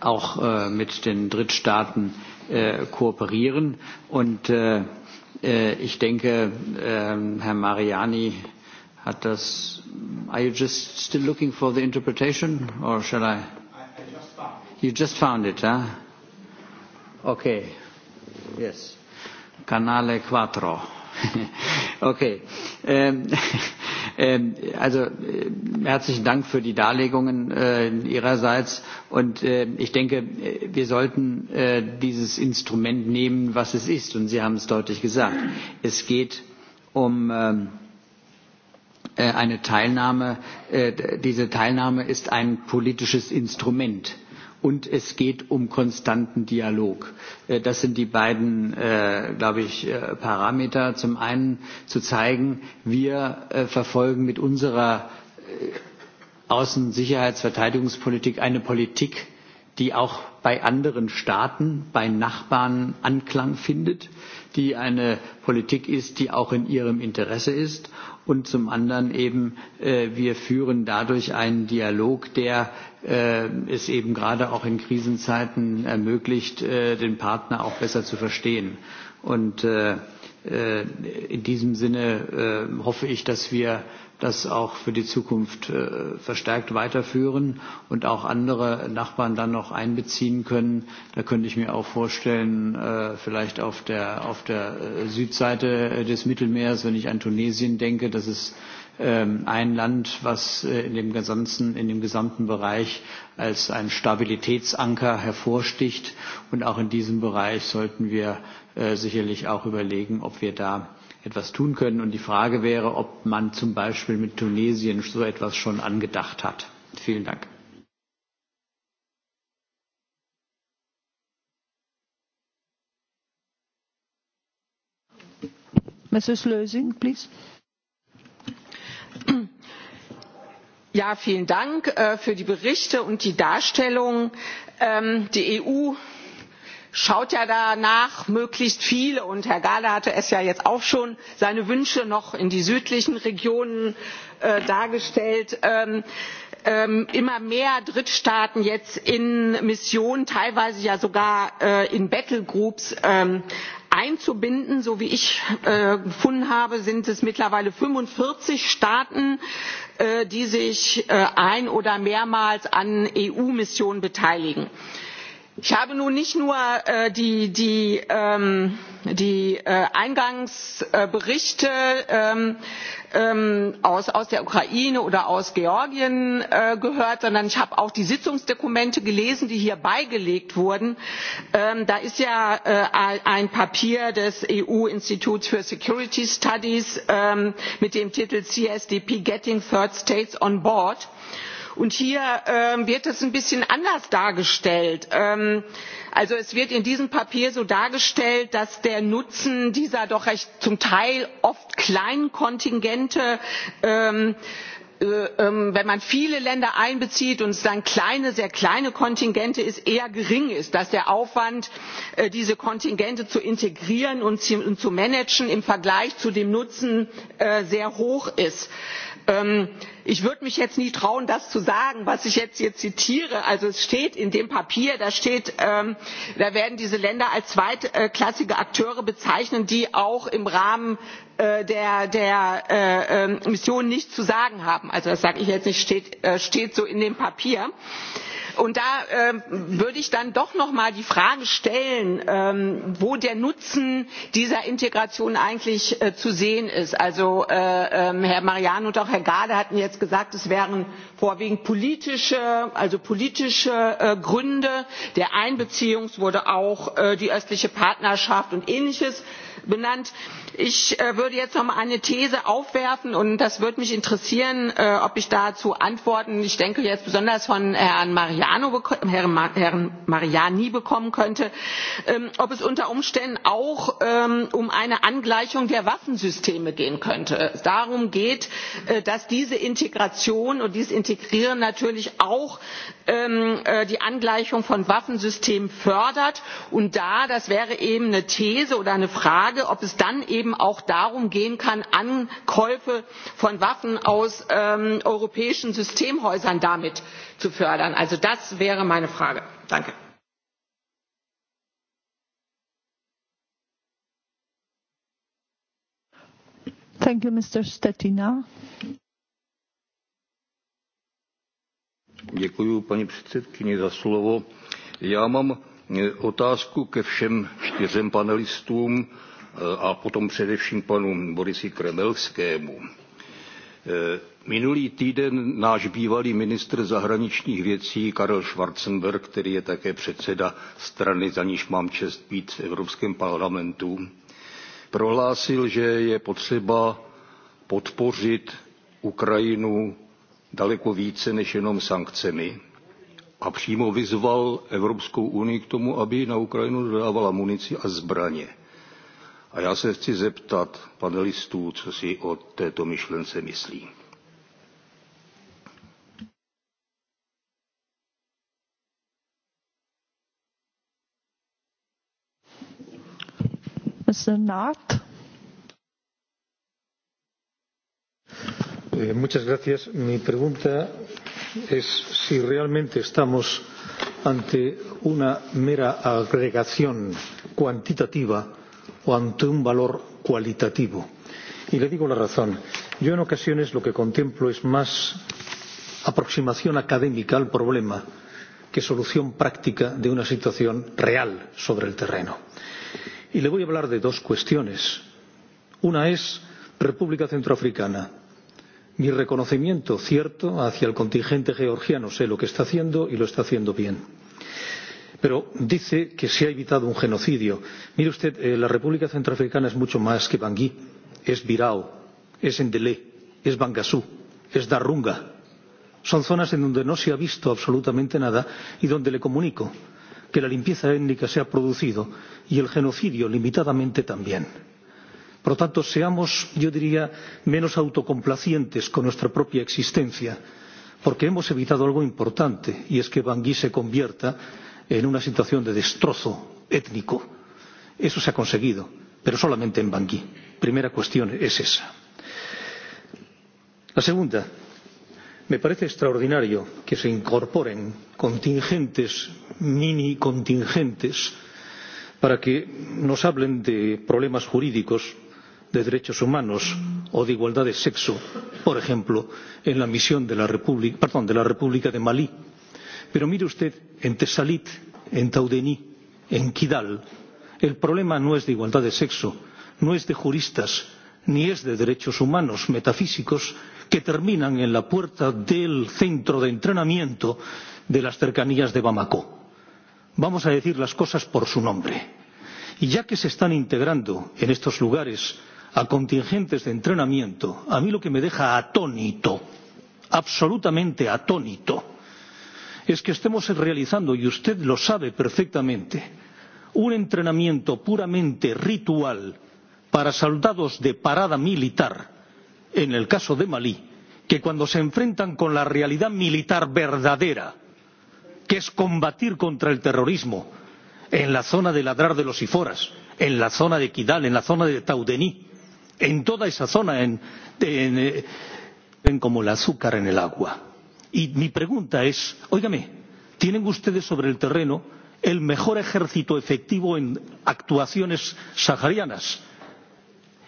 auch äh, mit den Drittstaaten äh, kooperieren. Und äh, äh, ich denke, äh, Herr Mariani hat das. Are you just still looking for the interpretation or shall I? You just found it, huh? Okay. Yes. Canale 4. (laughs) okay. Um, (laughs) also äh, herzlichen Dank für die Darlegungen äh, Ihrerseits. Und äh, ich denke, äh, wir sollten äh, dieses Instrument nehmen, was es ist. Und Sie haben es deutlich gesagt. Es geht um. Ähm, äh, eine Teilnahme, äh, diese Teilnahme ist ein politisches Instrument. Äh, und es geht um konstanten Dialog. Äh, das sind die beiden, äh, glaube ich, äh, Parameter. Zum einen zu zeigen, wir verfolgen mit unserer Außen-, Sicherheits-, Verteidigungspolitik eine Politik, die auch bei anderen Staaten, bei Nachbarn Anklang findet, die eine Politik ist, die auch in ihrem Interesse ist und zum anderen eben äh, wir führen dadurch einen Dialog, der äh, es eben gerade auch in Krisenzeiten ermöglicht, äh, den Partner auch besser zu verstehen. Und äh, äh in diesem Sinne äh, hoffe ich, dass wir das auch für die Zukunft äh, verstärkt weiterführen und auch andere Nachbarn dann noch einbeziehen können. Da könnte ich mir auch vorstellen, äh, vielleicht auf der, auf der äh, Südseite äh, des Mittelmeers, wenn ich an Tunesien denke, dass es ähm, ein Land, was äh, in dem, gesamten, in dem gesamten Bereich als ein Stabilitätsanker hervorsticht. Und auch in diesem Bereich sollten wir sicherlich auch überlegen, ob wir da etwas tun können. Und die Frage wäre, ob man zum Beispiel mit Tunesien so etwas schon angedacht hat. Vielen Dank. Mrs. Lösing, please. Ja, vielen Dank äh, für die Berichte und die Darstellung. Ähm, die EU schaut ja danach möglichst viele und Herr Gahler hatte es ja jetzt auch schon seine Wünsche noch in die südlichen Regionen äh, dargestellt. Ähm, ähm, immer mehr Drittstaaten jetzt in Missionen, teilweise ja sogar äh, in Battlegroups ähm, einzubinden. So wie ich äh, gefunden habe, sind es mittlerweile 45 Staaten, äh, die sich äh, ein- oder mehrmals an EU-Missionen beteiligen. Äh, Ich habe nun nicht nur äh, die, die, ähm, die äh, Eingangsberichte ähm, ähm, aus, aus der Ukraine oder aus Georgien äh, gehört, sondern ich habe auch die Sitzungsdokumente gelesen, die hier beigelegt wurden. Ähm, da ist ja äh, ein Papier des EU-Instituts für Security Studies ähm, mit dem Titel CSDP Getting Third States on Board Und hier ähm, wird es ein bisschen anders dargestellt. Ähm, also es wird in diesem Papier so dargestellt, dass der Nutzen dieser doch recht zum Teil oft kleinen Kontingente ähm, äh, ähm wenn man viele Länder einbezieht und es dann kleine, sehr kleine Kontingente ist, eher gering ist, dass der Aufwand, äh, diese Kontingente zu integrieren und zu managen im Vergleich zu dem Nutzen äh, sehr hoch ist. Ähm, ich würde mich jetzt nie trauen, das zu sagen, was ich jetzt hier zitiere. Also es steht in dem Papier, da steht, ähm, da werden diese Länder als zweitklassige Akteure bezeichnen, die auch im Rahmen äh, der, der äh, ähm, Mission nichts zu sagen haben. Also das sage ich jetzt nicht, steht, äh, steht so in dem Papier. Und da äh, würde ich dann doch noch mal die Frage stellen, ähm, wo der Nutzen dieser Integration eigentlich äh, zu sehen ist. Also äh, äh, Herr Marian und auch Herr Gade hatten jetzt jetzt gesagt, es wären vorwiegend politische, also politische äh, Gründe der Einbeziehung, wurde auch äh, die östliche Partnerschaft und ähnliches benannt. Ich äh, würde jetzt noch mal eine These aufwerfen und das würde mich interessieren, äh, ob ich dazu Antworten, ich denke jetzt besonders von Herrn, Mariano, Herrn Mariani bekommen könnte, ähm, ob es unter Umständen auch ähm, um eine Angleichung der Waffensysteme gehen könnte. Es darum geht, äh, dass diese Integration und dieses Integrieren natürlich auch ähm, die Angleichung von Waffensystemen fördert und da, das wäre eben eine These oder eine Frage, frage ob es dann eben auch darum gehen kann ankäufe von waffen aus ähm, europäischen systemhäusern damit zu fördern. also das wäre meine frage. danke. Thank you, Mr. Děkuji, paní za slovo. Já mám e, otázku ke všem čtyřem panelistům. Eh, a potom především panu Borisi Kremelskému. Eh, minulý týden náš bývalý ministr zahraničních věcí Karel Schwarzenberg, který je také předseda strany, za níž mám čest být v Evropském parlamentu, prohlásil, že je potřeba podpořit Ukrajinu daleko více než jenom sankcemi a přímo vyzval Evropskou unii k tomu, aby na Ukrajinu dodávala munici a zbraně. A já se chci zeptat panelistů, co si o této myšlence myslí. Senat. Eh, muchas gracias. Mi pregunta es si realmente estamos ante una mera agregación cuantitativa o ante un valor cualitativo. Y le digo la razón. Yo en ocasiones lo que contemplo es más aproximación académica al problema que solución práctica de una situación real sobre el terreno. Y le voy a hablar de dos cuestiones. Una es República Centroafricana. Mi reconocimiento cierto hacia el contingente georgiano. Sé lo que está haciendo y lo está haciendo bien. Pero dice que se ha evitado un genocidio. Mire usted, eh, la República Centroafricana es mucho más que Bangui, es Birao, es Endelé, es Bangasú, es Darunga. Son zonas en donde no se ha visto absolutamente nada y donde le comunico que la limpieza étnica se ha producido y el genocidio limitadamente también. Por lo tanto, seamos, yo diría, menos autocomplacientes con nuestra propia existencia, porque hemos evitado algo importante, y es que Bangui se convierta en una situación de destrozo étnico. Eso se ha conseguido, pero solamente en Bangui. Primera cuestión es esa. La segunda, me parece extraordinario que se incorporen contingentes, mini contingentes, para que nos hablen de problemas jurídicos, de derechos humanos o de igualdad de sexo, por ejemplo, en la misión de la República, perdón, de la República de Malí Pero mire usted, en Tesalit, en Taudení, en Kidal, el problema no es de igualdad de sexo, no es de juristas, ni es de derechos humanos metafísicos que terminan en la puerta del centro de entrenamiento de las cercanías de Bamako. Vamos a decir las cosas por su nombre. Y ya que se están integrando en estos lugares a contingentes de entrenamiento, a mí lo que me deja atónito, absolutamente atónito, es que estemos realizando, y usted lo sabe perfectamente, un entrenamiento puramente ritual para soldados de parada militar, en el caso de Malí, que cuando se enfrentan con la realidad militar verdadera, que es combatir contra el terrorismo en la zona de Ladrar de los Iforas, en la zona de Kidal, en la zona de Taudení, en toda esa zona, en, en, eh, en como el azúcar en el agua Y mi pregunta es, óigame, ¿tienen ustedes sobre el terreno el mejor ejército efectivo en actuaciones saharianas?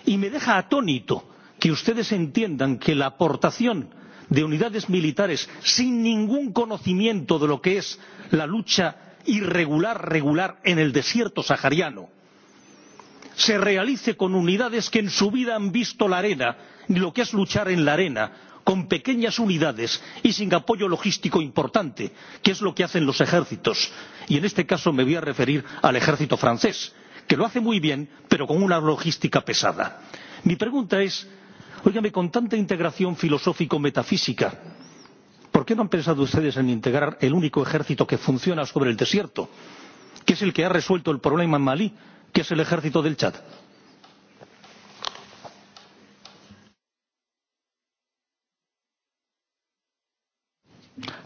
Y me deja atónito que ustedes entiendan que la aportación de unidades militares sin ningún conocimiento de lo que es la lucha irregular regular en el desierto sahariano se realice con unidades que en su vida han visto la arena ni lo que es luchar en la arena con pequeñas unidades y sin apoyo logístico importante, que es lo que hacen los ejércitos. Y en este caso me voy a referir al ejército francés, que lo hace muy bien, pero con una logística pesada. Mi pregunta es, óigame, con tanta integración filosófico-metafísica, ¿por qué no han pensado ustedes en integrar el único ejército que funciona sobre el desierto, que es el que ha resuelto el problema en Malí, que es el ejército del Chad?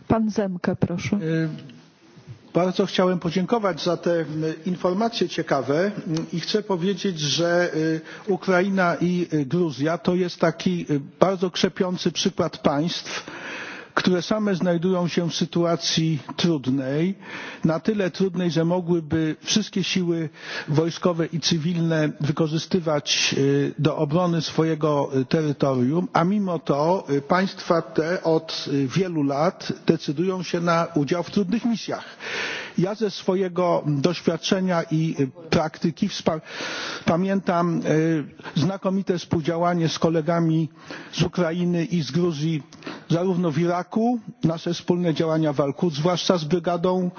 Pan Zemke, proszę. Bardzo chciałem podziękować za te informacje ciekawe i chcę powiedzieć, że Ukraina i Gruzja to jest taki bardzo krzepiący przykład państw, które same znajdują się w sytuacji trudnej, na tyle trudnej, że mogłyby wszystkie siły wojskowe i cywilne wykorzystywać e, do obrony swojego e, terytorium, a mimo to e, państwa te od wielu lat decydują się na udział w trudnych misjach. Ja ze swojego doświadczenia i praktyki pamiętam znakomite współdziałanie z kolegami z Ukrainy i z Gruzji, zarówno w Iraku, nasze wspólne działania w Alku, zwłaszcza z brygadą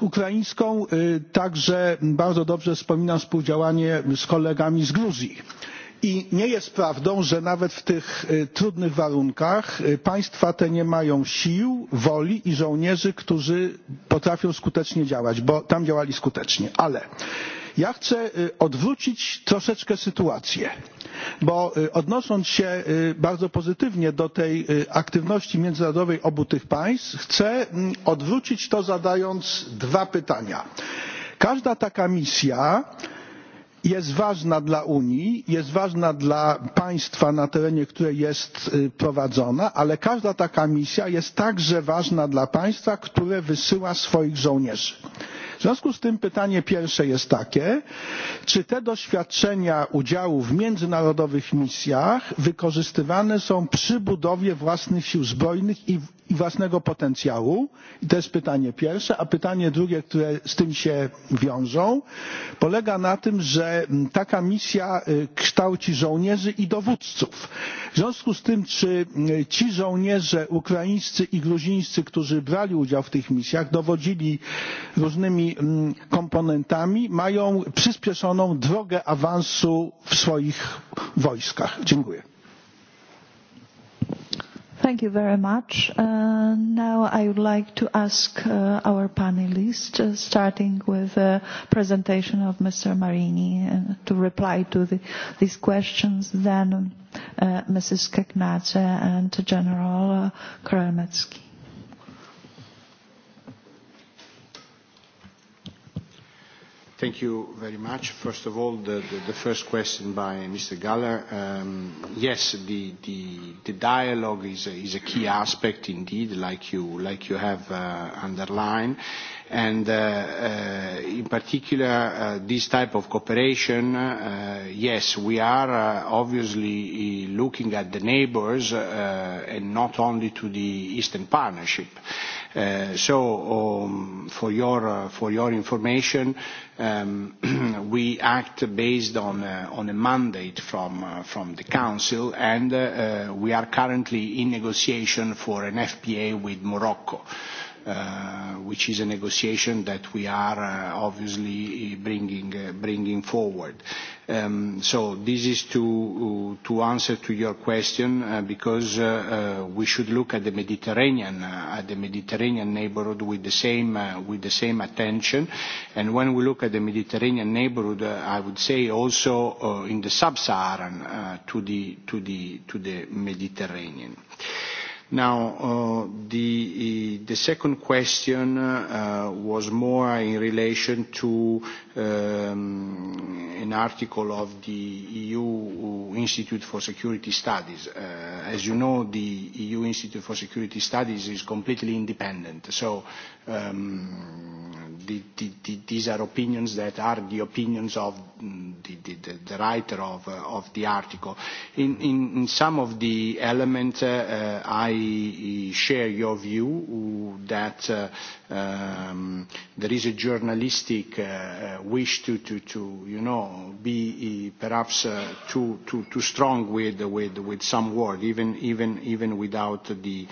ukraińską, także bardzo dobrze wspominam współdziałanie z kolegami z Gruzji I nie jest prawdą, że nawet w tych e, trudnych warunkach e, państwa te nie mają sił, woli i żołnierzy, którzy potrafią skutecznie działać, bo tam działali skutecznie. Ale ja chcę e, odwrócić troszeczkę sytuację, bo odnosząc się bardzo pozytywnie do tej aktywności międzynarodowej obu tych państw, chcę odwrócić to zadając dwa pytania. Każda taka misja jest ważna dla Unii, jest ważna dla państwa, na terenie które jest prowadzona, ale każda taka misja jest także ważna dla państwa, które wysyła swoich żołnierzy. W związku z tym pytanie pierwsze jest takie, czy te doświadczenia udziału w międzynarodowych misjach wykorzystywane są przy budowie własnych sił zbrojnych i, i własnego potencjału? I to jest pytanie pierwsze, a pytanie drugie, które z tym się wiążą, polega na tym, że taka misja kształci żołnierzy i dowódców. W związku z tym, czy ci żołnierze ukraińscy i gruzińscy, którzy brali udział w tych misjach, dowodzili różnymi Mm, komponentami mają przyspieszoną drogę awansu w swoich wojskach. Dziękuję. Thank you very much. Uh, now I would like to ask uh, our panelists, uh, starting with the presentation of Mr. Marini, uh, to reply to the, these questions, then uh, Mrs. Keknace and General uh, Kremetsky. Thank you very much. First of all, the, the, the first question by Mr. Galler. Um, yes, the, the, the dialogue is a, is a key aspect indeed, like you, like you have uh, underlined. And uh, uh, in particular, uh, this type of cooperation, uh, yes, we are uh, obviously uh, looking at the neighbors uh, and not only to the Eastern Partnership Uh, so um, for, your, uh, for your information, um, (clears throat) we act based on, uh, on a mandate from, uh, from the Council and uh, uh, we are currently in negotiation for an FPA with Morocco. Uh, uh, which is a negotiation that we are uh, obviously uh, bringing, uh, bringing forward. Um, so this is to, uh, to answer to your question uh, because uh, uh, we should look at the Mediterranean, uh, at the Mediterranean neighborhood with the, same, uh, with the same attention. And when we look at the Mediterranean neighborhood, uh, I would say also uh, in the sub-Saharan uh, to, the, to, the, to the Mediterranean. Now, uh, the, uh, the second question uh, was more in relation to um, an article of the EU Institute for Security Studies. Uh, as you know, the EU Institute for Security Studies is completely independent, so um, the, the, the, these are opinions that are the opinions of mm, the, the, the, the writer of, uh, of the article. In, in, in some of the elements, uh, uh, I share your view that uh, um, there is a journalistic uh, uh wish to, to, to you know, be uh, perhaps uh, too, too, too strong with, with, with some word, even, even, even without the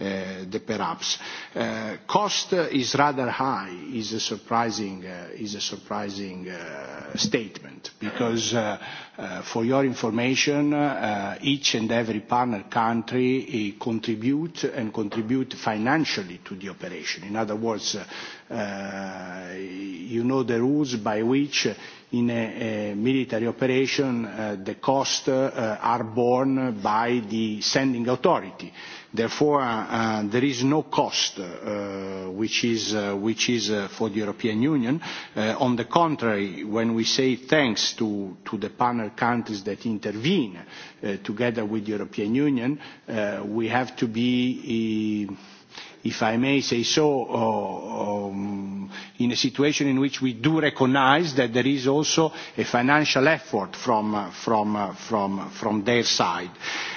uh, the perhaps. Uh, cost is rather high is a surprising, uh, is a surprising uh, statement because uh, uh, for your information uh, each and every partner country uh, contribute and contribute financially to the operation. In other words, uh, uh, you know the rules by which in a, a military operation uh, the costs uh, are borne by the sending authority. Uh, Therefore, uh, uh, there is no cost uh, which is, uh, which is uh, for the European Union. Uh, on the contrary, when we say thanks to, to the partner countries that intervene uh, together with the European Union, uh, we have to be uh, if I may say so, uh, um, in a situation in which we do recognize that there is also a financial effort from, uh, from, uh, from, from their side.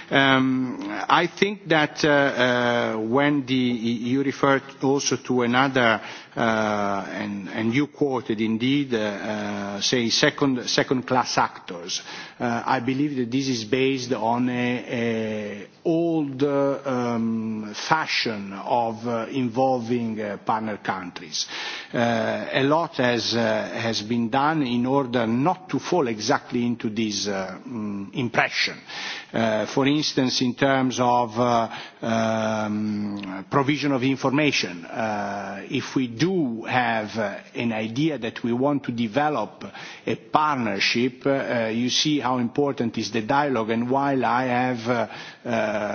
Um, I think that uh, uh, when the, you referred also to another uh, and, and you quoted indeed, uh, uh, say, second, second class actors. Uh, I believe that this is based on a, a old uh, um, fashion of uh, involving uh, partner countries. Uh, a lot has, uh, has been done in order not to fall exactly into this uh, mm, impression. impression. Uh, for instance, in terms of uh, um, provision of information. Uh, if we do have uh, an idea that we want to develop a partnership, uh, uh you see how important is the dialogue, and while I have, uh,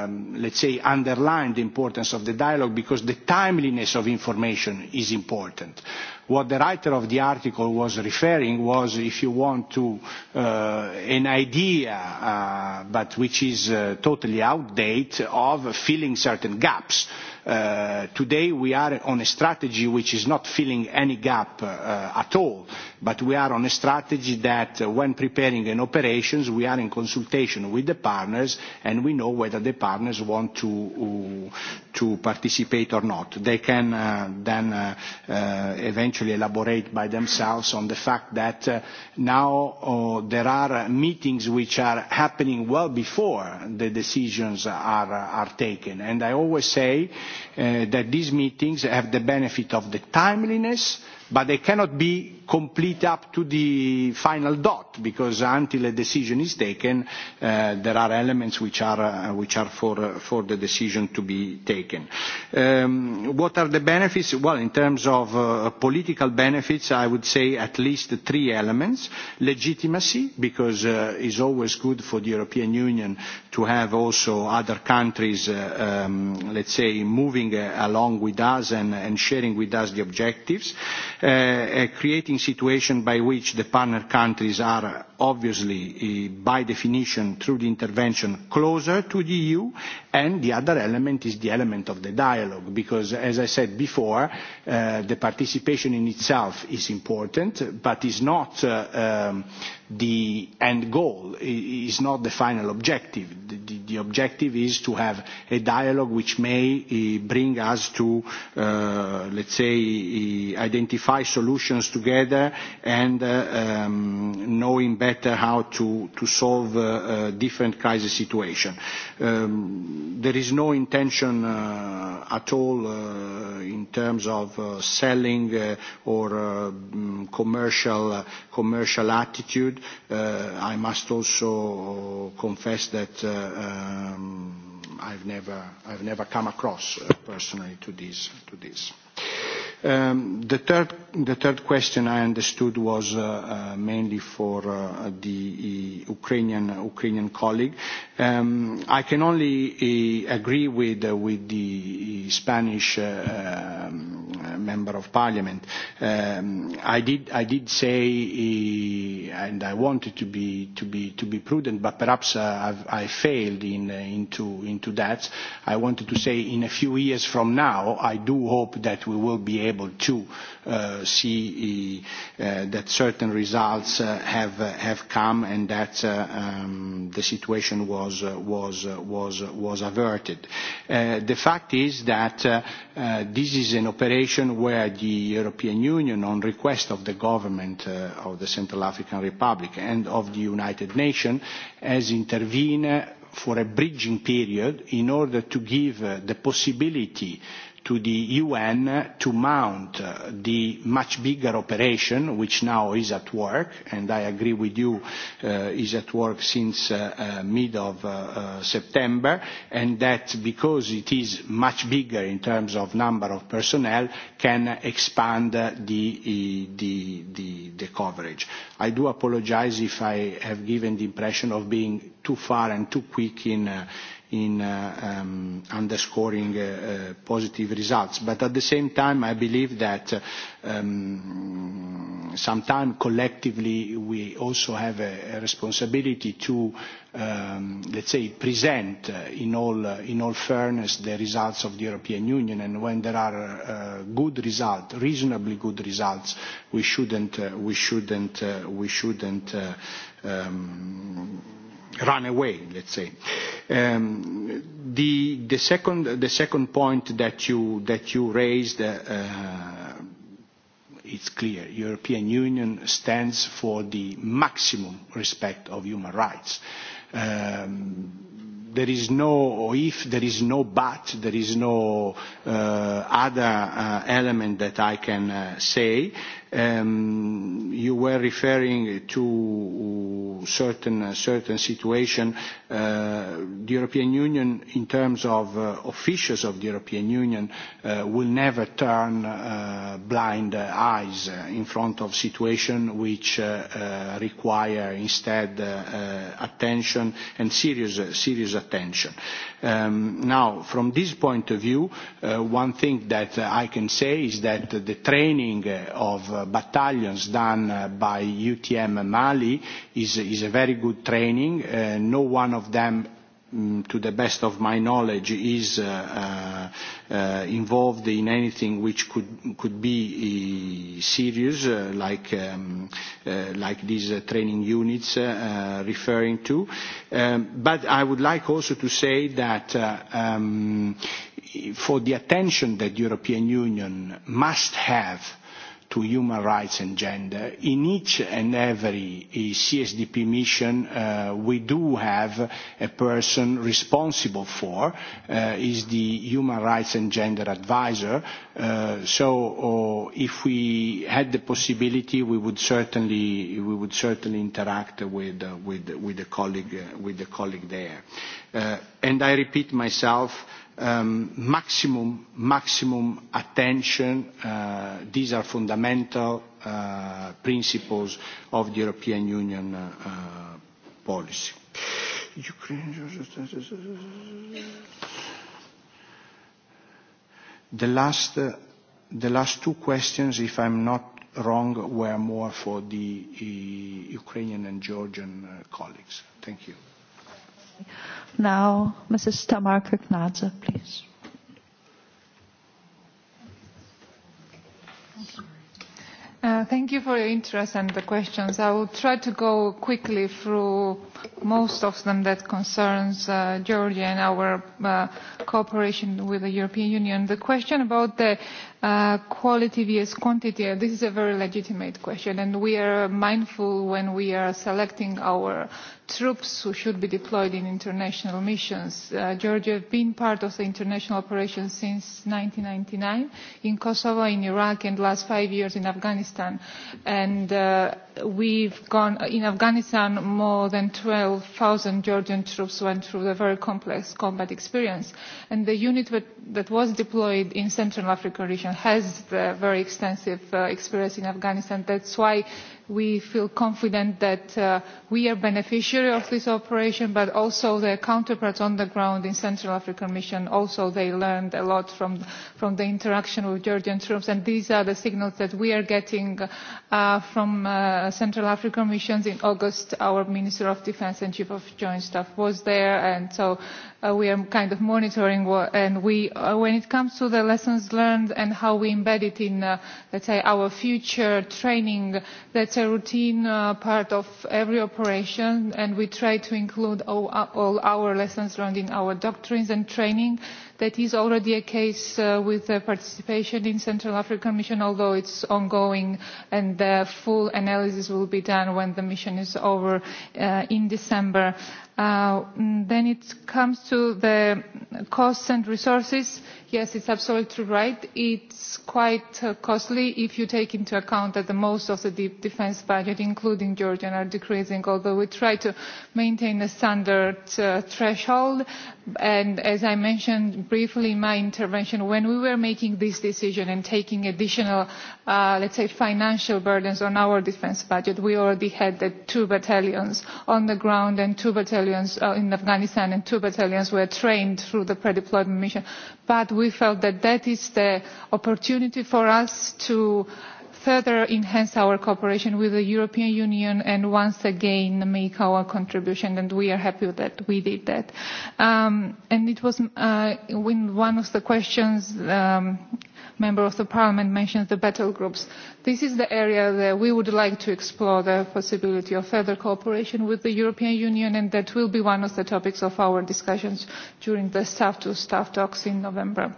um, let's say, underlined the importance of the dialogue because the timeliness of information is important. What the writer of the article was referring was, if you want to, uh, an idea, uh, but which is uh, totally outdated, of filling certain gaps Uh, today we are on a strategy which is not filling any gap uh, at all, but we are on a strategy that uh, when preparing an operations we are in consultation with the partners and we know whether the partners want to, uh, to participate or not. They can uh, then uh, uh, eventually elaborate by themselves on the fact that uh, now uh, there are meetings which are happening well before the decisions are, are taken. And I always say uh, that these meetings have the benefit of the timeliness, but they cannot be complete up to the final dot because until a decision is taken uh, there are elements which are, uh, which are for, uh, for the decision to be taken. Um, what are the benefits? Well, in terms of uh, political benefits, I would say at least three elements. Legitimacy, because uh, it's always good for the European Union to have also other countries, uh, um, let's say, moving uh, along with us and, and sharing with us the objectives. Uh, uh, creating situation by which the partner countries are obviously, eh, by definition, through the intervention, closer to the EU, and the other element is the element of the dialogue, because, as I said before, uh, the participation in itself is important, but is not uh, um, the end goal is not the final objective. The, the, the objective is to have a dialogue which may uh, bring us to, uh, let's say, uh, identify solutions together and uh, um, knowing better how to, to solve uh, uh, different crisis situations. Um, there is no intention uh, at all uh, in terms of uh, selling uh, or uh, mm, commercial, uh, commercial attitude. Uh, I must also confess that uh, um, I've, never, I've never come across uh, personally to this. To this. Um, the, third, the third question I understood was uh, uh, mainly for uh, the uh, Ukrainian, uh, Ukrainian colleague. Um, I can only uh, agree with, uh, with the Spanish uh, um, member of parliament. Um, I, did, I did say, uh, and I wanted to be, to be, to be prudent, but perhaps uh, I've, I failed in, uh, into, into that. I wanted to say in a few years from now, I do hope that we will be able able to uh, see uh, that certain results uh, have, uh, have come and that uh, um, the situation was, uh, was, uh, was, uh, was averted. Uh, the fact is that uh, uh, this is an operation where the European Union, on request of the government uh, of the Central African Republic and of the United Nations, has intervened for a bridging period in order to give uh, the possibility uh, to the UN to mount uh, the much bigger operation, which now is at work, and I agree with you, uh, is at work since uh, uh, mid of uh, uh, September, and that because it is much bigger in terms of number of personnel, can expand uh, the, uh, the, the, the coverage. I do apologize if I have given the impression of being too far and too quick in uh, in uh, um, underscoring uh, uh, positive results. But at the same time, I believe that uh, um, sometimes collectively we also have a, a responsibility to, um, let's say, present uh, in, all, uh, in all fairness the results of the European Union. And when there are uh, good results, reasonably good results, we shouldn't, uh, we shouldn't, uh, we shouldn't uh, um, run away, let's say. Um, the, the, second, the second point that you, that you raised, uh, uh, it's clear, European Union stands for the maximum respect of human rights. Um, there is no or if, there is no but, there is no uh, other uh, element that I can uh, say um, you were referring to certain, uh, certain situation. Uh, the European Union, in terms of uh, officials of the European Union, uh, will never turn uh, blind eyes in front of situations which uh, uh, require instead uh, uh, attention and serious, uh, serious attention. Um, now, from this point of view, uh, one thing that I can say is that the training of uh, battalions done uh, by UTM Mali is, is a very good training. Uh, no one of them mm, to the best of my knowledge, is uh, uh, uh, involved in anything which could, could be uh, serious, uh, like, um, uh, like these uh, training units uh, uh, referring to. Um, but I would like also to say that uh, um, for the attention that the European Union must have uh, to human rights and gender. In each and every eh, CSDP mission, uh, we do have a person responsible for, uh, is the human rights and gender advisor. Uh, so uh, if we had the possibility, we would certainly, we would certainly interact with, uh, with, with, the colleague, uh, with the colleague there. Uh, and I repeat myself, uh, um, maximum, maximum attention. Uh, these are fundamental uh, principles of the European Union uh, uh policy. The last, uh, the last two questions, if I'm not wrong, were more for the uh, Ukrainian and Georgian uh, colleagues. Thank you. Now, Mrs. Tamar Kirknadze, please. Uh, thank you for your interest and the questions. I will try to go quickly through most of them that concerns uh, Georgia and our uh, cooperation with the European Union. The question about the Uh, quality vs quantity, this is a very legitimate question, and we are mindful when we are selecting our troops who should be deployed in international missions. Uh, Georgia has been part of the international operations since 1999 in Kosovo, in Iraq, and last five years in Afghanistan. And uh, we've gone, in Afghanistan, more than 12,000 Georgian troops went through the very complex combat experience. And the unit that, that was deployed in Central African region has uh, very extensive uh, experience in Afghanistan. That's why we feel confident that uh, we are beneficiary of this operation, but also their counterparts on the ground in Central African Mission, also they learned a lot from, from the interaction with Georgian troops, and these are the signals that we are getting uh, from uh, Central African Missions. In August, our Minister of Defense and Chief of Joint Staff was there, and so uh, we are kind of monitoring what, and we, uh, when it comes to the lessons learned and how we embed it in, uh, let's say, our future training, that's a routine uh, part of every operation and we try to include all, uh, all our lessons learned in our doctrines and training. That is already a case uh, with the participation in Central African Mission, although it's ongoing and the full analysis will be done when the mission is over uh, in December. Uh, mm, then it comes to the costs and resources. Yes, it's absolutely right. It's quite uh, costly if you take into account that the most of the deep defense budget, including Georgian, are decreasing, although we try to maintain a standard uh, threshold. And as I mentioned briefly in my intervention, when we were making this decision and taking additional, uh, let's say, financial burdens on our defense budget, we already had the two battalions on the ground and two battalions battalions uh, in Afghanistan and two battalions were trained through the pre-deployment mission. But we felt that that is the opportunity for us to further enhance our cooperation with the European Union and once again make our contribution and we are happy that we did that. Um, and it was uh, when one of the questions um, member of the parliament mentioned the battle groups. This is the area that we would like to explore the possibility of further cooperation with the European Union and that will be one of the topics of our discussions during the staff-to-staff talks in November.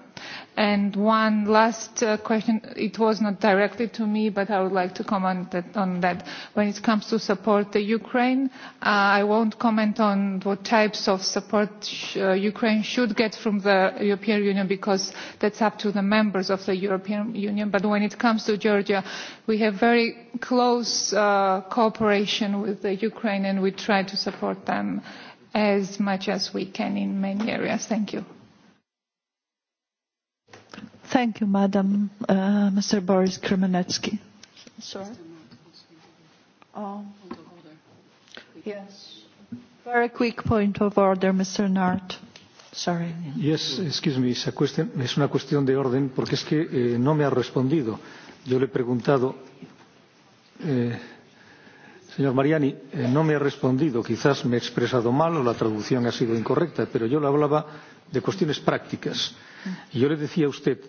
And one last uh, question, it was not directly to me, but I would like to comment that, on that. When it comes to support the Ukraine, uh, I won't comment on what types of support sh uh, Ukraine should get from the European Union because that's up to the members of the European Union. But when it comes to Georgia, We have very close uh, cooperation with the Ukraine and we try to support them as much as we can in many areas. Thank you. Thank you, Madam. Uh, Mr. Boris Kremenetsky. Sorry. Oh. Yes. Very quick point of order, Mr. Nart. Sorry. Yes, excuse me, es una cuestión de orden porque es que eh, no me ha respondido. Yo le he preguntado, eh, señor Mariani, eh, no me ha respondido, quizás me he expresado mal o la traducción ha sido incorrecta, pero yo le hablaba de cuestiones prácticas. Y yo le decía a usted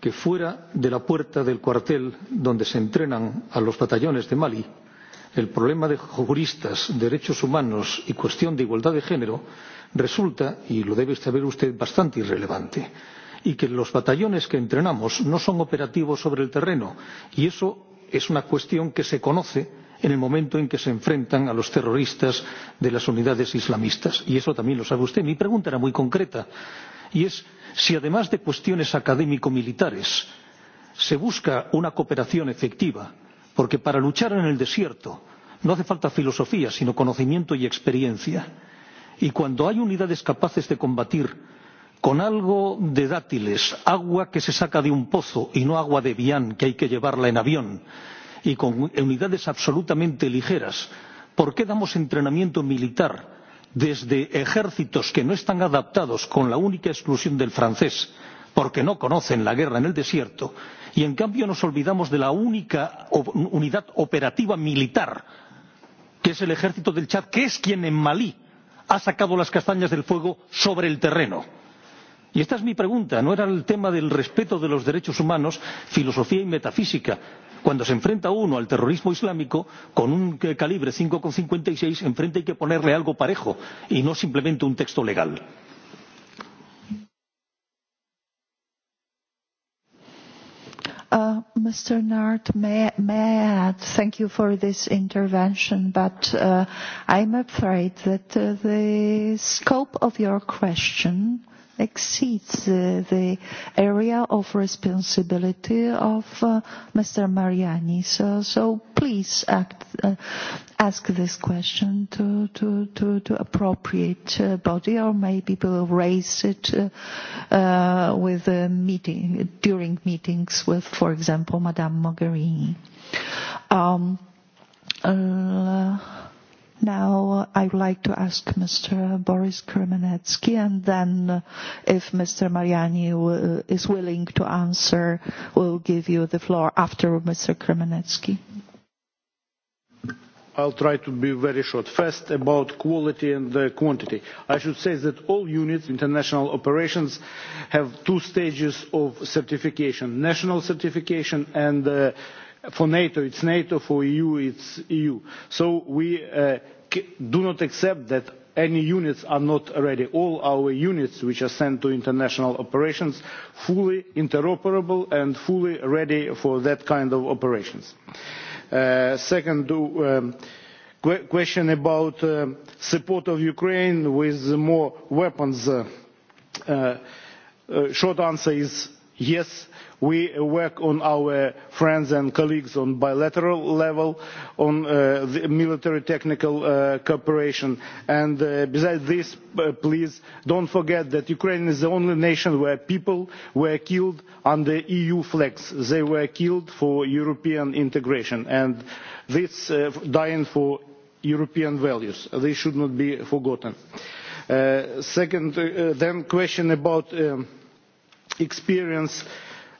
que fuera de la puerta del cuartel donde se entrenan a los batallones de Mali, el problema de juristas, derechos humanos y cuestión de igualdad de género resulta, y lo debe saber usted, bastante irrelevante y que los batallones que entrenamos no son operativos sobre el terreno y eso es una cuestión que se conoce en el momento en que se enfrentan a los terroristas de las unidades islamistas. Y eso también lo sabe usted. Mi pregunta era muy concreta y es si además de cuestiones académico-militares se busca una cooperación efectiva, porque para luchar en el desierto no hace falta filosofía, sino conocimiento y experiencia. Y cuando hay unidades capaces de combatir con algo de dátiles, agua que se saca de un pozo y no agua de vián que hay que llevarla en avión, y con unidades absolutamente ligeras. ¿Por qué damos entrenamiento militar desde ejércitos que no están adaptados con la única exclusión del francés, porque no conocen la guerra en el desierto, y en cambio nos olvidamos de la única unidad operativa militar, que es el ejército del Chad, que es quien en Malí ha sacado las castañas del fuego sobre el terreno? Y esta es mi pregunta, no era el tema del respeto de los derechos humanos, filosofía y metafísica. Cuando se enfrenta uno al terrorismo islámico con un calibre 5,56, enfrente hay que ponerle algo parejo y no simplemente un texto legal. Uh, Mr. Nart, may, may I add, thank you for this intervention, but uh, I'm afraid that uh, the scope of your question exceeds uh, the area of responsibility of uh, Mr. Mariani. So, so please act, uh, ask this question to, to, to, to appropriate uh, body or maybe we'll raise it uh, uh, with a meeting, during meetings with, for example, Madame Mogherini. Um, uh, Now I would like to ask Mr. Boris Kremenetsky and then if Mr. Mariani uh, is willing to answer, we'll give you the floor after Mr. Kremenetsky. I'll try to be very short. First, about quality and uh, quantity. I should say that all units, international operations, have two stages of certification, national certification and uh, For NATO, it's NATO. For EU, it's EU. So we uh, do not accept that any units are not ready. All our units which are sent to international operations fully interoperable and fully ready for that kind of operations. Uh, second, um, qu question about uh, support of Ukraine with more weapons. Uh, uh, uh short answer is yes We work on our friends and colleagues on bilateral level, on uh, the military technical uh, cooperation. And uh, besides this, uh, please don't forget that Ukraine is the only nation where people were killed under EU flags. They were killed for European integration. And this uh, dying for European values. They should not be forgotten. Uh, second, uh, then question about um, experience uh,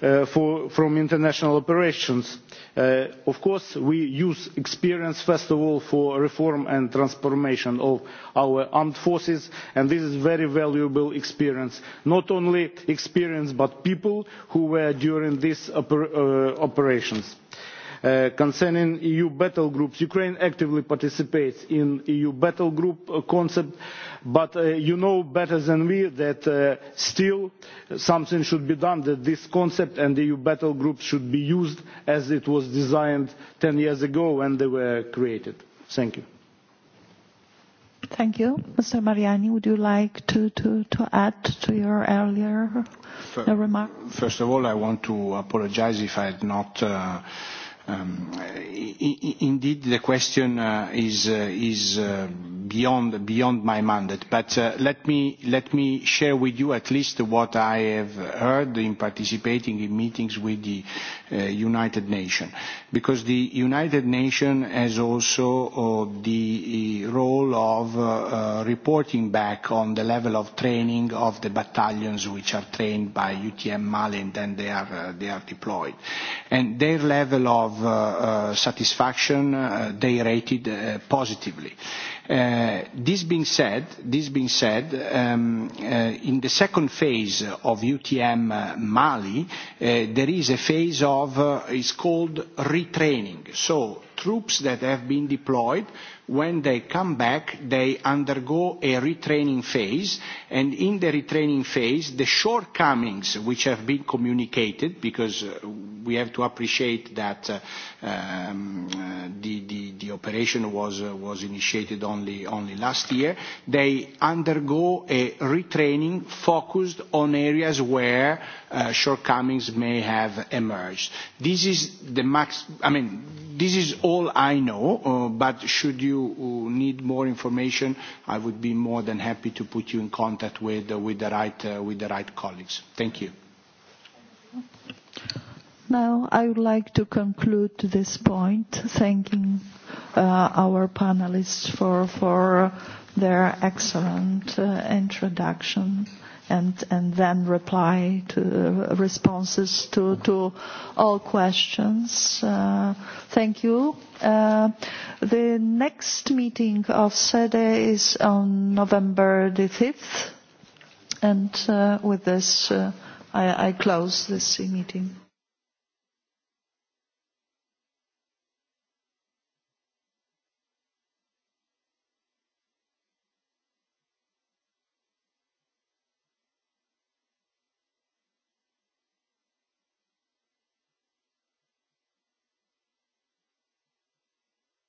uh, for, from international operations. Uh, of course, we use experience, first of all, for reform and transformation of our armed forces, and this is very valuable experience. Not only experience, but people who were during these oper uh, operations Uh, concerning EU battle groups, Ukraine actively participates in EU battle group uh, concept, but uh, you know better than we that uh, still something should be done, that this concept and the EU battle groups should be used as it was designed 10 years ago when they were created. Thank you. Thank you. Mr. Mariani, would you like to, to, to add to your earlier remark? First of all, I want to apologize if I had not uh, Um, indeed, the question uh, is, uh, is uh, beyond, beyond my mandate, but uh, let, me, let me share with you at least what I have heard in participating in meetings with the uh, United Nations, because the United Nations has also uh, the uh, role of uh, uh, reporting back on the level of training of the battalions which are trained by UTM Mali and then they are, uh, they are deployed. And their level of Uh, uh, satisfaction, uh, they rated uh, positively. Uh, this being said, this being said um, uh, in the second phase of UTM uh, Mali, uh, there is a phase of, uh, it's called retraining. So troops that have been deployed, when they come back, they undergo a retraining phase, and in the retraining phase, the shortcomings which have been communicated, because uh, we have to appreciate that uh, um, uh, the, the, the operation was, uh, was initiated only, only last year, they undergo a retraining focused on areas where uh, shortcomings may have emerged. This is the max, I mean, this is all I know, uh, but should you uh, need more information, I would be more than happy to put you in contact with, uh, with, the, right, uh, with the right colleagues. Thank you. Now, I would like to conclude this point, thanking uh, our panelists for, for their excellent uh, introduction and, and then reply to uh, responses to, to all questions. Uh, thank you. Uh, the next meeting of SEDE e is on November the 5th, and uh, with this uh, I, I close this meeting.